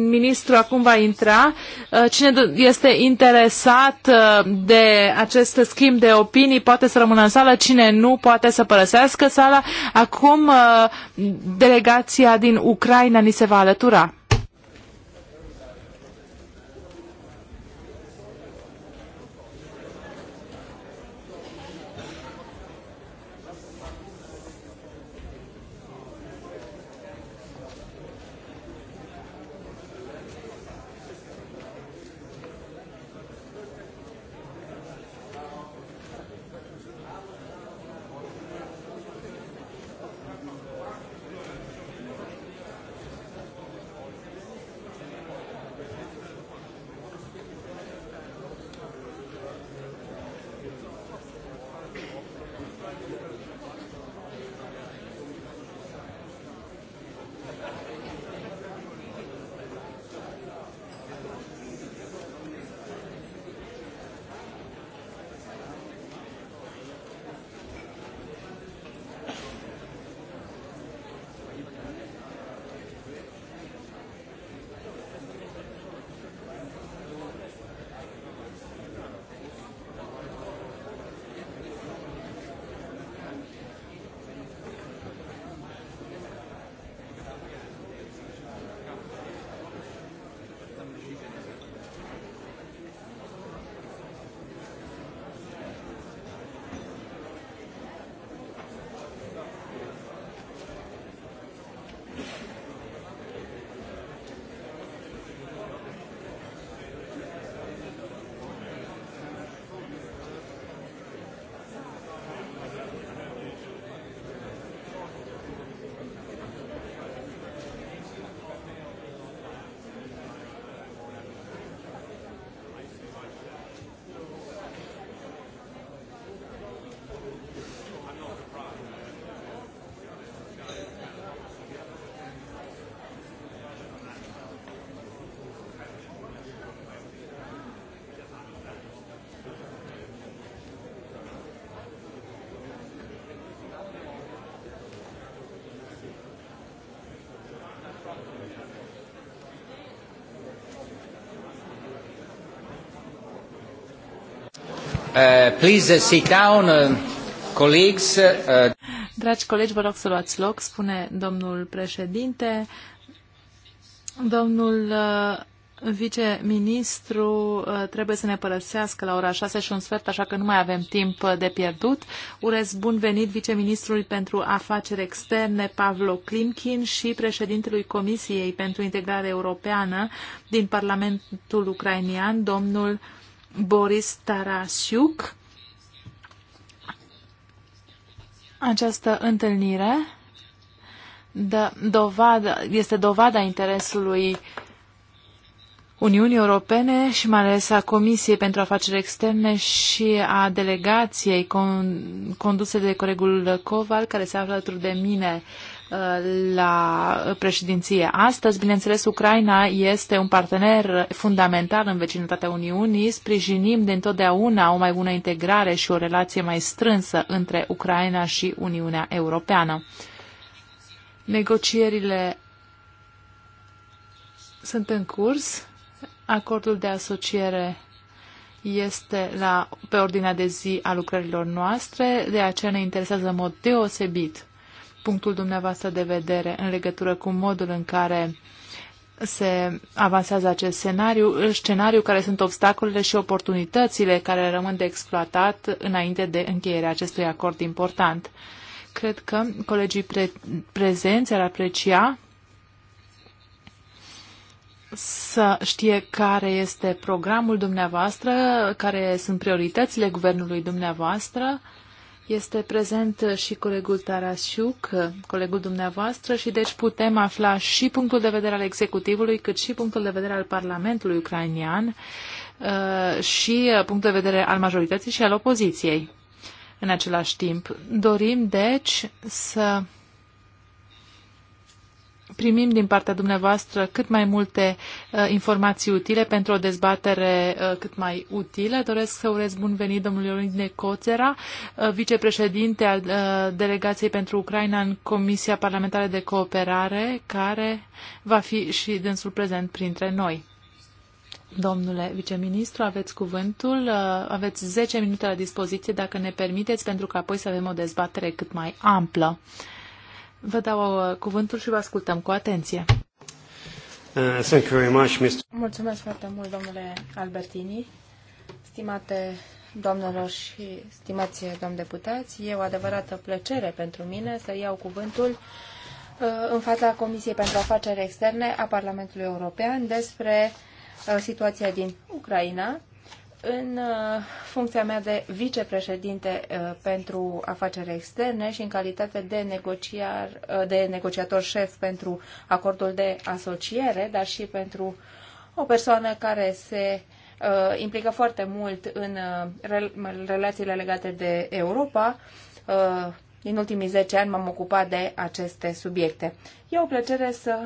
ministru acum va intra. Uh, cine este interesat de acest schimb de opinii poate să rămână în sală, cine nu poate să părăsească sala. Acum delegația din Ucraina ni se va alătura. Uh, please uh, sit down, uh, colleagues. Dragi colegi, vă rog să luați loc, spune domnul președinte. Domnul viceministru trebuie să ne părăsească la ora 6 și un sfert, așa că nu mai avem timp de pierdut. Urez bun venit viceministrului pentru afaceri externe, Pavlo Klimkin, și președintelui Comisiei pentru Integrare Europeană din Parlamentul Ucrainian, domnul Boris Tarasiuc. Această întâlnire dă dovadă, este dovada interesului Uniunii Europene și mai ales a Comisiei pentru Afaceri Externe și a delegației conduse de colegul Coval, care se află alături de mine uh, la președinție astăzi. Bineînțeles, Ucraina este un partener fundamental în vecinătatea Uniunii. Sprijinim de întotdeauna o mai bună integrare și o relație mai strânsă între Ucraina și Uniunea Europeană. Negocierile sunt în curs. Acordul de asociere este la, pe ordinea de zi a lucrărilor noastre, de aceea ne interesează în mod deosebit punctul dumneavoastră de vedere în legătură cu modul în care se avansează acest scenariu, scenariu care sunt obstacolele și oportunitățile care rămân de exploatat înainte de încheierea acestui acord important. Cred că colegii pre- prezenți ar aprecia să știe care este programul dumneavoastră, care sunt prioritățile guvernului dumneavoastră este prezent și colegul Tarasiuc, colegul dumneavoastră, și deci putem afla și punctul de vedere al executivului, cât și punctul de vedere al Parlamentului ucrainian uh, și punctul de vedere al majorității și al opoziției. În același timp, dorim deci să primim din partea dumneavoastră cât mai multe uh, informații utile pentru o dezbatere uh, cât mai utilă. Doresc să urez bun venit domnului Oline Coțera, uh, vicepreședinte al uh, Delegației pentru Ucraina în Comisia Parlamentară de Cooperare, care va fi și dânsul prezent printre noi. Domnule viceministru, aveți cuvântul, uh, aveți 10 minute la dispoziție, dacă ne permiteți, pentru că apoi să avem o dezbatere cât mai amplă. Uh, Vă dau uh, cuvântul și vă ascultăm cu atenție. Uh, thank you very much, Mr. Mulțumesc foarte mult, domnule Albertini. Stimate doamnelor și stimați domn deputați, e o adevărată plăcere pentru mine să iau cuvântul uh, în fața Comisiei pentru Afaceri Externe a Parlamentului European despre situația din Ucraina în uh, funcția mea de vicepreședinte uh, pentru afaceri externe și în calitate de, negociar, uh, de negociator șef pentru acordul de asociere, dar și pentru o persoană care se implică foarte mult în relațiile legate de Europa. Din ultimii 10 ani m-am ocupat de aceste subiecte. E o plăcere să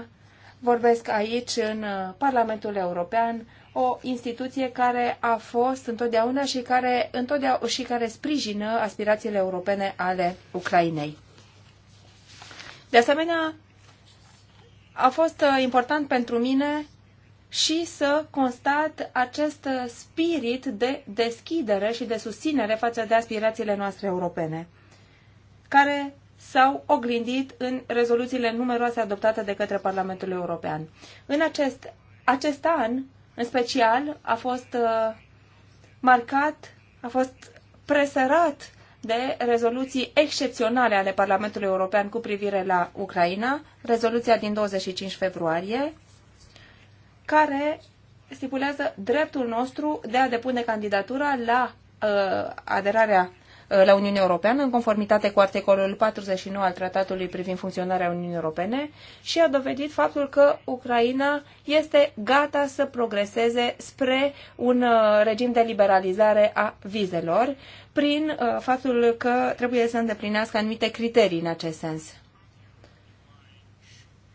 vorbesc aici în Parlamentul European o instituție care a fost întotdeauna și care, întotdeauna, și care sprijină aspirațiile europene ale Ucrainei. De asemenea, a fost uh, important pentru mine și să constat acest spirit de deschidere și de susținere față de aspirațiile noastre europene, care s-au oglindit în rezoluțiile numeroase adoptate de către Parlamentul European. În acest, acest an, în special, a fost uh, marcat, a fost presărat de rezoluții excepționale ale Parlamentului European cu privire la Ucraina, rezoluția din 25 februarie, care stipulează dreptul nostru de a depune candidatura la uh, aderarea la Uniunea Europeană în conformitate cu articolul 49 al Tratatului privind funcționarea Uniunii Europene și a dovedit faptul că Ucraina este gata să progreseze spre un uh, regim de liberalizare a vizelor prin uh, faptul că trebuie să îndeplinească anumite criterii în acest sens.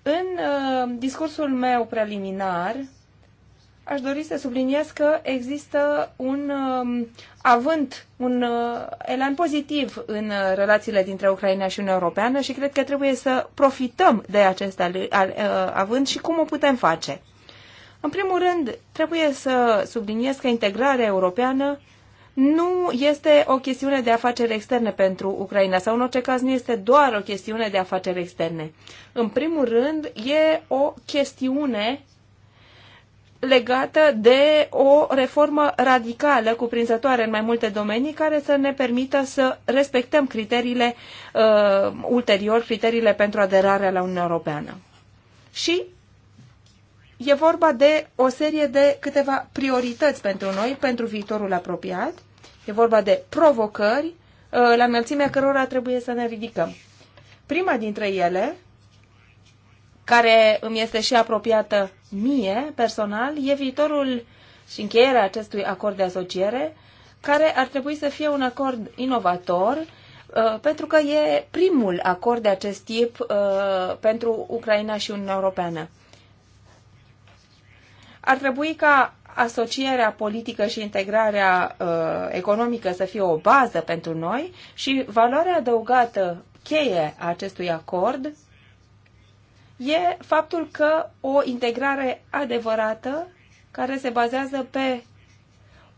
În uh, discursul meu preliminar, aș dori să subliniez că există un um, avânt, un uh, elan pozitiv în uh, relațiile dintre Ucraina și Uniunea Europeană și cred că trebuie să profităm de acest uh, avânt și cum o putem face. În primul rând, trebuie să subliniez că integrarea europeană nu este o chestiune de afaceri externe pentru Ucraina sau în orice caz nu este doar o chestiune de afaceri externe. În primul rând, e o chestiune legată de o reformă radicală, cuprinzătoare în mai multe domenii, care să ne permită să respectăm criteriile uh, ulterior, criteriile pentru aderarea la Uniunea Europeană. Și e vorba de o serie de câteva priorități pentru noi, pentru viitorul apropiat. E vorba de provocări, uh, la înălțimea cărora trebuie să ne ridicăm. Prima dintre ele, care îmi este și apropiată mie, personal, e viitorul și încheierea acestui acord de asociere, care ar trebui să fie un acord inovator, uh, pentru că e primul acord de acest tip uh, pentru Ucraina și Uniunea Europeană. Ar trebui ca asocierea politică și integrarea uh, economică să fie o bază pentru noi și valoarea adăugată cheie a acestui acord e faptul că o integrare adevărată, care se bazează pe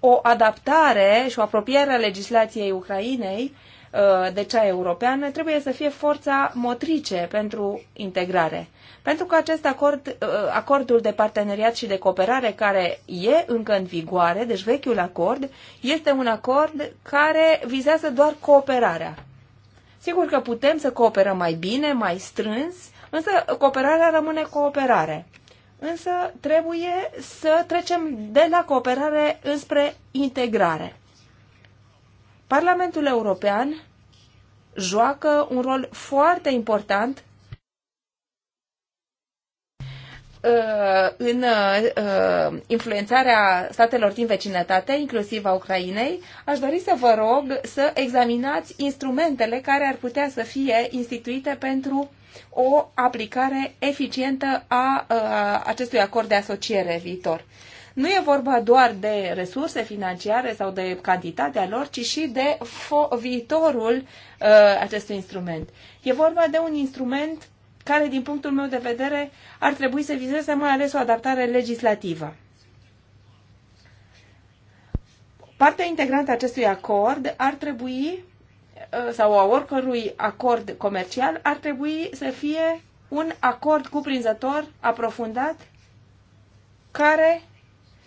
o adaptare și o apropiere a legislației Ucrainei uh, de cea europeană, trebuie să fie forța motrice pentru integrare. Pentru că acest acord, uh, acordul de parteneriat și de cooperare care e încă în vigoare, deci vechiul acord, este un acord care vizează doar cooperarea. Sigur că putem să cooperăm mai bine, mai strâns, Însă cooperarea rămâne cooperare. Însă trebuie să trecem de la cooperare înspre integrare. Parlamentul European joacă un rol foarte important uh, în uh, influențarea statelor din vecinătate, inclusiv a Ucrainei, aș dori să vă rog să examinați instrumentele care ar putea să fie instituite pentru o aplicare eficientă a, acestui acord de asociere viitor. Nu e vorba doar de resurse financiare sau de cantitatea lor, ci și de viitorul acestui instrument. E vorba de un instrument care, din punctul meu de vedere, ar trebui să vizeze mai ales o adaptare legislativă. Partea integrantă a acestui acord ar trebui Uh, sau a oricărui acord comercial ar trebui să fie un acord cuprinzător, aprofundat, care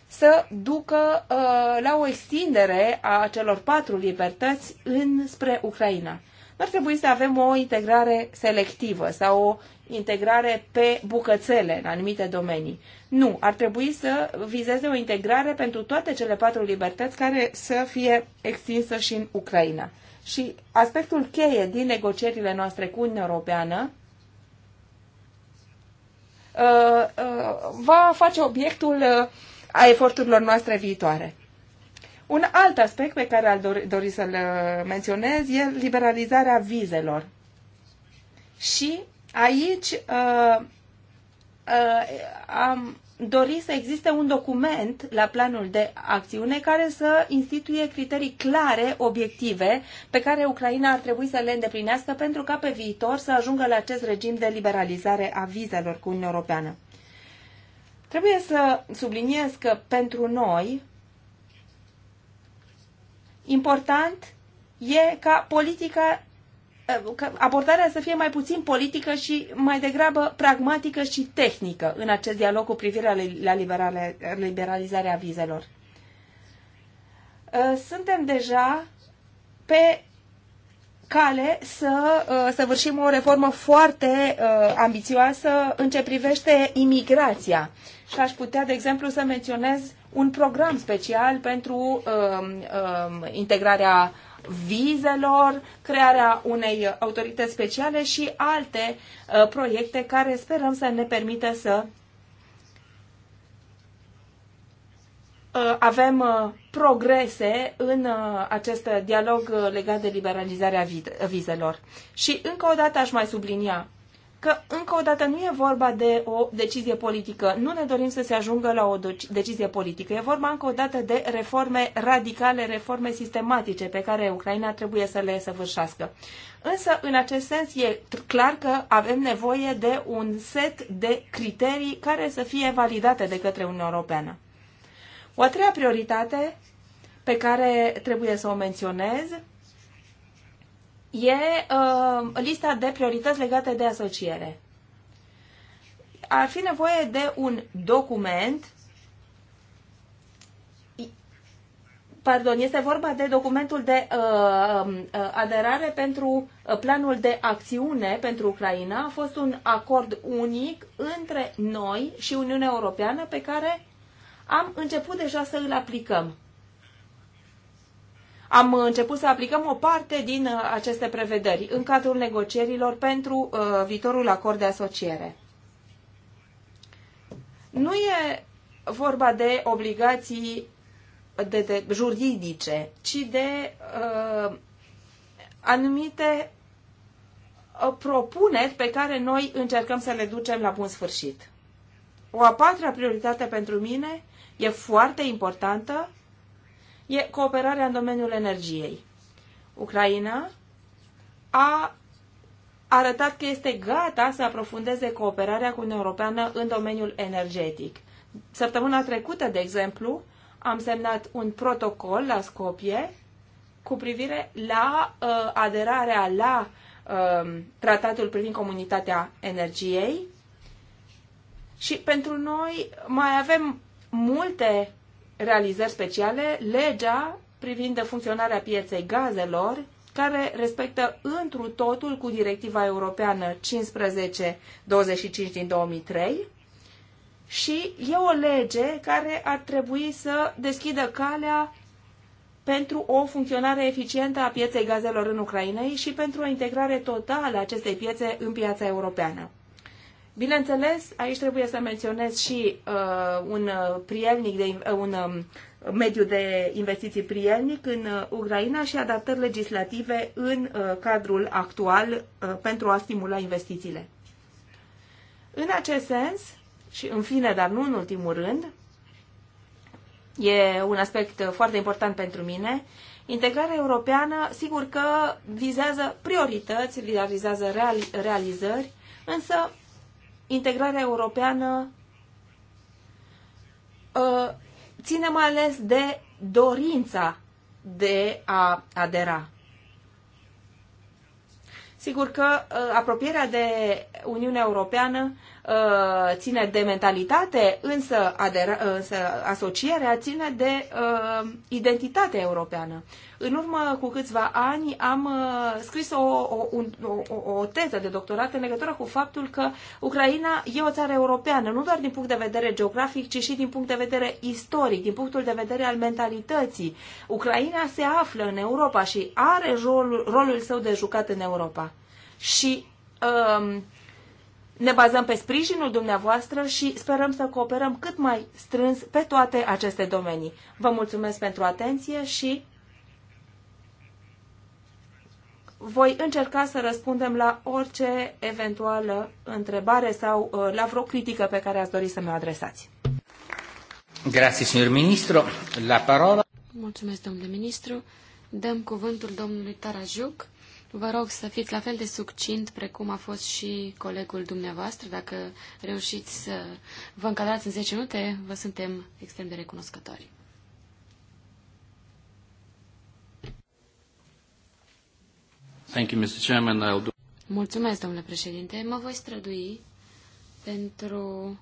să ducă uh, la o extindere a celor patru libertăți înspre Ucraina. Ar trebui să avem o integrare selectivă sau o integrare pe bucățele în anumite domenii. Nu, ar trebui să vizeze o integrare pentru toate cele patru libertăți care să fie extinsă și în Ucraina. Și aspectul cheie din negocierile noastre cu Uniunea Europeană uh, uh, va face obiectul uh, a eforturilor noastre viitoare. Un alt aspect pe care al dori să-l menționez e liberalizarea vizelor. Și aici uh, uh, am, dori să existe un document la planul de acțiune care să instituie criterii clare, obiective, pe care Ucraina ar trebui să le îndeplinească pentru ca pe viitor să ajungă la acest regim de liberalizare a vizelor cu Uniunea Europeană. Trebuie să subliniez că pentru noi important e ca politica Eh, abordarea să fie mai puțin politică și mai degrabă pragmatică și tehnică în acest dialog cu privire la liberalizarea vizelor. Eh, suntem deja pe cale să eh, săvârșim o reformă foarte ambițioasă în ce privește imigrația. Și aș putea, de exemplu, să menționez un program special pentru uh, uh, integrarea vizelor, crearea unei autorități speciale și alte uh, proiecte care sperăm să ne permită să uh, avem uh, progrese în acest dialog legat de liberalizarea vizelor. Și încă o dată aș mai sublinia că încă o dată nu e vorba de o decizie politică. Nu ne dorim să se ajungă la o decizie politică. E vorba încă o dată de reforme radicale, reforme sistematice pe care Ucraina trebuie să le săvârșească. Însă, în acest sens, e clar că avem nevoie de un set de criterii care să fie validate de către Uniunea Europeană. O a treia prioritate pe care trebuie să o menționez e uh, lista de priorități legate de asociere. Ar fi nevoie de un document pardon, este vorba de documentul de uh, um, uh aderare pentru uh, planul de acțiune pentru Ucraina. A fost un acord unic între noi și Uniunea Europeană pe care am început deja să îl aplicăm am început să aplicăm o parte din uh, aceste prevederi în cadrul negocierilor pentru uh, viitorul acord de asociere. Nu e vorba de obligații de, de, juridice, ci de uh, anumite uh, propuneri pe care noi încercăm să le ducem la bun sfârșit. O a patra prioritate pentru mine e foarte importantă e cooperarea în domeniul energiei. Ucraina a arătat că este gata să aprofundeze cooperarea cu Uniunea Europeană în domeniul energetic. Săptămâna trecută, de exemplu, am semnat un protocol la Scopie cu privire la uh, aderarea la uh, tratatul privind comunitatea energiei și pentru noi mai avem multe realizări speciale legea privind funcționarea pieței gazelor, care respectă întru totul cu directiva europeană 1525 din 2003 și e o lege care ar trebui să deschidă calea pentru o funcționare eficientă a pieței gazelor în Ucraina și pentru o integrare totală a acestei piețe în piața europeană. Bineînțeles, aici trebuie să menționez și uh, un uh, prielnic de, uh, un um, mediu de investiții prielnic în uh, Ucraina și adaptări legislative în uh, cadrul actual uh, pentru a stimula investițiile. În acest sens, și în fine, dar nu în ultimul rând, e un aspect uh, foarte important pentru mine, integrarea europeană, sigur că vizează priorități, vizează realizări, însă integrarea europeană ă, ține mai ales de dorința de a adera. Sigur că ă, apropierea de Uniunea Europeană ă, ține de mentalitate, însă, adera, însă asocierea ține de uh, identitatea europeană. În urmă cu câțiva ani am uh, scris o, o, un, o, o teză de doctorat în legătură cu faptul că Ucraina e o țară europeană, nu doar din punct de vedere geografic, ci și din punct de vedere istoric, din punctul de vedere al mentalității. Ucraina se află în Europa și are rol rolul său de jucat în Europa. Și um, ne bazăm pe sprijinul dumneavoastră și sperăm să cooperăm cât mai strâns pe toate aceste domenii. Vă mulțumesc pentru atenție și voi încerca să răspundem la orice eventuală întrebare sau uh, la vreo critică pe care ați dori să mi-o adresați. Grazie, signor ministru. La parola. Mulțumesc, domnule ministru. Dăm cuvântul domnului Tarajuc. Vă rog să fiți la fel de succint precum a fost și colegul dumneavoastră. Dacă reușiți să vă încadrați în 10 minute, vă suntem extrem de recunoscători. Thank you, Mr. Chairman. I'll do... Mulțumesc, domnule președinte. Mă voi strădui pentru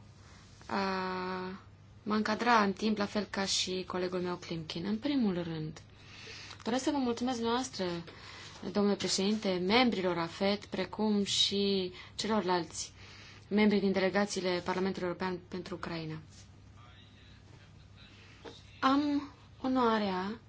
a mă încadra în timp, la fel ca și colegul meu Klimkin. În primul rând, doresc să vă mulțumesc noastră, domnule președinte, membrilor AFET, precum și celorlalți membri din delegațiile Parlamentului European pentru Ucraina. Am onoarea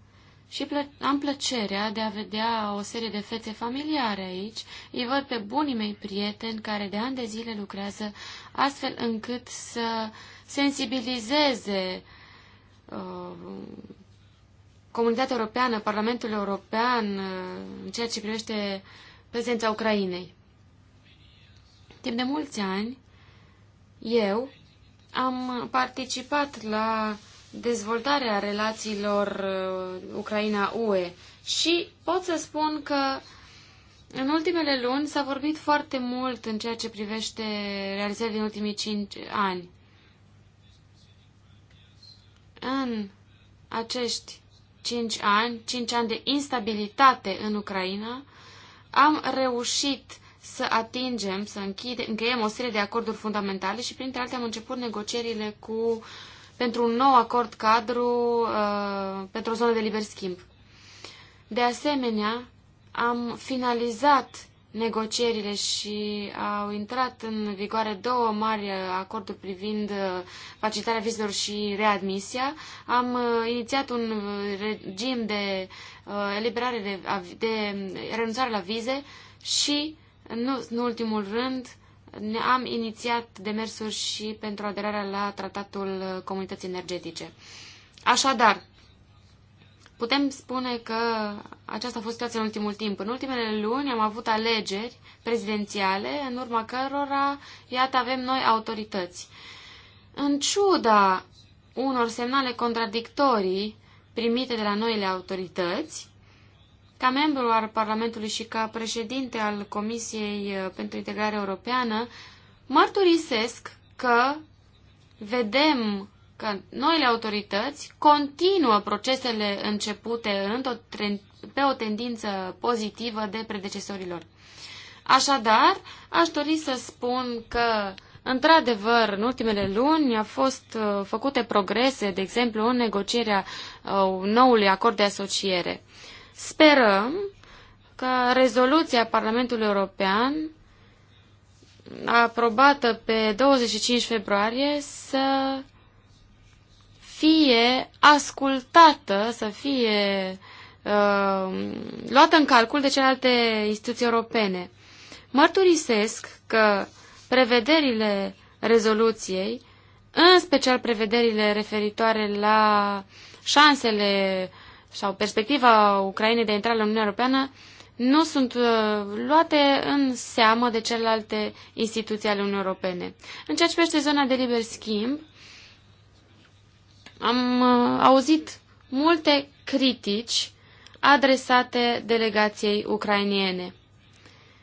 și plă- am plăcerea de a vedea o serie de fețe familiare aici. Îi văd pe bunii mei prieteni care de ani de zile lucrează astfel încât să sensibilizeze uh, comunitatea europeană, Parlamentul European, uh, în ceea ce privește prezența Ucrainei. Timp de mulți ani, eu am participat la dezvoltarea relațiilor uh, Ucraina-UE și pot să spun că în ultimele luni s-a vorbit foarte mult în ceea ce privește realizările din ultimii cinci ani. În acești cinci ani, cinci ani de instabilitate în Ucraina, am reușit să atingem, să închide, încheiem o serie de acorduri fundamentale și printre alte am început negocierile cu pentru un nou acord cadru uh, pentru o zonă de liber schimb. De asemenea, am finalizat negocierile și au intrat în vigoare două mari acorduri privind uh, facilitarea vizelor și readmisia. Am uh, inițiat un regim de uh, eliberare de, de renunțare la vize și, nu în ultimul rând, ne-am inițiat demersuri și pentru aderarea la Tratatul Comunității Energetice. Așadar, putem spune că aceasta a fost situația în ultimul timp. În ultimele luni am avut alegeri prezidențiale, în urma cărora, iată, avem noi autorități. În ciuda unor semnale contradictorii primite de la noile autorități, ca membru al Parlamentului și ca președinte al Comisiei uh, pentru Integrare Europeană, mărturisesc că vedem că noile autorități continuă procesele începute pe o tendință pozitivă de predecesorilor. Așadar, aș dori să spun că, într-adevăr, în ultimele luni au fost uh, făcute progrese, de exemplu, în negocierea uh, noului acord de asociere. Sperăm ca rezoluția Parlamentului European aprobată pe 25 februarie să fie ascultată, să fie uh, luată în calcul de celelalte instituții europene. Mărturisesc că prevederile rezoluției, în special prevederile referitoare la șansele sau perspectiva Ucrainei de a intra la Uniunea Europeană nu sunt uh, luate în seamă de celelalte instituții ale Uniunii Europene. În ceea ce privește zona de liber schimb, am uh, auzit multe critici adresate delegației ucrainiene.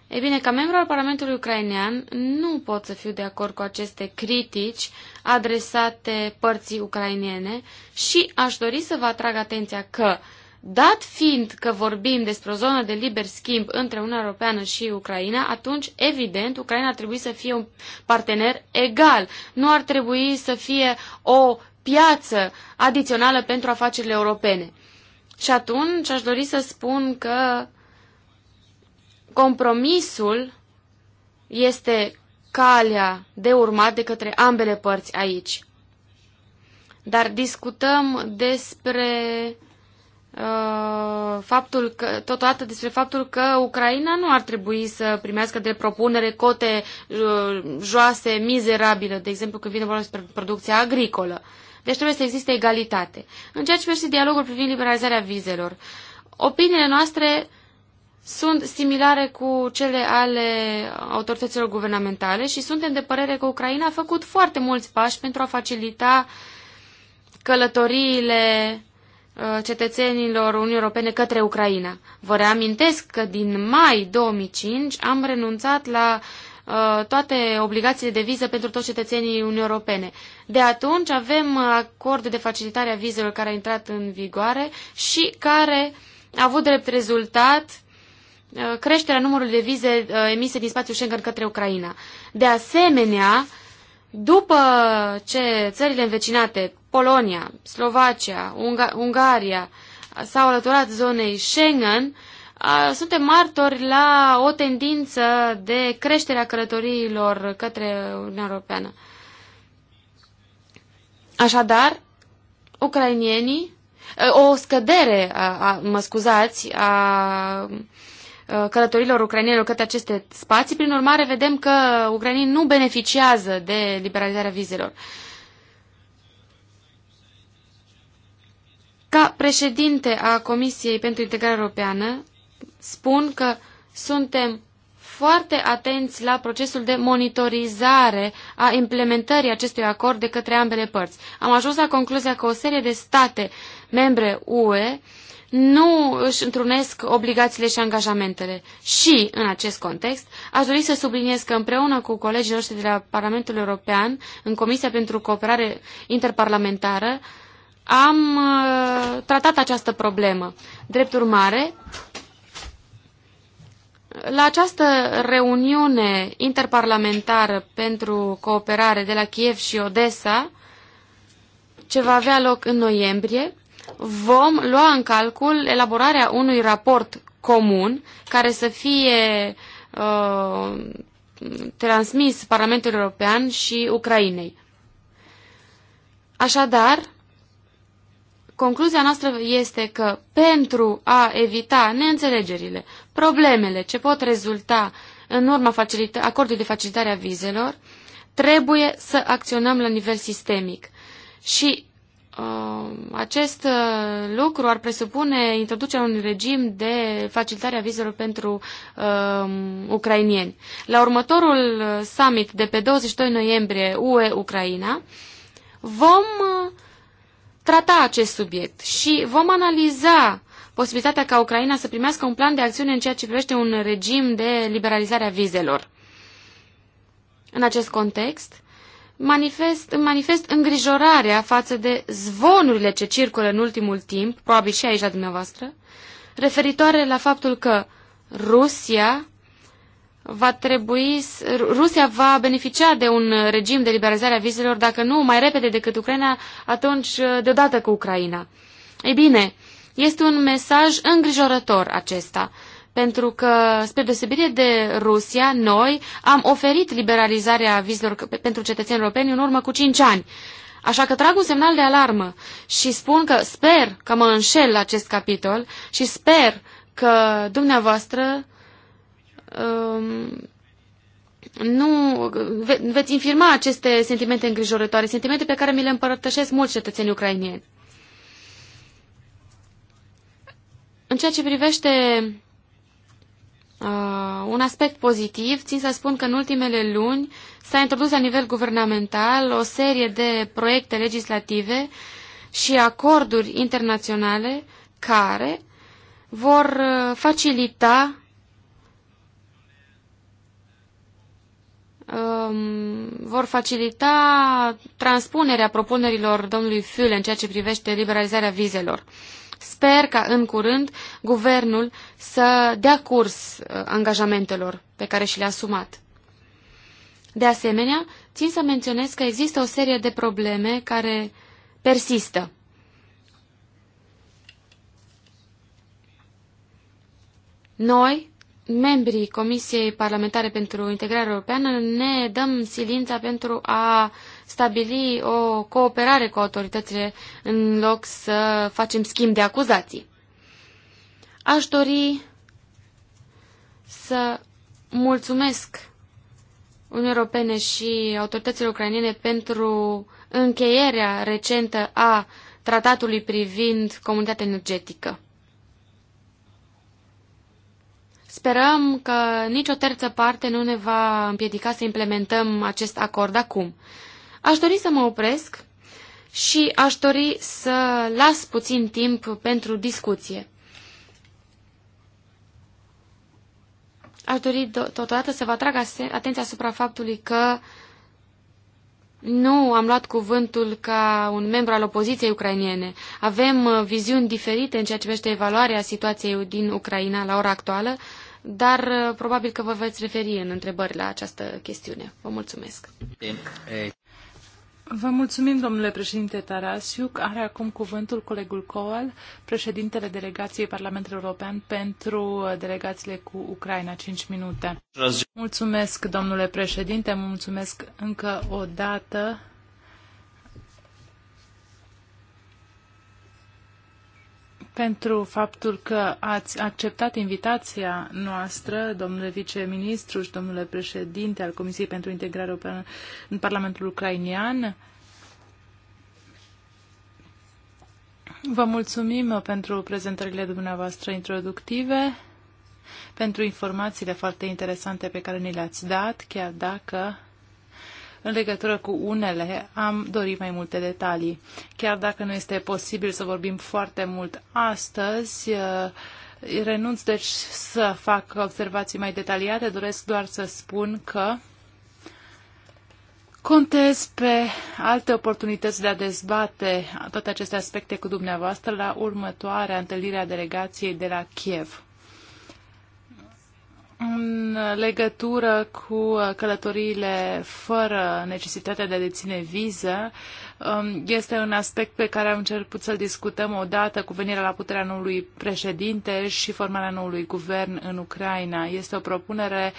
Ei bine, ca membru al Parlamentului ucrainean, nu pot să fiu de acord cu aceste critici adresate părții ucrainene și aș dori să vă atrag atenția că, dat fiind că vorbim despre o zonă de liber schimb între Uniunea Europeană și Ucraina, atunci, evident, Ucraina ar trebui să fie un partener egal. Nu ar trebui să fie o piață adițională pentru afacerile europene. Și atunci aș dori să spun că Compromisul este calea de urmat de către ambele părți aici. Dar discutăm despre uh, faptul că, totodată despre faptul că Ucraina nu ar trebui să primească de propunere cote uh, joase, mizerabile, de exemplu când vine vorba despre producția agricolă. Deci trebuie să existe egalitate. În ceea ce privește dialogul privind liberalizarea vizelor, opiniile noastre uh, sunt similare cu cele ale autorităților guvernamentale și suntem de părere că Ucraina a făcut foarte mulți pași pentru a facilita călătoriile uh, cetățenilor Uniunii Europene către Ucraina. Vă reamintesc că din mai 2005 am renunțat la uh, toate obligațiile de viză pentru toți cetățenii Uniunii Europene. De atunci avem uh, acord de facilitare a vizelor care a intrat în vigoare și care a avut drept rezultat Uh, creșterea numărului de vize uh, emise din spațiul Schengen către Ucraina. De asemenea, după ce țările învecinate, Polonia, Slovacia, Unga Ungaria, s-au alăturat zonei Schengen, uh, suntem martori la o tendință de creștere a călătoriilor către Uniunea Europeană. Așadar, ucrainienii, o scădere, a, a, mă scuzați, a Uh, călătorilor ucrainienilor către aceste spații. Prin urmare, vedem că ucrainii nu beneficiază de liberalizarea vizelor. Ca președinte a Comisiei pentru Integrare Europeană, spun că suntem foarte atenți la procesul de monitorizare a implementării acestui acord de către ambele părți. Am ajuns la concluzia că o serie de state membre UE nu își întrunesc obligațiile și angajamentele. Și, în acest context, aș dori să subliniez că împreună cu colegii noștri de la Parlamentul European, în Comisia pentru Cooperare Interparlamentară, am uh, tratat această problemă. Drept urmare, la această reuniune interparlamentară pentru cooperare de la Kiev și Odessa, ce va avea loc în noiembrie, vom lua în calcul elaborarea unui raport comun care să fie uh, transmis Parlamentului European și Ucrainei. Așadar, concluzia noastră este că pentru a evita neînțelegerile, problemele ce pot rezulta în urma acordului de facilitare a vizelor, trebuie să acționăm la nivel sistemic. Și Uh, acest uh, lucru ar presupune introducerea unui regim de facilitare a vizelor pentru uh, ucrainieni. La următorul uh, summit de pe 22 noiembrie UE-Ucraina vom trata acest subiect și vom analiza posibilitatea ca Ucraina să primească un plan de acțiune în ceea ce privește un regim de liberalizare a vizelor. În acest context, manifest, manifest îngrijorarea față de zvonurile ce circulă în ultimul timp, probabil și aici la dumneavoastră, referitoare la faptul că Rusia va trebui, Rusia va beneficia de un regim de liberalizare a vizelor, dacă nu mai repede decât Ucraina, atunci uh, deodată cu Ucraina. Ei bine, este un mesaj îngrijorător acesta pentru că, spre deosebire de Rusia, noi am oferit liberalizarea vizelor pentru cetățenii europeni în urmă cu 5 ani. Așa că trag un semnal de alarmă și spun că sper că mă înșel la acest capitol și sper că dumneavoastră um, nu ve, veți infirma aceste sentimente îngrijorătoare, sentimente pe care mi le împărtășesc mulți cetățeni ucrainieni. În ceea ce privește Uh, un aspect pozitiv, țin să spun că în ultimele luni s-a introdus la nivel guvernamental o serie de proiecte legislative și acorduri internaționale care vor uh, facilita um, vor facilita transpunerea propunerilor domnului Fiul în ceea ce privește liberalizarea vizelor. Uh, Sper ca în curând guvernul să dea curs uh, angajamentelor pe care și le-a asumat. De asemenea, țin să menționez că există o serie de probleme care persistă. Noi, membrii Comisiei Parlamentare pentru Integrare Europeană, ne dăm silința pentru a uh, stabili o cooperare cu autoritățile în loc să facem schimb de acuzații. Aș dori să mulțumesc Uniunii Europene și autorităților ucrainene pentru încheierea recentă a tratatului privind comunitatea energetică. Sperăm că nicio terță parte nu ne va împiedica să implementăm acest acord acum. Aș dori să mă opresc și aș dori să las puțin timp pentru discuție. Aș dori totodată să vă atrag atenția asupra faptului că nu am luat cuvântul ca un membru al opoziției ucrainiene. Avem uh, viziuni diferite în ceea ce privește evaluarea situației din Ucraina la ora actuală, dar uh, probabil că vă veți referi în întrebări la această chestiune. Vă mulțumesc. Vă mulțumim, domnule președinte Tarasiuc. Are acum cuvântul colegul Coal, președintele delegației Parlamentului European pentru delegațiile cu Ucraina. 5 minute. Mulțumesc, domnule președinte. Mulțumesc încă o dată pentru faptul că ați acceptat invitația noastră, domnule viceministru și domnule președinte al Comisiei pentru Integrare Europeană în Parlamentul Ucrainian. Vă mulțumim pentru prezentările dumneavoastră introductive, pentru informațiile foarte interesante pe care ni le-ați dat, chiar dacă în legătură cu unele am dorit mai multe detalii. Chiar dacă nu este posibil să vorbim foarte mult astăzi, eh, renunț deci să fac observații mai detaliate, doresc doar să spun că contez pe alte oportunități de a dezbate toate aceste aspecte cu dumneavoastră la următoarea întâlnire a delegației de la Kiev în legătură cu călătoriile fără necesitatea de a deține viză, um, este un aspect pe care am început să-l discutăm odată cu venirea la puterea noului președinte și formarea noului guvern în Ucraina. Este o propunere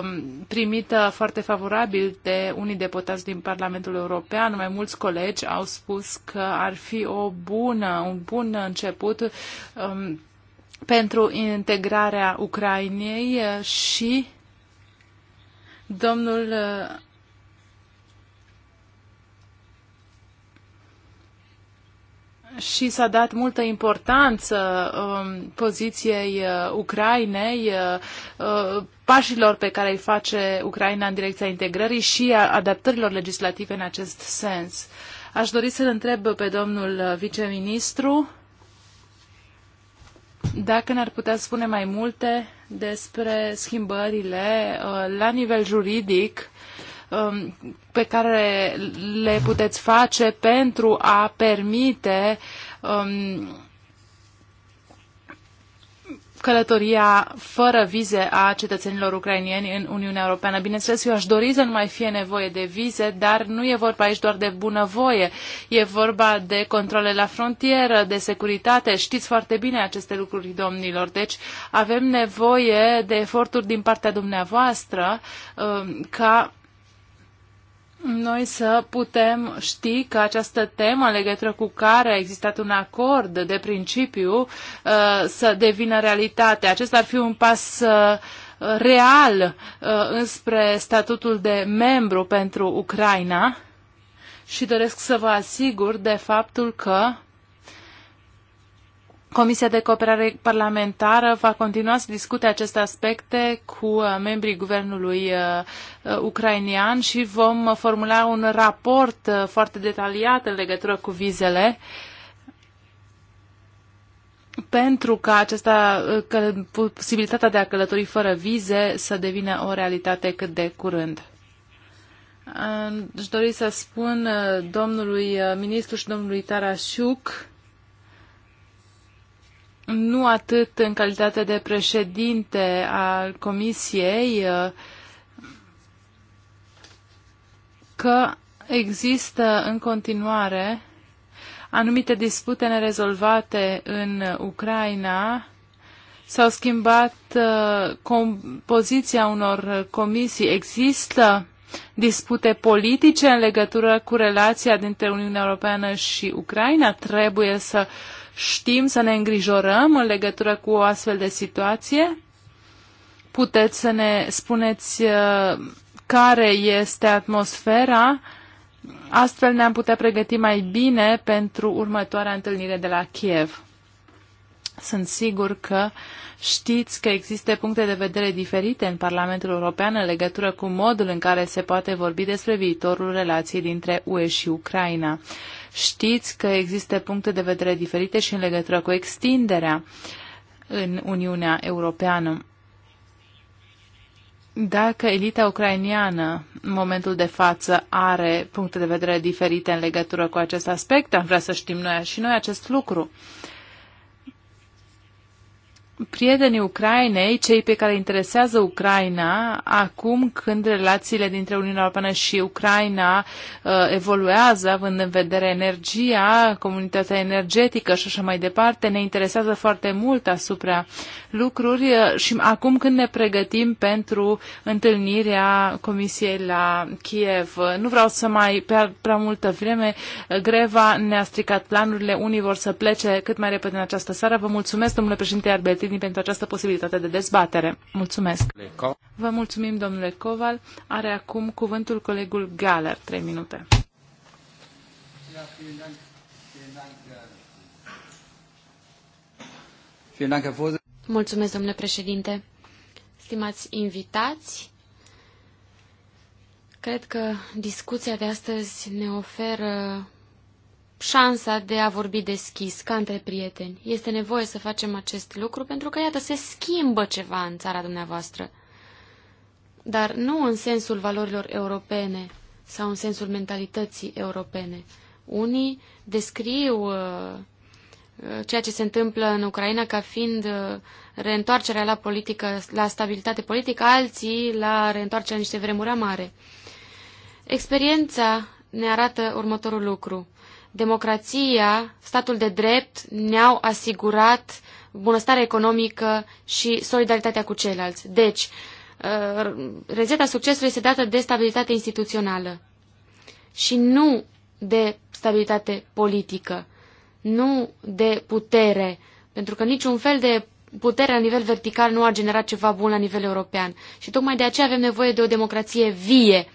um, primită foarte favorabil de unii deputați din Parlamentul European. Mai mulți colegi au spus că ar fi o bună, un bun început um, pentru integrarea Ucrainei uh, și domnul uh, și s-a dat multă importanță um, poziției uh, Ucrainei, uh, uh, pașilor pe care îi face Ucraina în direcția integrării și a adaptărilor legislative în acest sens. Aș dori să-l întreb pe domnul viceministru dacă ne-ar putea spune mai multe despre schimbările uh, la nivel juridic um, pe care le puteți face pentru a permite um, călătoria fără vize a cetățenilor ucrainieni în Uniunea Europeană. Bineînțeles, eu aș dori să nu mai fie nevoie de vize, dar nu e vorba aici doar de bunăvoie. E vorba de controle la frontieră, de securitate. Știți foarte bine aceste lucruri, domnilor. Deci avem nevoie de eforturi din partea dumneavoastră um, ca noi să putem ști că această temă în legătură cu care a existat un acord de principiu uh, să devină realitate. Acesta ar fi un pas uh, real uh, înspre statutul de membru pentru Ucraina și doresc să vă asigur de faptul că Comisia de Cooperare Parlamentară va continua să discute aceste aspecte cu uh, membrii guvernului uh, uh, ucrainian și vom formula un raport foarte detaliat în legătură cu vizele pentru ca acesta, că, posibilitatea de a călători fără vize să devină o realitate cât de curând. Își dori să spun domnului ministru și domnului Tarasiuc nu atât în calitate de președinte al comisiei, că există în continuare anumite dispute nerezolvate în Ucraina, s-au schimbat uh, compoziția unor comisii. Există dispute politice în legătură cu relația dintre Uniunea Europeană și Ucraina? Trebuie să uh, știm, să ne îngrijorăm în legătură cu o astfel de situație? Puteți să ne spuneți uh, care este atmosfera? Astfel ne-am putea pregăti mai bine pentru următoarea întâlnire de la Kiev. Sunt sigur că știți că există puncte de vedere diferite în Parlamentul European în legătură cu modul în care se poate vorbi despre viitorul relației dintre UE și Ucraina. Știți că există puncte de vedere diferite și în legătură cu extinderea în Uniunea Europeană. Dacă elita ucrainiană în momentul de față are puncte de vedere diferite în legătură cu acest aspect, am vrea să știm noi și noi acest lucru prietenii Ucrainei, cei pe care interesează Ucraina, acum când relațiile dintre Uniunea Europeană și Ucraina uh, evoluează, având în vedere energia, comunitatea energetică și așa mai departe, ne interesează foarte mult asupra lucruri uh, și acum când ne pregătim pentru întâlnirea Comisiei la Kiev. Nu vreau să mai pe prea multă vreme, uh, greva ne-a stricat planurile, unii vor să plece cât mai repede în această seară. Vă mulțumesc, domnule președinte Arbet Albertini pentru această posibilitate de dezbatere. Mulțumesc! Vă mulțumim, domnule Coval. Are acum cuvântul colegul Galer, trei minute. Mulțumesc, domnule președinte. Stimați invitați, cred că discuția de astăzi ne oferă șansa de a vorbi deschis, ca între prieteni. Este nevoie să facem acest lucru pentru că, iată, se schimbă ceva în țara dumneavoastră. Dar nu în sensul valorilor europene sau în sensul mentalității europene. Unii descriu uh, uh ceea ce se întâmplă în Ucraina ca fiind uh, reîntoarcerea la politică, la stabilitate politică, alții la reîntoarcerea niște vremuri amare. Experiența ne arată următorul lucru democrația, statul de drept ne-au asigurat bunăstarea economică și solidaritatea cu ceilalți. Deci, uh, rețeta succesului este dată de stabilitate instituțională și nu de stabilitate politică, nu de putere, pentru că niciun fel de putere la nivel vertical nu a generat ceva bun la nivel european. Și tocmai de aceea avem nevoie de o democrație vie,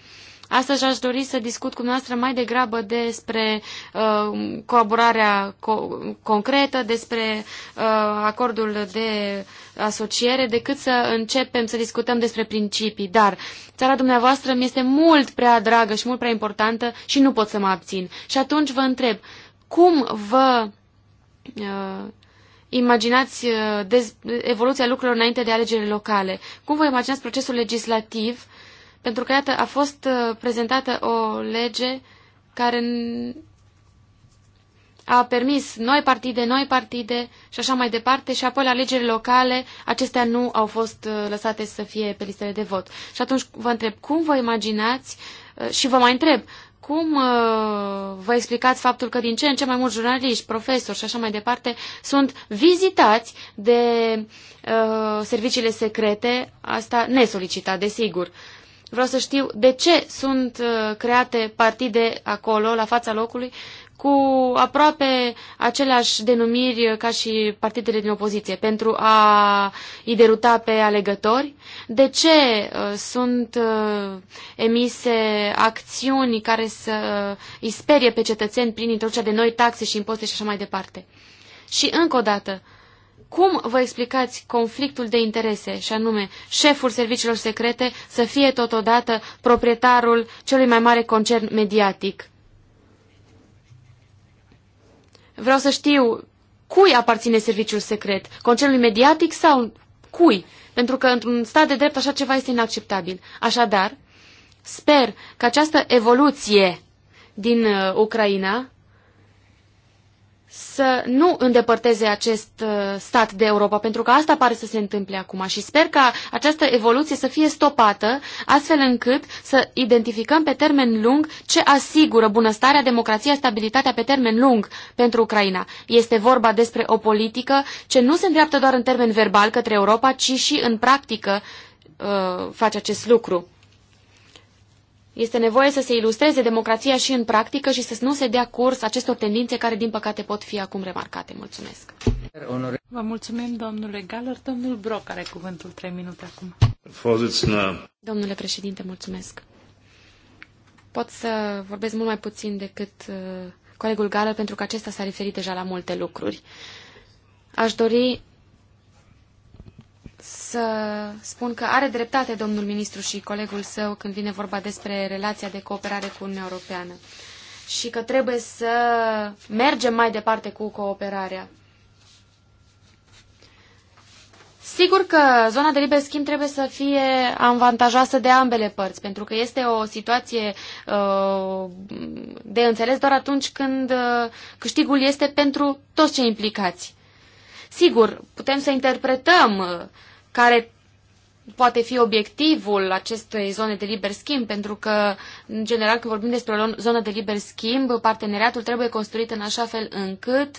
Astăzi aș dori să discut cu noastră mai degrabă despre uh, colaborarea co- concretă, despre uh, acordul de asociere, decât să începem să discutăm despre principii. Dar țara dumneavoastră mi este mult prea dragă și mult prea importantă și nu pot să mă abțin. Și atunci vă întreb, cum vă uh, imaginați uh, evoluția lucrurilor înainte de alegerile locale? Cum vă imaginați procesul legislativ uh, pentru că, iată, a fost uh, prezentată o lege care a permis noi partide, noi partide și așa mai departe și apoi la legile locale acestea nu au fost uh, lăsate să fie pe listele de vot. Și atunci vă întreb cum vă imaginați uh, și vă mai întreb cum vă explicați faptul că din ce în ce mai mulți jurnaliști, profesori și așa mai departe sunt vizitați de uh, serviciile secrete, asta nesolicitat, desigur. Uh, Vreau să știu de ce sunt uh, create partide acolo, la fața locului, cu aproape aceleași denumiri ca și partidele din opoziție, pentru a i deruta pe alegători? De ce uh, sunt uh, emise acțiuni care să îi sperie pe cetățeni prin introducerea de noi taxe și impozite și așa mai departe? Și încă o dată, cum vă explicați conflictul de interese, și anume șeful serviciilor secrete să fie totodată proprietarul celui mai mare concern mediatic? Vreau să știu cui aparține serviciul secret, concernului mediatic sau cui? Pentru că într-un stat de drept așa ceva este inacceptabil. Așadar, sper că această evoluție din uh, Ucraina să nu îndepărteze acest uh, stat de Europa, pentru că asta pare să se întâmple acum și sper ca această evoluție să fie stopată, astfel încât să identificăm pe termen lung ce asigură bunăstarea, democrația, stabilitatea pe termen lung pentru Ucraina. Este vorba despre o politică ce nu se îndreaptă doar în termen verbal către Europa, ci și în practică uh, face acest lucru. Este nevoie să se ilustreze democrația și în practică și să nu se dea curs acestor tendințe care, din păcate, pot fi acum remarcate. Mulțumesc! Vă mulțumim, domnule Galler. Domnul Broc are cuvântul 3 minute acum. Eh, domnule președinte, mulțumesc! Pot să vorbesc mult mai puțin decât eh, colegul Galler, pentru că acesta s-a referit deja la multe lucruri. Aș dori să spun că are dreptate domnul ministru și colegul său când vine vorba despre relația de cooperare cu Uniunea Europeană și că trebuie să mergem mai departe cu cooperarea. Sigur că zona de liber schimb trebuie să fie avantajoasă de ambele părți, pentru că este o situație uh, de înțeles doar atunci când uh, câștigul este pentru toți cei implicați. Sigur, putem să interpretăm uh, care poate fi obiectivul acestei zone de liber schimb, pentru că, în general, când vorbim despre o zonă de liber schimb, parteneriatul trebuie construit în așa fel încât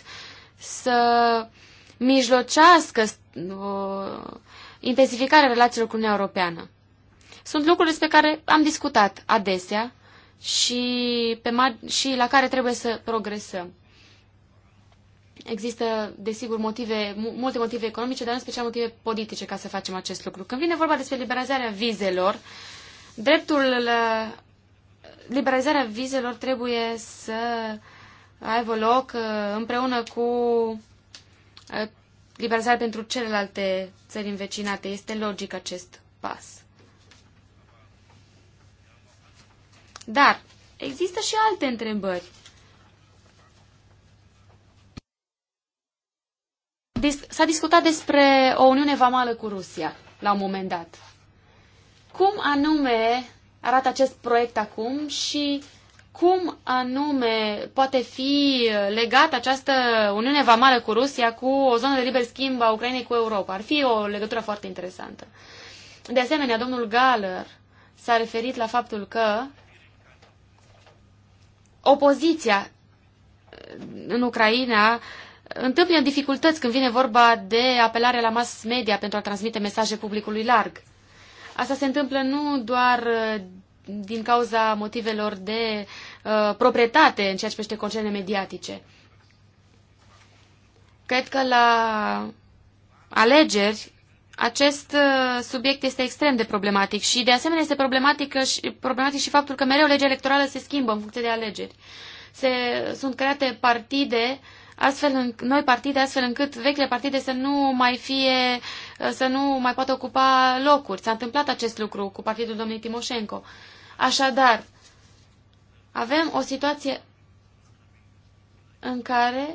să mijlocească uh, intensificarea relațiilor cu Uniunea Europeană. Sunt lucruri despre care am discutat adesea și, pe și la care trebuie să progresăm. Există, desigur, motive, multe motive economice, dar în special motive politice ca să facem acest lucru. Când vine vorba despre liberalizarea vizelor, dreptul la liberalizarea vizelor trebuie să aibă loc uh, împreună cu uh, liberalizarea pentru celelalte țări învecinate. Este logic acest pas. Dar există și alte întrebări. S-a discutat despre o uniune vamală cu Rusia la un moment dat. Cum anume arată acest proiect acum și cum anume poate fi legată această uniune vamală cu Rusia cu o zonă de liber schimb a Ucrainei cu Europa? Ar fi o legătură foarte interesantă. De asemenea, domnul Galer s-a referit la faptul că opoziția în Ucraina Întâmplă dificultăți când vine vorba de apelare la mass media pentru a transmite mesaje publicului larg. Asta se întâmplă nu doar uh, din cauza motivelor de uh, proprietate în ceea ce privește concerne mediatice. Cred că la alegeri acest uh, subiect este extrem de problematic și de asemenea este problematic și, problematic și faptul că mereu legea electorală se schimbă în funcție de alegeri. Se, sunt create partide uh, astfel în, noi partide, astfel încât vechile partide să nu mai fie, să nu mai poată ocupa locuri. S-a întâmplat acest lucru cu partidul domnului Timoșenko. Așadar, avem o situație în care,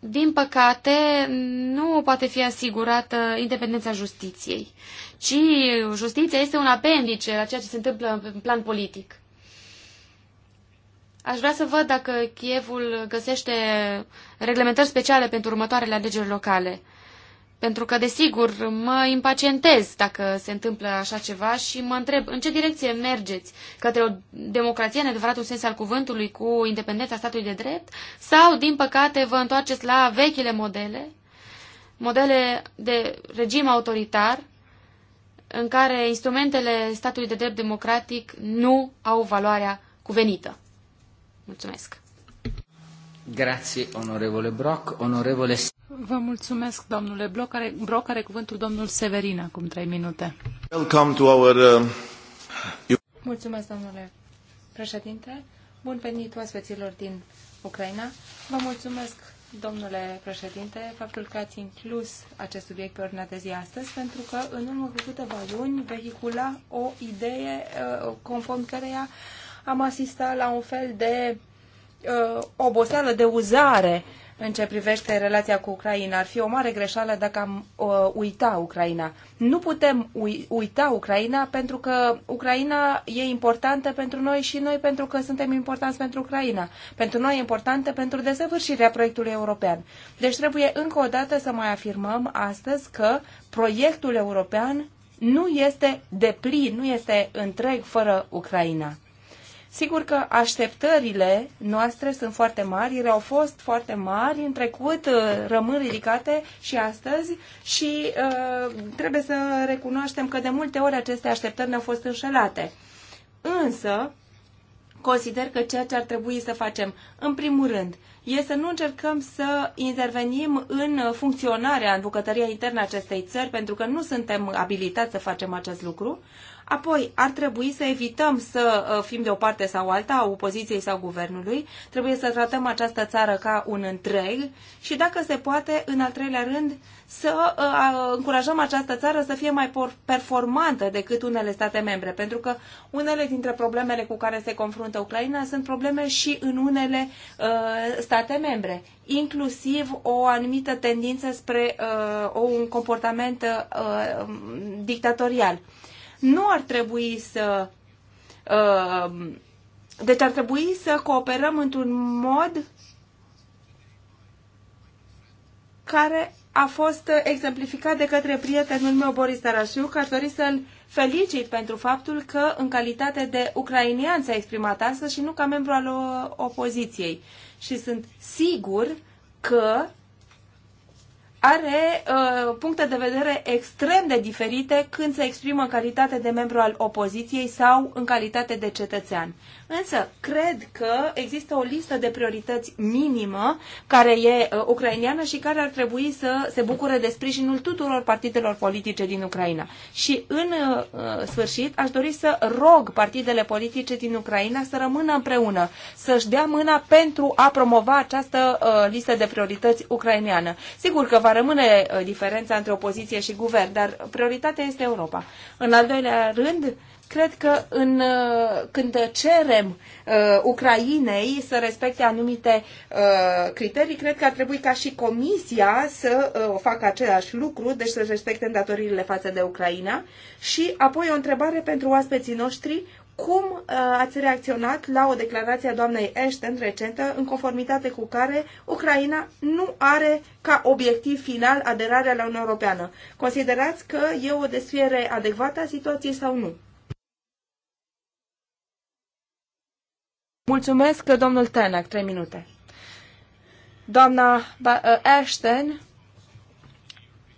din păcate, nu poate fi asigurată independența justiției, ci justiția este un apendice la ceea ce se întâmplă în plan politic. Aș vrea să văd dacă Chievul găsește reglementări speciale pentru următoarele alegeri locale. Pentru că, desigur, mă impacientez dacă se întâmplă așa ceva și mă întreb în ce direcție mergeți? Către o democrație în adevăratul sens al cuvântului cu independența statului de drept? Sau, din păcate, vă întoarceți la vechile modele, modele de regim autoritar, în care instrumentele statului de drept democratic nu au valoarea cuvenită? Mulțumesc! Grazie, onorevole Brock. Onorevole... Vă mulțumesc, domnule Brock. Are, Brock are cuvântul domnul Severin acum trei minute. Welcome to our, uh... Mulțumesc, domnule președinte. Bun venit oaspeților din Ucraina. Vă mulțumesc, domnule președinte, faptul că ați inclus acest subiect pe ordinea de zi astăzi, pentru că în urmă cu câteva luni vehicula o idee uh, conform căreia uh, am asistat la un fel de uh, oboseală de uzare în ce privește relația cu Ucraina. Ar fi o mare greșeală dacă am uh, uita Ucraina. Nu putem ui, uita Ucraina pentru că Ucraina e importantă pentru noi și noi pentru că suntem importanți pentru Ucraina. Pentru noi e importantă pentru desăvârșirea proiectului european. Deci trebuie încă o dată să mai afirmăm astăzi că proiectul european nu este deplin, nu este întreg fără Ucraina. Sigur că așteptările noastre sunt foarte mari, ele au fost foarte mari în trecut, uh, rămân ridicate și astăzi și uh, trebuie să recunoaștem că de multe ori aceste așteptări ne-au fost înșelate. Însă, consider că ceea ce ar trebui să facem, în primul rând, e să nu încercăm să intervenim în funcționarea, în bucătăria internă a acestei țări, pentru că nu suntem abilitați să facem acest lucru. Apoi, ar trebui să evităm să uh, fim de o parte sau alta a opoziției sau guvernului. Trebuie să tratăm această țară ca un întreg și, dacă se poate, în al treilea rând, să uh, încurajăm această țară să fie mai performantă decât unele state membre, pentru că unele dintre problemele cu care se confruntă Ucraina sunt probleme și în unele uh, state membre, inclusiv o anumită tendință spre un comportament um, dictatorial nu ar trebui să. Uh, deci ar trebui să cooperăm într-un mod care a fost exemplificat de către prietenul meu Boris Tarasiu, că aș dori să-l felicit pentru faptul că, în calitate de ucrainian, s-a exprimat asta și nu ca membru al opoziției. Și sunt sigur că are uh, puncte de vedere extrem de diferite când se exprimă în calitate de membru al opoziției sau în calitate de cetățean. Însă, cred că există o listă de priorități minimă care e uh, ucrainiană și care ar trebui să se bucure de sprijinul tuturor partidelor politice din Ucraina. Și, în uh, uh sfârșit, aș dori să rog partidele politice din Ucraina să rămână împreună, să-și dea mâna pentru a promova această uh, listă de priorități ucraineană. Sigur că va rămâne uh, diferența între opoziție și guvern, dar prioritatea este Europa. În al doilea rând, cred că în, uh, când cerem uh, Ucrainei să respecte anumite uh, criterii, cred că ar trebui ca și Comisia să uh, facă același lucru, deci să respecte îndatoririle față de Ucraina. Și apoi o întrebare pentru oaspeții noștri. Cum uh, ați reacționat la o declarație a doamnei Ashton recentă, în conformitate cu care Ucraina nu are ca obiectiv final aderarea la Uniunea Europeană? Considerați că e o desfiere adecvată a situației sau nu? Mulțumesc, domnul Tenac, trei minute. Doamna uh, Ashton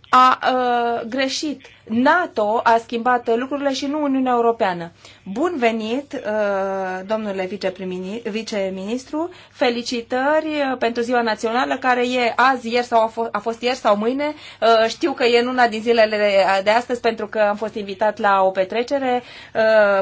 a uh, greșit NATO a schimbat lucrurile și nu Uniunea Europeană. Bun venit, uh, domnule viceministru, felicitări uh, pentru Ziua Națională, care e azi, ieri sau a fost, a fost ieri sau mâine. Uh, știu că e în una din zilele de astăzi pentru că am fost invitat la o petrecere.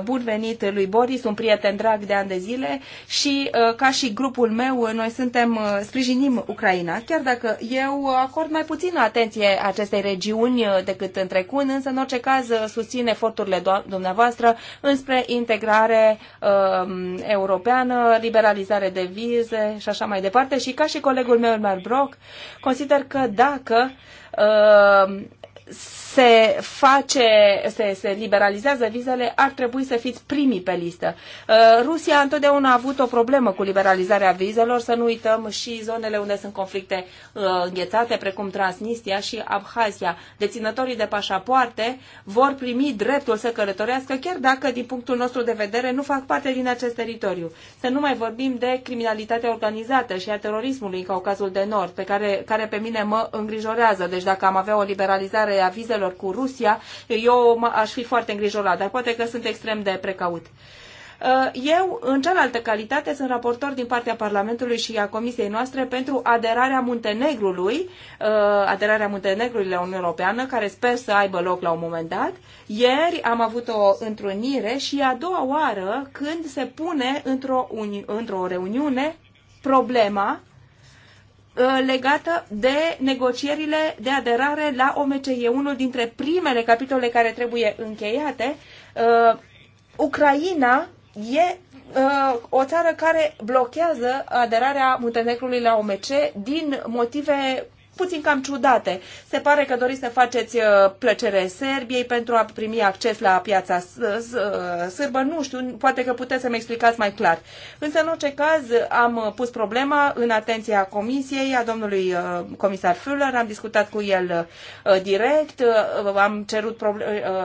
Bun venit lui Boris, un prieten drag de ani de zile și ca și grupul meu, noi suntem, sprijinim Ucraina, chiar dacă eu acord mai puțină atenție acestei regiuni decât în trecut, însă în orice caz susțin eforturile dumneavoastră înspre integrare uh, europeană, liberalizare de vize și așa mai departe. Și ca și colegul meu, Elmar Brock, consider că dacă uh, se face, se, se liberalizează vizele, ar trebui să fiți primii pe listă. Uh, Rusia întotdeauna a avut o problemă cu liberalizarea vizelor, să nu uităm și zonele unde sunt conflicte uh, înghețate, precum Transnistria și Abhazia. Deținătorii de pașapoarte vor primi dreptul să călătorească, chiar dacă, din punctul nostru de vedere, nu fac parte din acest teritoriu. Să nu mai vorbim de criminalitatea organizată și a terorismului ca o cazul de Nord, pe care, care pe mine mă îngrijorează. Deci dacă am avea o liberalizare a vizelor, relațiilor cu Rusia, eu aș fi foarte îngrijorat, dar poate că sunt extrem de precaut. Uh, eu, în cealaltă calitate, sunt raportor din partea Parlamentului și a Comisiei noastre pentru aderarea Muntenegrului, uh, aderarea Muntenegrului la Uniunea Europeană, care sper să aibă loc la un moment dat. Ieri am avut o întrunire și a doua oară când se pune într-o, într, într -o reuniune problema Uh, legată de negocierile de aderare la OMC. E unul dintre primele capitole care trebuie încheiate. Uh, Ucraina e uh, o țară care blochează aderarea Muntenegrului la OMC din motive puțin cam ciudate. Se pare că doriți să faceți uh, plăcere Serbiei pentru a primi acces la piața uh, sârbă. Nu știu, poate că puteți să-mi explicați mai clar. Însă, în orice caz, am uh, pus problema în atenția comisiei, a domnului comisar Fuller, am discutat cu el direct, am cerut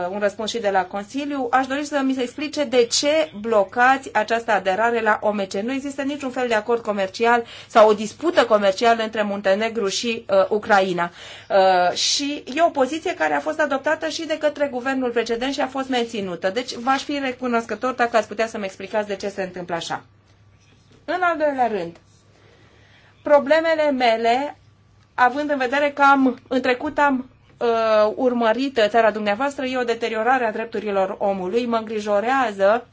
un răspuns și de la Consiliu. Aș dori să mi se explice de ce blocați această aderare la OMC. Nu există niciun fel de acord comercial sau o dispută comercială între Muntenegru și uh, Uh, Ucraina. Uh, și e o poziție care a fost adoptată și de către guvernul precedent și a fost menținută. Deci v-aș fi recunoscător dacă ați putea să-mi explicați de ce se întâmplă așa. În al doilea rând, problemele mele, având în vedere că am, în trecut am uh, urmărit țara dumneavoastră, e o deteriorare a drepturilor omului, mă îngrijorează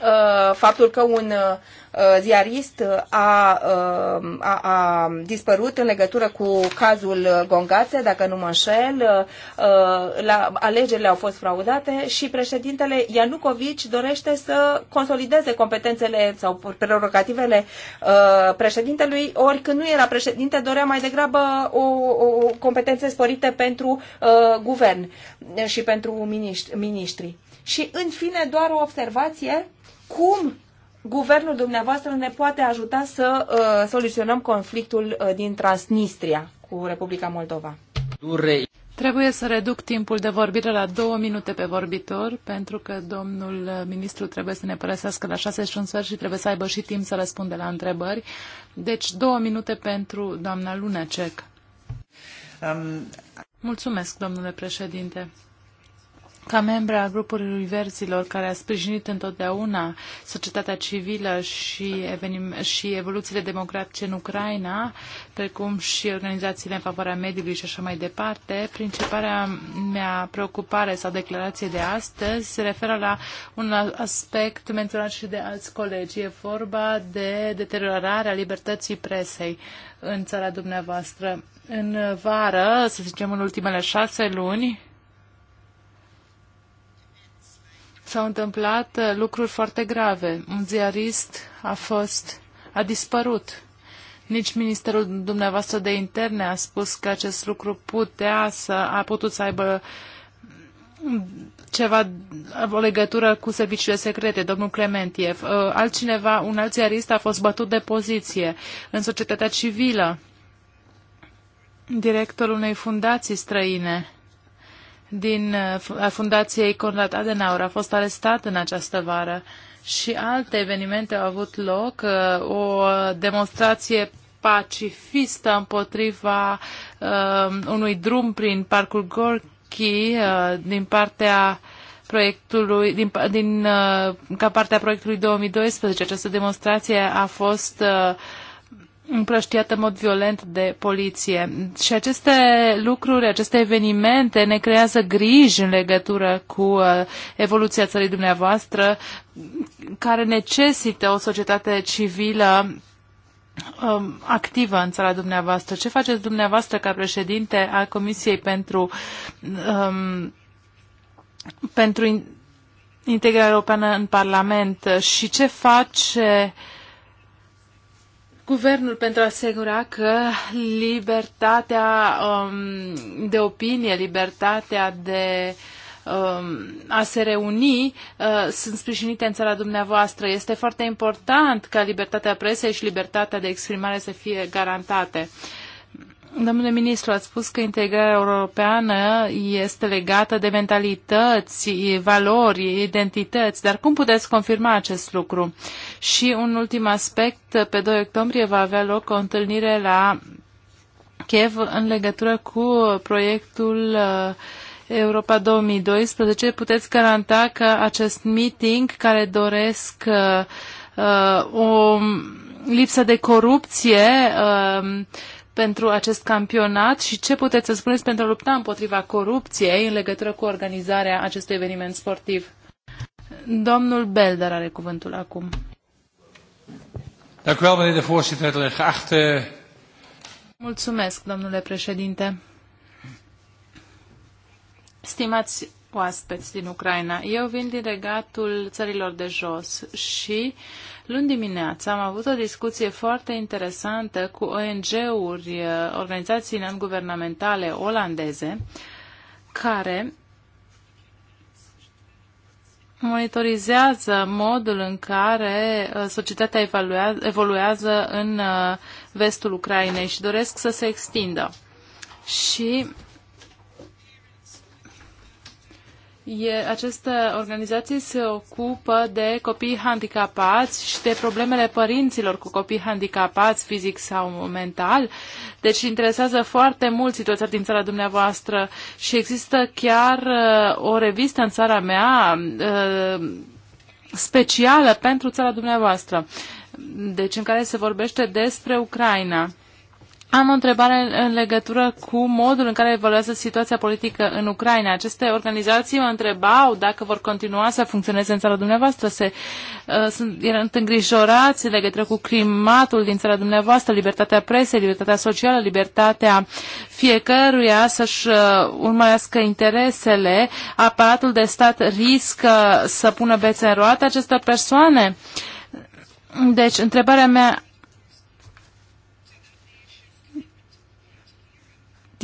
Uh, faptul că un uh, ziarist a, uh, a, a dispărut în legătură cu cazul Gongațe, dacă nu mă înșel, la, alegerile au fost fraudate și președintele Ianucovici dorește să consolideze competențele sau prerogativele președintelui, ori nu era președinte, dorea mai degrabă o, o competențe sporite pentru uh, guvern și pentru miniștri. Și, în fine, doar o observație. Cum guvernul dumneavoastră ne poate ajuta să uh, soluționăm conflictul uh, din Transnistria cu Republica Moldova? Durei. Trebuie să reduc timpul de vorbire la două minute pe vorbitor, pentru că domnul uh, ministru trebuie să ne părăsească la șase și un sfert și trebuie să aibă și timp să răspunde la întrebări. Deci două minute pentru doamna Lunacek. Um... Mulțumesc, domnule președinte ca membra a grupului verzilor care a sprijinit întotdeauna societatea civilă și, evenim- și evoluțiile democratice în Ucraina, precum și organizațiile în favoarea mediului și așa mai departe, principala mea preocupare sau declarație de astăzi se referă la un aspect menționat și de alți colegi. E vorba de deteriorarea libertății presei în țara dumneavoastră. În vară, să zicem în ultimele șase luni, s-au întâmplat uh, lucruri foarte grave. Un ziarist a fost, a dispărut. Nici ministerul dumneavoastră de interne a spus că acest lucru putea să, a putut să aibă mm, ceva, o legătură cu serviciile secrete, domnul Clementiev. Uh, altcineva, un alt ziarist a fost bătut de poziție în societatea civilă, directorul unei fundații străine din uh, a Fundației Conrad Adenauer a fost arestat în această vară și alte evenimente au avut loc, uh, o demonstrație pacifistă împotriva uh, unui drum prin parcul Gorki uh, din partea proiectului, din, din, uh, ca partea proiectului 2012. Această demonstrație a fost uh, împrăștiată în mod violent de poliție. Și aceste lucruri, aceste evenimente ne creează griji în legătură cu uh, evoluția țării dumneavoastră, care necesită o societate civilă um, activă în țara dumneavoastră. Ce faceți dumneavoastră ca președinte al Comisiei pentru, um, pentru integrarea europeană în Parlament și ce face uh, guvernul pentru a asigura că libertatea um, de opinie, libertatea de um, a se reuni uh, sunt sprijinite în țara dumneavoastră. Este foarte important ca libertatea presei și libertatea de exprimare să fie garantate. Uh, Domnule ministru, ați spus că integrarea europeană este legată de mentalități, valori, identități, dar cum puteți confirma acest lucru? Și un ultim aspect, pe 2 octombrie va avea loc o întâlnire la Kiev în legătură cu proiectul uh, Europa 2012. Puteți garanta că acest meeting care doresc uh, uh, o lipsă de corupție pentru acest campionat și ce puteți să spuneți pentru a lupta împotriva corupției în legătură cu organizarea acestui eveniment sportiv? Domnul Belder are cuvântul acum. Mulțumesc, domnule președinte. Stimați oaspeți din Ucraina, eu vin din regatul țărilor de jos și uh, Luni dimineață am avut o discuție foarte interesantă cu ONG-uri, uh, organizații non-guvernamentale olandeze, care monitorizează modul în care uh, societatea evoluează în uh, vestul Ucrainei și doresc să se extindă. Și E, organizație se ocupă de copii handicapați și de problemele părinților cu copii handicapați fizic sau mental. Deci interesează foarte mult situația din țara dumneavoastră și există chiar uh, o revistă în țara mea uh, specială pentru țara dumneavoastră, deci în care se vorbește despre Ucraina. Am o întrebare în legătură cu modul în care evoluează situația politică în Ucraina. Aceste organizații mă întrebau dacă vor continua să funcționeze în țara dumneavoastră. Se, uh, sunt, sunt îngrijorați în legătură cu climatul din țara dumneavoastră, libertatea presei, libertatea socială, libertatea fiecăruia să-și uh, urmărească interesele. Aparatul de stat riscă să pună bețe în roate acestor persoane. Deci, întrebarea mea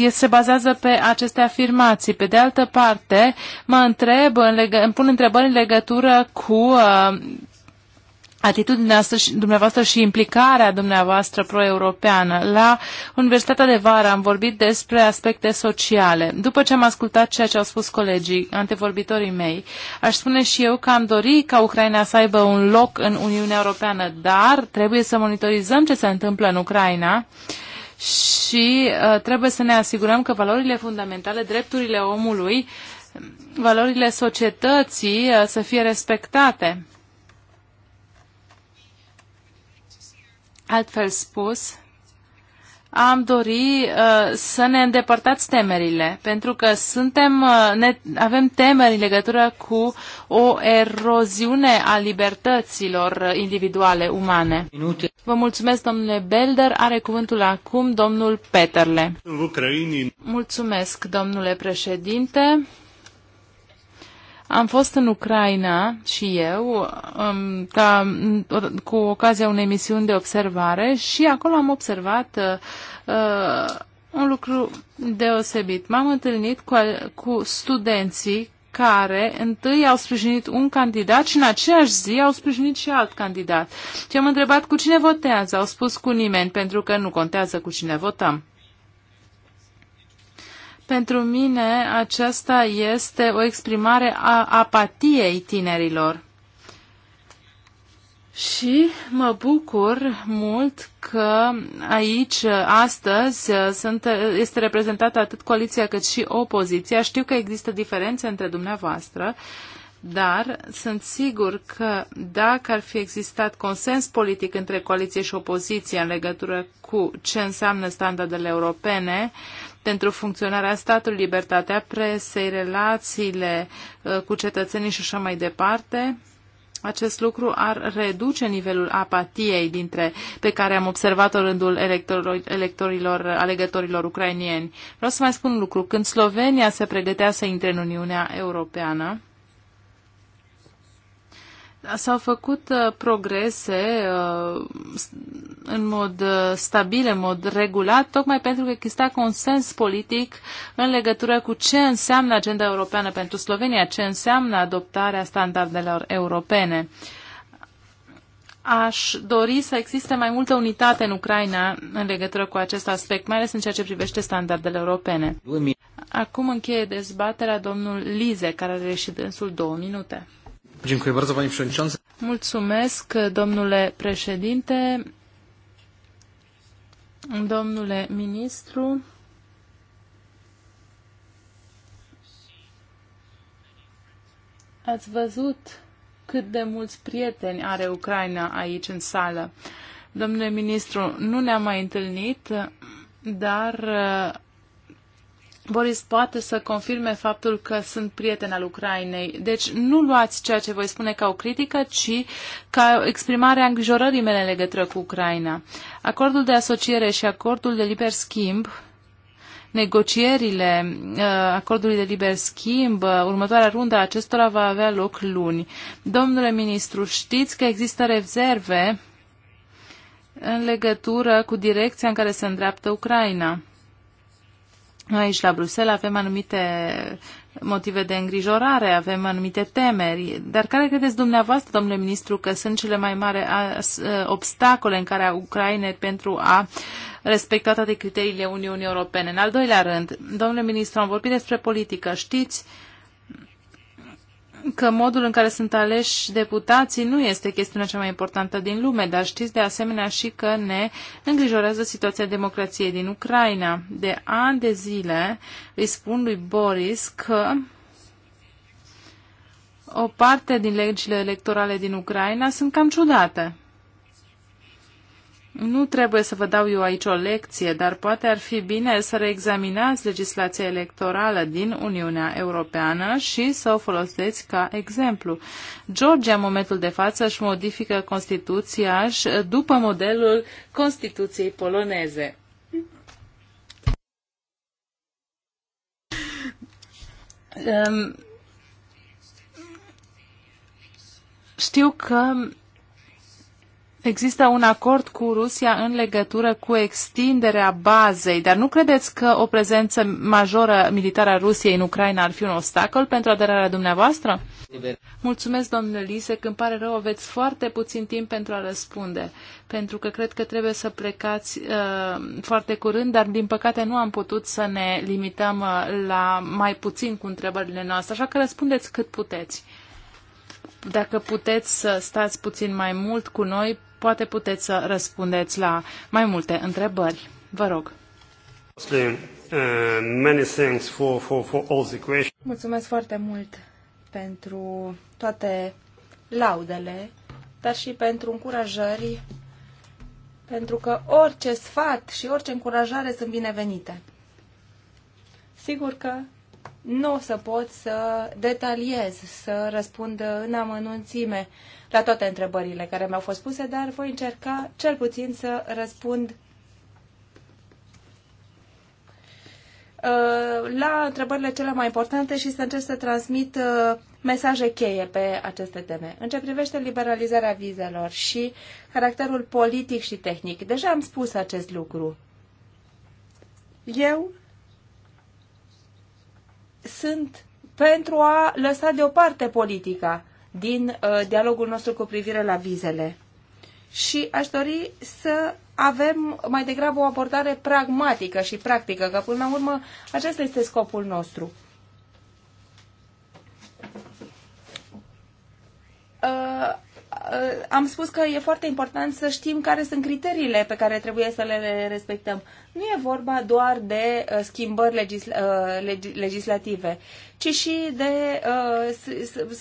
se bazează pe aceste afirmații. Pe de altă parte, mă întreb, în leg- îmi pun întrebări în legătură cu uh, atitudinea dumneavoastră și implicarea dumneavoastră pro-europeană. La Universitatea de Vară am vorbit despre aspecte sociale. După ce am ascultat ceea ce au spus colegii, antevorbitorii mei, aș spune și eu că am dori ca Ucraina să aibă un loc în Uniunea Europeană, dar trebuie să monitorizăm ce se întâmplă în Ucraina. Uh, și uh, trebuie să ne asigurăm că valorile fundamentale, drepturile omului, valorile societății uh, să fie respectate. Altfel spus, am dori uh, să ne îndepărtați temerile, pentru că suntem, uh, ne, avem temeri în legătură cu o eroziune a libertăților individuale umane. Minute. Vă mulțumesc, domnule Belder. Are cuvântul acum domnul Peterle. Mulțumesc, domnule președinte. Am fost în Ucraina și eu um, ca, cu ocazia unei misiuni de observare și acolo am observat uh, uh, un lucru deosebit. M-am întâlnit cu, cu studenții care întâi au sprijinit un candidat și în aceeași zi au sprijinit și alt candidat. Și am întrebat cu cine votează. Au spus cu nimeni, pentru că nu contează cu cine votăm. Pentru mine aceasta este o exprimare a apatiei tinerilor. Și mă bucur mult că aici, astăzi, sunt, este reprezentată atât coaliția cât și opoziția. Știu că există diferențe între dumneavoastră, dar sunt sigur că dacă ar fi existat consens politic între coaliție și opoziție în legătură cu ce înseamnă standardele europene, pentru funcționarea statului, libertatea presei, relațiile uh, cu cetățenii și așa mai departe. Acest lucru ar reduce nivelul apatiei dintre, pe care am observat-o rândul electorilor, electorilor, alegătorilor ucrainieni. Vreau să mai spun un lucru. Când Slovenia se pregătea să intre în Uniunea Europeană, S-au făcut uh, progrese uh, în mod uh, stabil, în mod regulat, tocmai pentru că exista consens politic în legătură cu ce înseamnă agenda europeană pentru Slovenia, ce înseamnă adoptarea standardelor europene. Aș dori să existe mai multă unitate în Ucraina în legătură cu acest aspect, mai ales în ceea ce privește standardele europene. Acum încheie dezbaterea domnul Lize, care are reșit dânsul două minute. Mulțumesc, domnule președinte, domnule ministru. Ați văzut cât de mulți prieteni are Ucraina aici în sală. Domnule ministru, nu ne-am mai întâlnit, dar Boris poate să confirme faptul că sunt prieten al Ucrainei. Deci nu luați ceea ce voi spune ca o critică, ci ca exprimarea îngrijorării mele în legătură cu Ucraina. Acordul de asociere și acordul de liber schimb negocierile uh, acordului de liber schimb, uh, următoarea rundă a acestora va avea loc luni. Domnule ministru, știți că există rezerve în legătură cu direcția în care se îndreaptă Ucraina. Noi aici la Bruxelles avem anumite motive de îngrijorare, avem anumite temeri, dar care credeți dumneavoastră, domnule ministru, că sunt cele mai mari obstacole în care Ucraina pentru a respecta toate criteriile Uniunii Europene? În al doilea rând, domnule ministru, am vorbit despre politică. Știți uh, că modul în care sunt aleși deputații nu este chestiunea cea mai importantă din lume, dar știți de asemenea și că ne îngrijorează situația democrației din Ucraina. De ani de zile îi spun lui Boris că o parte din legile electorale din Ucraina sunt cam ciudate. Nu trebuie să vă dau eu aici o lecție, dar poate ar fi bine să reexaminați legislația electorală din Uniunea Europeană și să o folosiți ca exemplu. Georgia, în momentul de față, își modifică Constituția și eh, după modelul Constituției poloneze. Um, știu că Există un acord cu Rusia în legătură cu extinderea bazei, dar nu credeți că o prezență majoră militară a Rusiei în Ucraina ar fi un obstacol pentru aderarea dumneavoastră? Mulțumesc, domnule Lise, că Îmi pare rău, aveți foarte puțin timp pentru a răspunde, pentru că cred că trebuie să plecați uh, foarte curând, dar din păcate nu am putut să ne limităm uh, la mai puțin cu întrebările noastre, așa că răspundeți cât puteți. Dacă puteți să stați puțin mai mult cu noi, Poate puteți să răspundeți la mai multe întrebări. Vă rog. Uh, Mulțumesc foarte mult pentru toate laudele, dar și pentru încurajări, pentru că orice sfat și orice încurajare sunt binevenite. Sigur că nu o să pot să detaliez, să răspund în amănunțime la toate întrebările care mi-au fost puse, dar voi încerca cel puțin să răspund uh, la întrebările cele mai importante și să încerc să transmit uh, mesaje cheie pe aceste teme. În ce privește liberalizarea vizelor și caracterul politic și tehnic, deja am spus acest lucru. Eu sunt pentru a lăsa deoparte politica din uh, dialogul nostru cu privire la vizele. Și aș dori să avem mai degrabă o abordare pragmatică și practică, că până la urmă acesta este scopul nostru. Uh, Uh, am spus că e foarte important să știm care sunt criteriile pe care trebuie să le respectăm. Nu e vorba doar de uh, schimbări uh, legislative, ci și de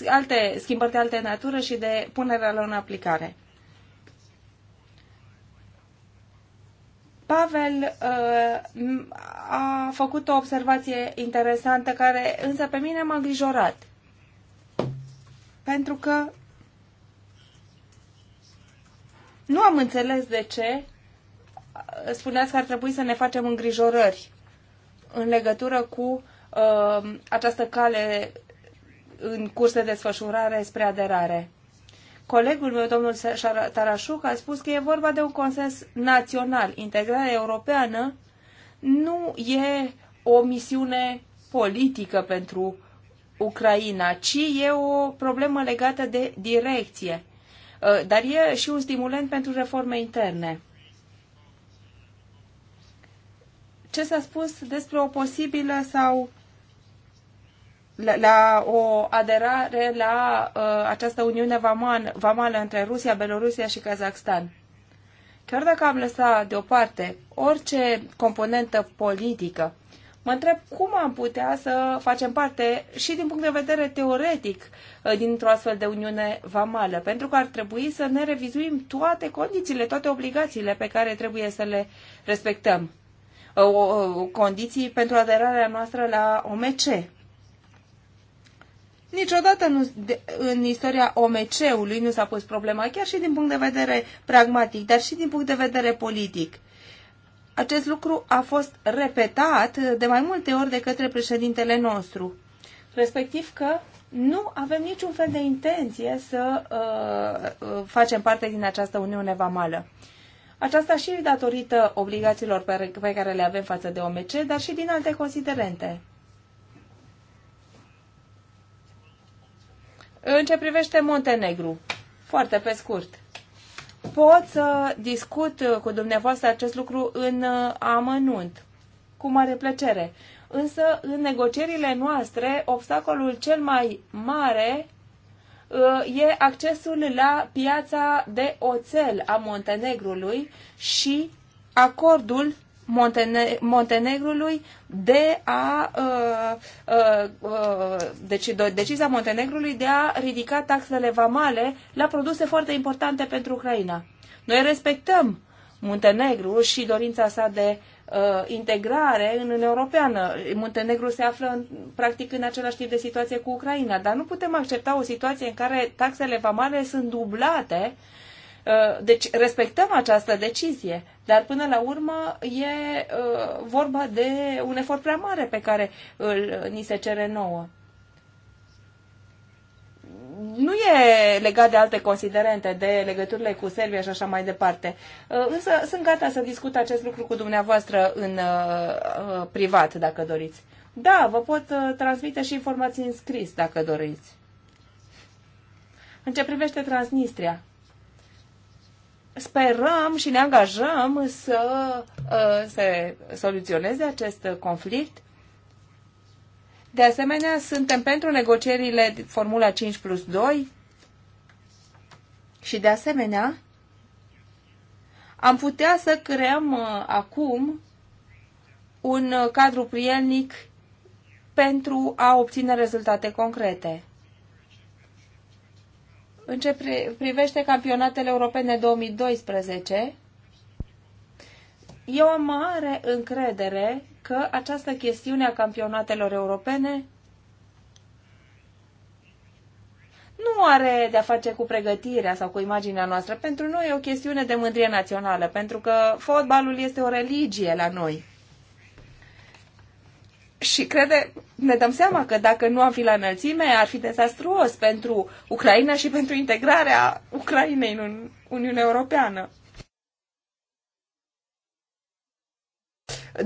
alte schimbări de alte natură și de punerea lor în aplicare. Pavel a făcut o observație interesantă care însă pe mine m-a îngrijorat. Pentru că nu am înțeles de ce uh, spuneați că ar trebui să ne facem îngrijorări în legătură cu uh, această cale în curs de desfășurare spre aderare. Colegul meu, domnul Tarașuc, a spus că e vorba de un consens național. Integrarea europeană nu e o misiune politică pentru Ucraina, ci e o problemă legată de direcție. Uh, dar e și un stimulent pentru reforme interne. Ce s-a spus despre o posibilă sau la, la o aderare la uh, această uniune vaman, vamală între Rusia, Belorusia și Kazakhstan? Chiar dacă am lăsat deoparte orice componentă politică Mă întreb cum am putea să facem parte și din punct de vedere teoretic uh, dintr-o astfel de uniune vamală, pentru că ar trebui să ne revizuim toate condițiile, toate obligațiile pe care trebuie să le respectăm. Uh, condiții pentru aderarea noastră la OMC, Niciodată nu, de, în istoria OMC-ului nu s-a pus problema, chiar și din punct de vedere pragmatic, dar și din punct de vedere politic. Acest lucru a fost repetat de mai multe ori de către președintele nostru, respectiv că nu avem niciun fel de intenție să uh, uh facem parte din această Uniune Vamală. Aceasta și datorită obligațiilor pe care le avem față de OMC, dar și din alte considerente. În ce privește Montenegru, foarte pe scurt pot să discut uh, cu dumneavoastră acest lucru în uh, amănunt, cu mare plăcere. Însă, în negocierile noastre, obstacolul cel mai mare uh, e accesul la piața de oțel a Montenegrului și acordul Montene- Montenegrului de a uh, uh, uh, deci de, decizia Montenegrului de a ridica taxele vamale la produse foarte importante pentru Ucraina. Noi respectăm Montenegru și dorința sa de uh, integrare în Uniunea Europeană. Montenegru se află în, practic în același tip de situație cu Ucraina, dar nu putem accepta o situație în care taxele vamale sunt dublate uh, Uh, deci respectăm această decizie, dar până la urmă e uh, vorba de un efort prea mare pe care îl ni se cere nouă nu e legat de alte considerente, de legăturile cu Serbia și așa mai departe. Uh, însă sunt gata să discut acest lucru cu dumneavoastră în privat, dacă doriți. Da, vă pot transmite și informații în scris, dacă doriți. În ce privește Transnistria, sperăm și ne angajăm să uh, se soluționeze acest conflict. De asemenea, suntem pentru negocierile Formula 5 plus 2 și, de asemenea, am putea să creăm uh, acum un uh, cadru prielnic pentru a obține rezultate concrete. În ce privește campionatele europene 2012, eu am mare încredere că această chestiune a campionatelor europene nu are de-a face cu pregătirea sau cu imaginea noastră. Pentru noi e o chestiune de mândrie națională, pentru că fotbalul este o religie la noi și crede, ne dăm seama că dacă nu am fi la înălțime, ar fi dezastruos pentru Ucraina și pentru integrarea Ucrainei în Uniunea Europeană.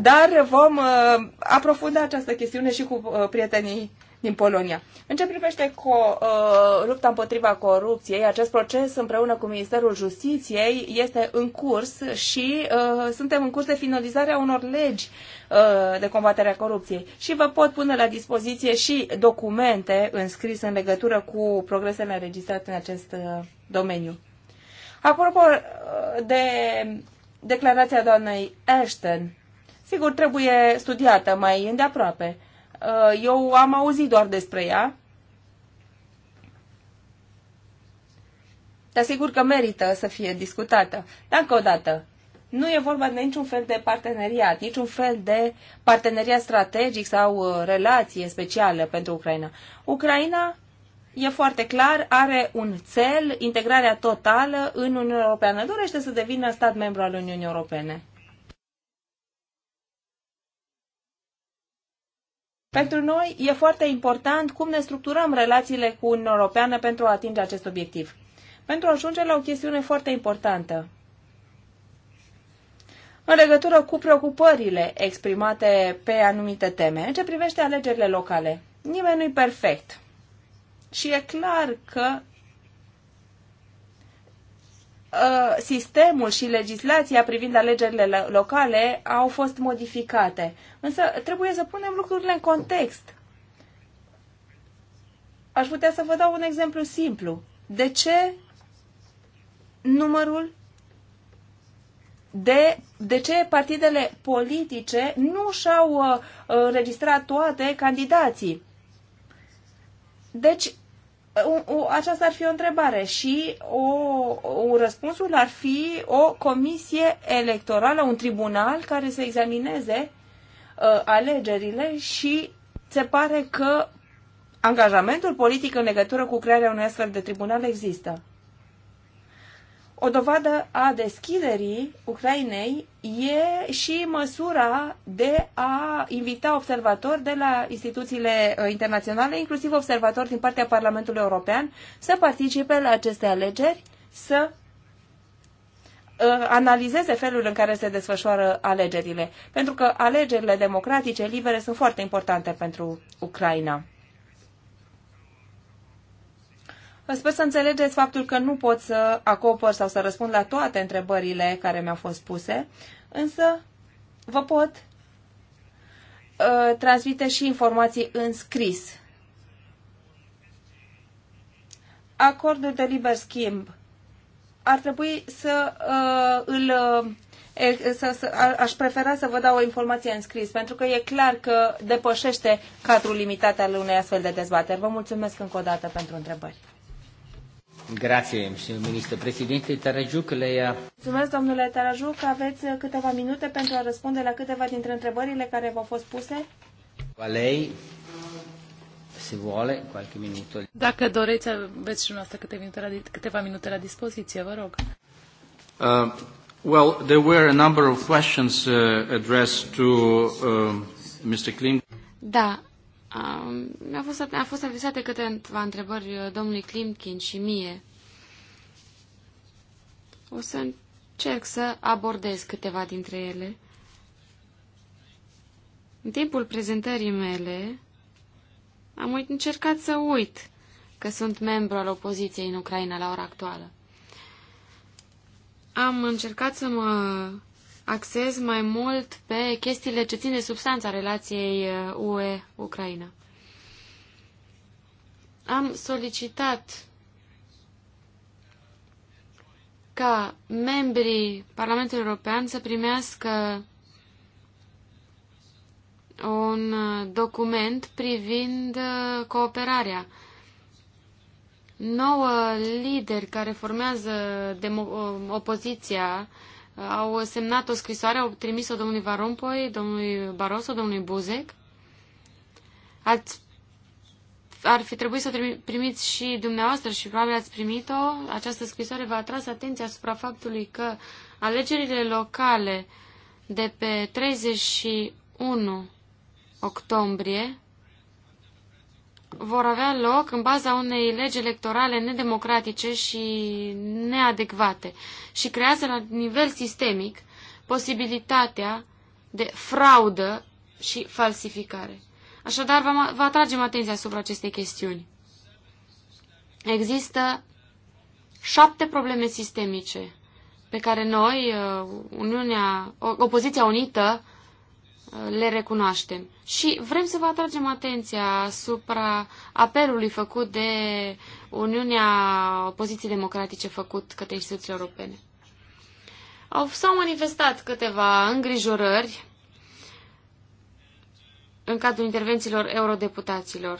Dar vom uh, aprofunda această chestiune și cu uh, prietenii din Polonia. În ce privește co, uh, lupta împotriva corupției, acest proces împreună cu Ministerul Justiției este în curs și uh, suntem în curs de finalizarea unor legi uh, de combatere a corupției. Și vă pot pune la dispoziție și documente înscrise în legătură cu progresele înregistrate în acest uh, domeniu. Apropo uh, de declarația doamnei Ashton, sigur trebuie studiată mai îndeaproape. Uh, eu am auzit doar despre ea. Dar sigur că merită să fie discutată. Încă o dată, nu e vorba de niciun fel de parteneriat, niciun fel de parteneriat strategic sau uh, relație specială pentru Ucraina. Ucraina e foarte clar, are un cel, integrarea totală în Uniunea Europeană. Dorește să devină stat membru al Uniunii Europene. Pentru noi e foarte important cum ne structurăm relațiile cu Uniunea Europeană pentru a atinge acest obiectiv. Pentru a ajunge la o chestiune foarte importantă. În legătură cu preocupările exprimate pe anumite teme, în ce privește alegerile locale, nimeni nu-i perfect. Și e clar că Uh, sistemul și legislația privind alegerile locale au fost modificate. Însă trebuie să punem lucrurile în context. Aș putea să vă dau un exemplu simplu. De ce numărul de, de ce partidele politice nu și-au uh, uh, înregistrat toate candidații? Deci, aceasta ar fi o întrebare și o, un răspunsul ar fi o comisie electorală, un tribunal care să examineze uh, alegerile și se pare că angajamentul politic în legătură cu crearea unui astfel de tribunal există. O dovadă a deschiderii Ucrainei e și măsura de a invita observatori de la instituțiile uh, internaționale, inclusiv observatori din partea Parlamentului European, să participe la aceste alegeri, să uh, analizeze felul în care se desfășoară alegerile, pentru că alegerile democratice libere sunt foarte importante pentru Ucraina. Sper să înțelegeți faptul că nu pot să acopăr sau să răspund la toate întrebările care mi-au fost puse, însă vă pot uh, transmite și informații în scris. Acordul de liber schimb ar trebui să uh, îl uh, să, să, a, aș prefera să vă dau o informație în scris, pentru că e clar că depășește cadrul limitat al unei astfel de dezbateri. Vă mulțumesc încă o dată pentru întrebări. Grazie, ministru președinte Tarajuc. Leia... Mulțumesc, domnule Tarajuc. Aveți câteva minute pentru a răspunde la câteva dintre întrebările care v-au fost puse. A lei, se vuole, qualche minuto. Dacă doriți, aveți și noastră câte minute la, câteva minute la dispoziție, vă rog. Uh, well, there were a number of questions uh, addressed to uh, Mr. Klim. Da, Um, mi-a fost, a fost adresate câteva întrebări uh, domnului Klimkin și mie. O să încerc să abordez câteva dintre ele. În timpul prezentării mele am încercat să uit că sunt membru al opoziției în Ucraina la ora actuală. Am încercat să mă axez mai mult pe chestiile ce țin de substanța relației uh, UE-Ucraina. Am solicitat ca membrii Parlamentului European să primească un uh, document privind uh, cooperarea. Nouă lideri care formează opoziția au semnat o scrisoare, au trimis-o domnului Varompoi, domnului Baroso, domnului Buzek. Ați, ar fi trebuit să primiți și dumneavoastră și probabil ați primit-o. Această scrisoare v-a atras atenția asupra faptului că alegerile locale de pe 31 octombrie vor avea loc în baza unei legi electorale nedemocratice și neadecvate și creează la nivel sistemic posibilitatea de fraudă și falsificare. Așadar, vă atragem atenția asupra acestei chestiuni. Există șapte probleme sistemice pe care noi, uh, Uniunea, Opoziția Unită, le recunoaștem. Și vrem să vă atragem atenția asupra apelului făcut de Uniunea Opoziției Democratice făcut către instituțiile europene. S-au manifestat câteva îngrijorări în cadrul intervențiilor eurodeputaților.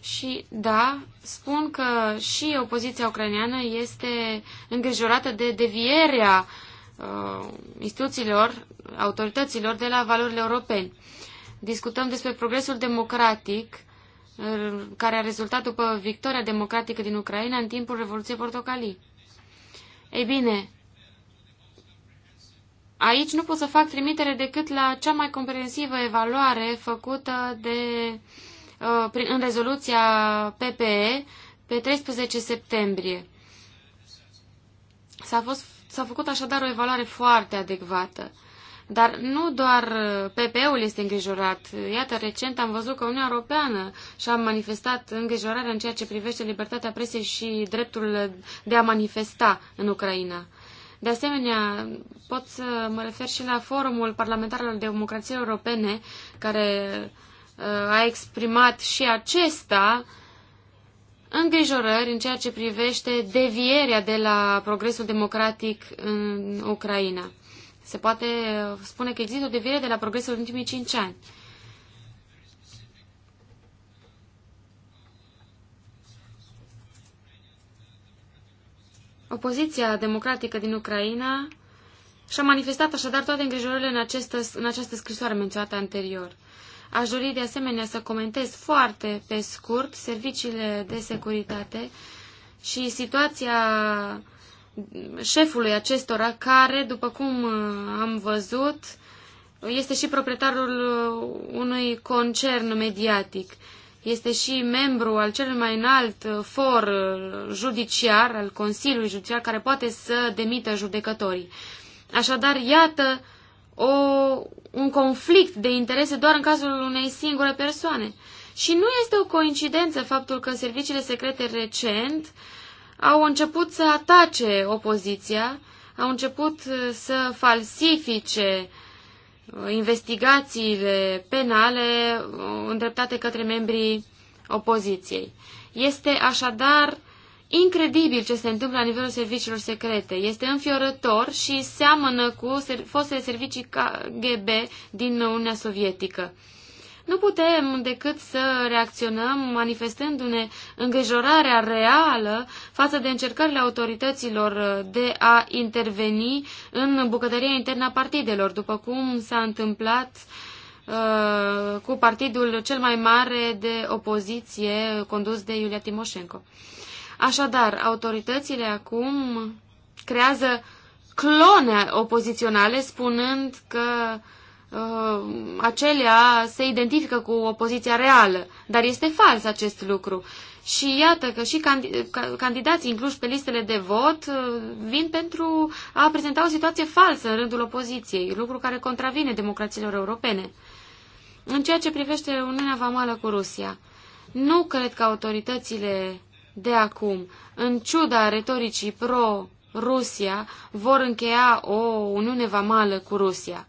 Și da, spun că și opoziția ucraineană este îngrijorată de devierea uh, Uh, instituțiilor, autorităților de la valorile europene. Discutăm despre progresul democratic uh, care a rezultat după victoria democratică din Ucraina în timpul Revoluției Portocalii. Ei bine, aici nu pot să fac trimitere decât la cea mai comprehensivă evaluare făcută de, uh, în rezoluția PPE pe 13 septembrie. S-a fost S-a făcut așadar o evaluare foarte adecvată. Dar nu doar PPE-ul este îngrijorat. Iată, recent am văzut că Uniunea Europeană și-a manifestat îngrijorarea în ceea ce privește libertatea presei și dreptul de a manifesta în Ucraina. De asemenea, pot să mă refer și la Forumul Parlamentar al Democrației Europene, care uh, a exprimat și acesta uh, îngrijorări în ceea ce privește devierea de la progresul democratic în Ucraina. Se poate uh, spune că există o deviere de la progresul în ultimii cinci ani. Opoziția democratică din Ucraina și-a manifestat așadar toate îngrijorările în această, în această scrisoare menționată anterior. Aș dori de asemenea să comentez foarte pe scurt serviciile de securitate și situația șefului acestora, care, după cum uh, am văzut, este și proprietarul uh, unui concern mediatic. Este și membru al cel mai înalt uh, for judiciar, al Consiliului Judiciar, care poate să demită judecătorii. Așadar, iată o, un conflict de interese doar în cazul unei singure persoane. Și nu este o coincidență faptul că serviciile secrete recent au început să atace opoziția, au început uh, să falsifice uh, investigațiile penale uh, îndreptate către membrii opoziției. Este așadar incredibil ce se întâmplă la nivelul serviciilor secrete. Este înfiorător și seamănă cu fostele servicii KGB din Uniunea Sovietică. Nu putem decât să reacționăm manifestându-ne îngrijorarea reală față de încercările autorităților de a interveni în bucătăria internă a partidelor, după cum s-a întâmplat uh, cu partidul cel mai mare de opoziție condus de Iulia Timoșenko. Așadar, autoritățile acum creează clone opoziționale spunând că uh, acelea se identifică cu opoziția reală, dar este fals acest lucru. Și iată că și candidații incluși pe listele de vot uh, vin pentru a prezenta o situație falsă în rândul opoziției, lucru care contravine democrațiilor europene. În ceea ce privește Uniunea Vamală cu Rusia, nu cred că autoritățile de acum, în ciuda retoricii pro-Rusia, vor încheia o uniune vamală cu Rusia.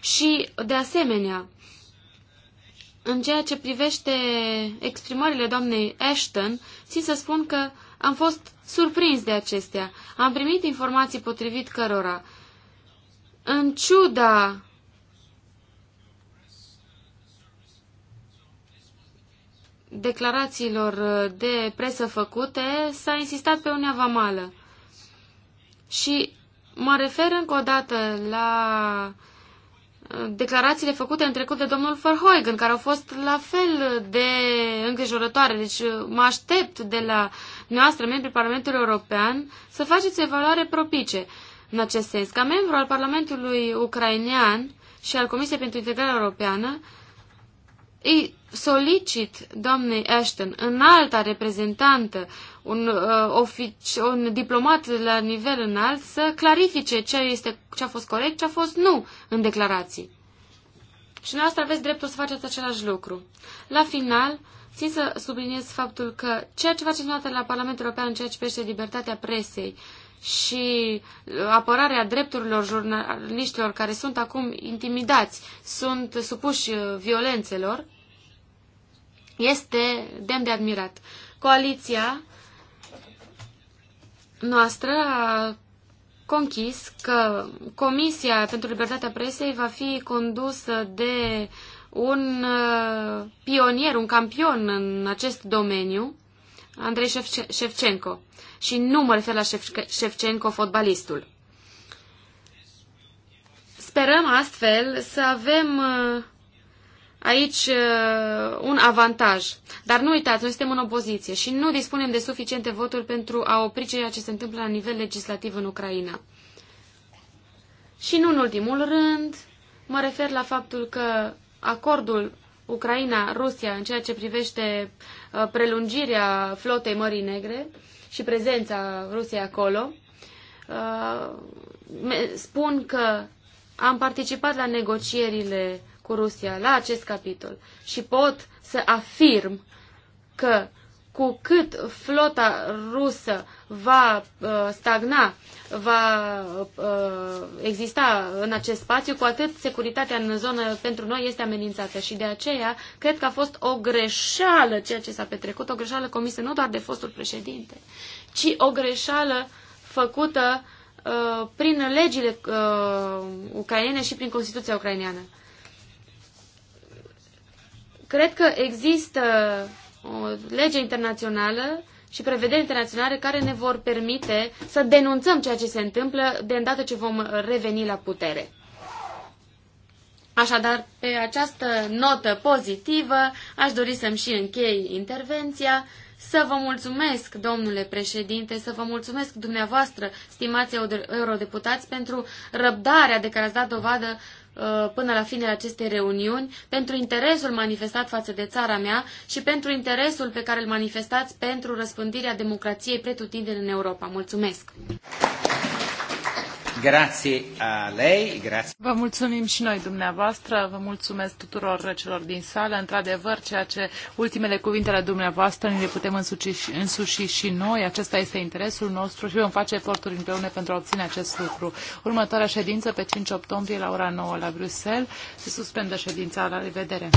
Și, de asemenea, în ceea ce privește exprimările doamnei Ashton, țin să spun că am fost surprins de acestea. Am primit informații potrivit cărora, în ciuda declarațiilor uh, de presă făcute s-a insistat pe unea vamală. Și mă refer încă o dată la uh, declarațiile făcute în trecut de domnul Verhoeven, care au fost la fel de îngrijorătoare. Deci uh, mă aștept de la noastră, membrii Parlamentului European, să faceți evaluare propice în acest sens. Ca membru al Parlamentului Ucrainean și al Comisiei pentru Integrarea Europeană, ei, solicit doamnei Ashton, înalta reprezentantă, un, uh, ofici, un diplomat la nivel înalt, să clarifice ce, este, ce a fost corect, ce a fost nu în declarații. Și noastră aveți dreptul să faceți același lucru. La final, țin să subliniez faptul că ceea ce faceți noastră la Parlamentul European în ceea ce privește libertatea presei și uh, apărarea drepturilor jurnaliștilor care sunt acum intimidați, sunt supuși uh, violențelor, este demn de admirat. Coaliția noastră a conchis că Comisia pentru Libertatea Presei va fi condusă de un uh, pionier, un campion în acest domeniu, Andrei Shevchenko, Și nu mă refer la Șevcenco, fotbalistul. Sperăm astfel să avem uh, aici uh, un avantaj. Dar nu uitați, noi suntem în opoziție și nu dispunem de suficiente voturi pentru a opri ceea ce se întâmplă la nivel legislativ în Ucraina. Și nu în ultimul rând, mă refer la faptul că acordul Ucraina-Rusia în ceea ce privește uh, prelungirea flotei Mării Negre și prezența Rusiei acolo, uh, spun că am participat la negocierile cu Rusia la acest capitol și pot să afirm că cu cât flota rusă va uh, stagna, va uh, exista în acest spațiu, cu atât securitatea în zonă pentru noi este amenințată. Și de aceea cred că a fost o greșeală ceea ce s-a petrecut, o greșeală comisă nu doar de fostul președinte, ci o greșeală făcută uh, prin legile uh, ucrainene și prin Constituția ucraineană. Cred că există o lege internațională și prevederi internaționale care ne vor permite să denunțăm ceea ce se întâmplă de îndată ce vom reveni la putere. Așadar, pe această notă pozitivă, aș dori să-mi și închei intervenția, să vă mulțumesc, domnule președinte, să vă mulțumesc dumneavoastră, stimați eurodeputați, pentru răbdarea de care ați dat dovadă Uh, până la finele acestei reuniuni pentru interesul manifestat față de țara mea și pentru interesul pe care îl manifestați pentru răspândirea democrației pretutindeni în Europa. Mulțumesc! Grazie a lei, grazie. Vă mulțumim și noi dumneavoastră, vă mulțumesc tuturor celor din sală. Într-adevăr, ceea ce ultimele cuvinte ale dumneavoastră ne le putem însuși, însuși și noi. Acesta este interesul nostru și vom face eforturi împreună pentru a obține acest lucru. Următoarea ședință pe 5 octombrie la ora 9 la Bruxelles. Se suspendă ședința. La revedere!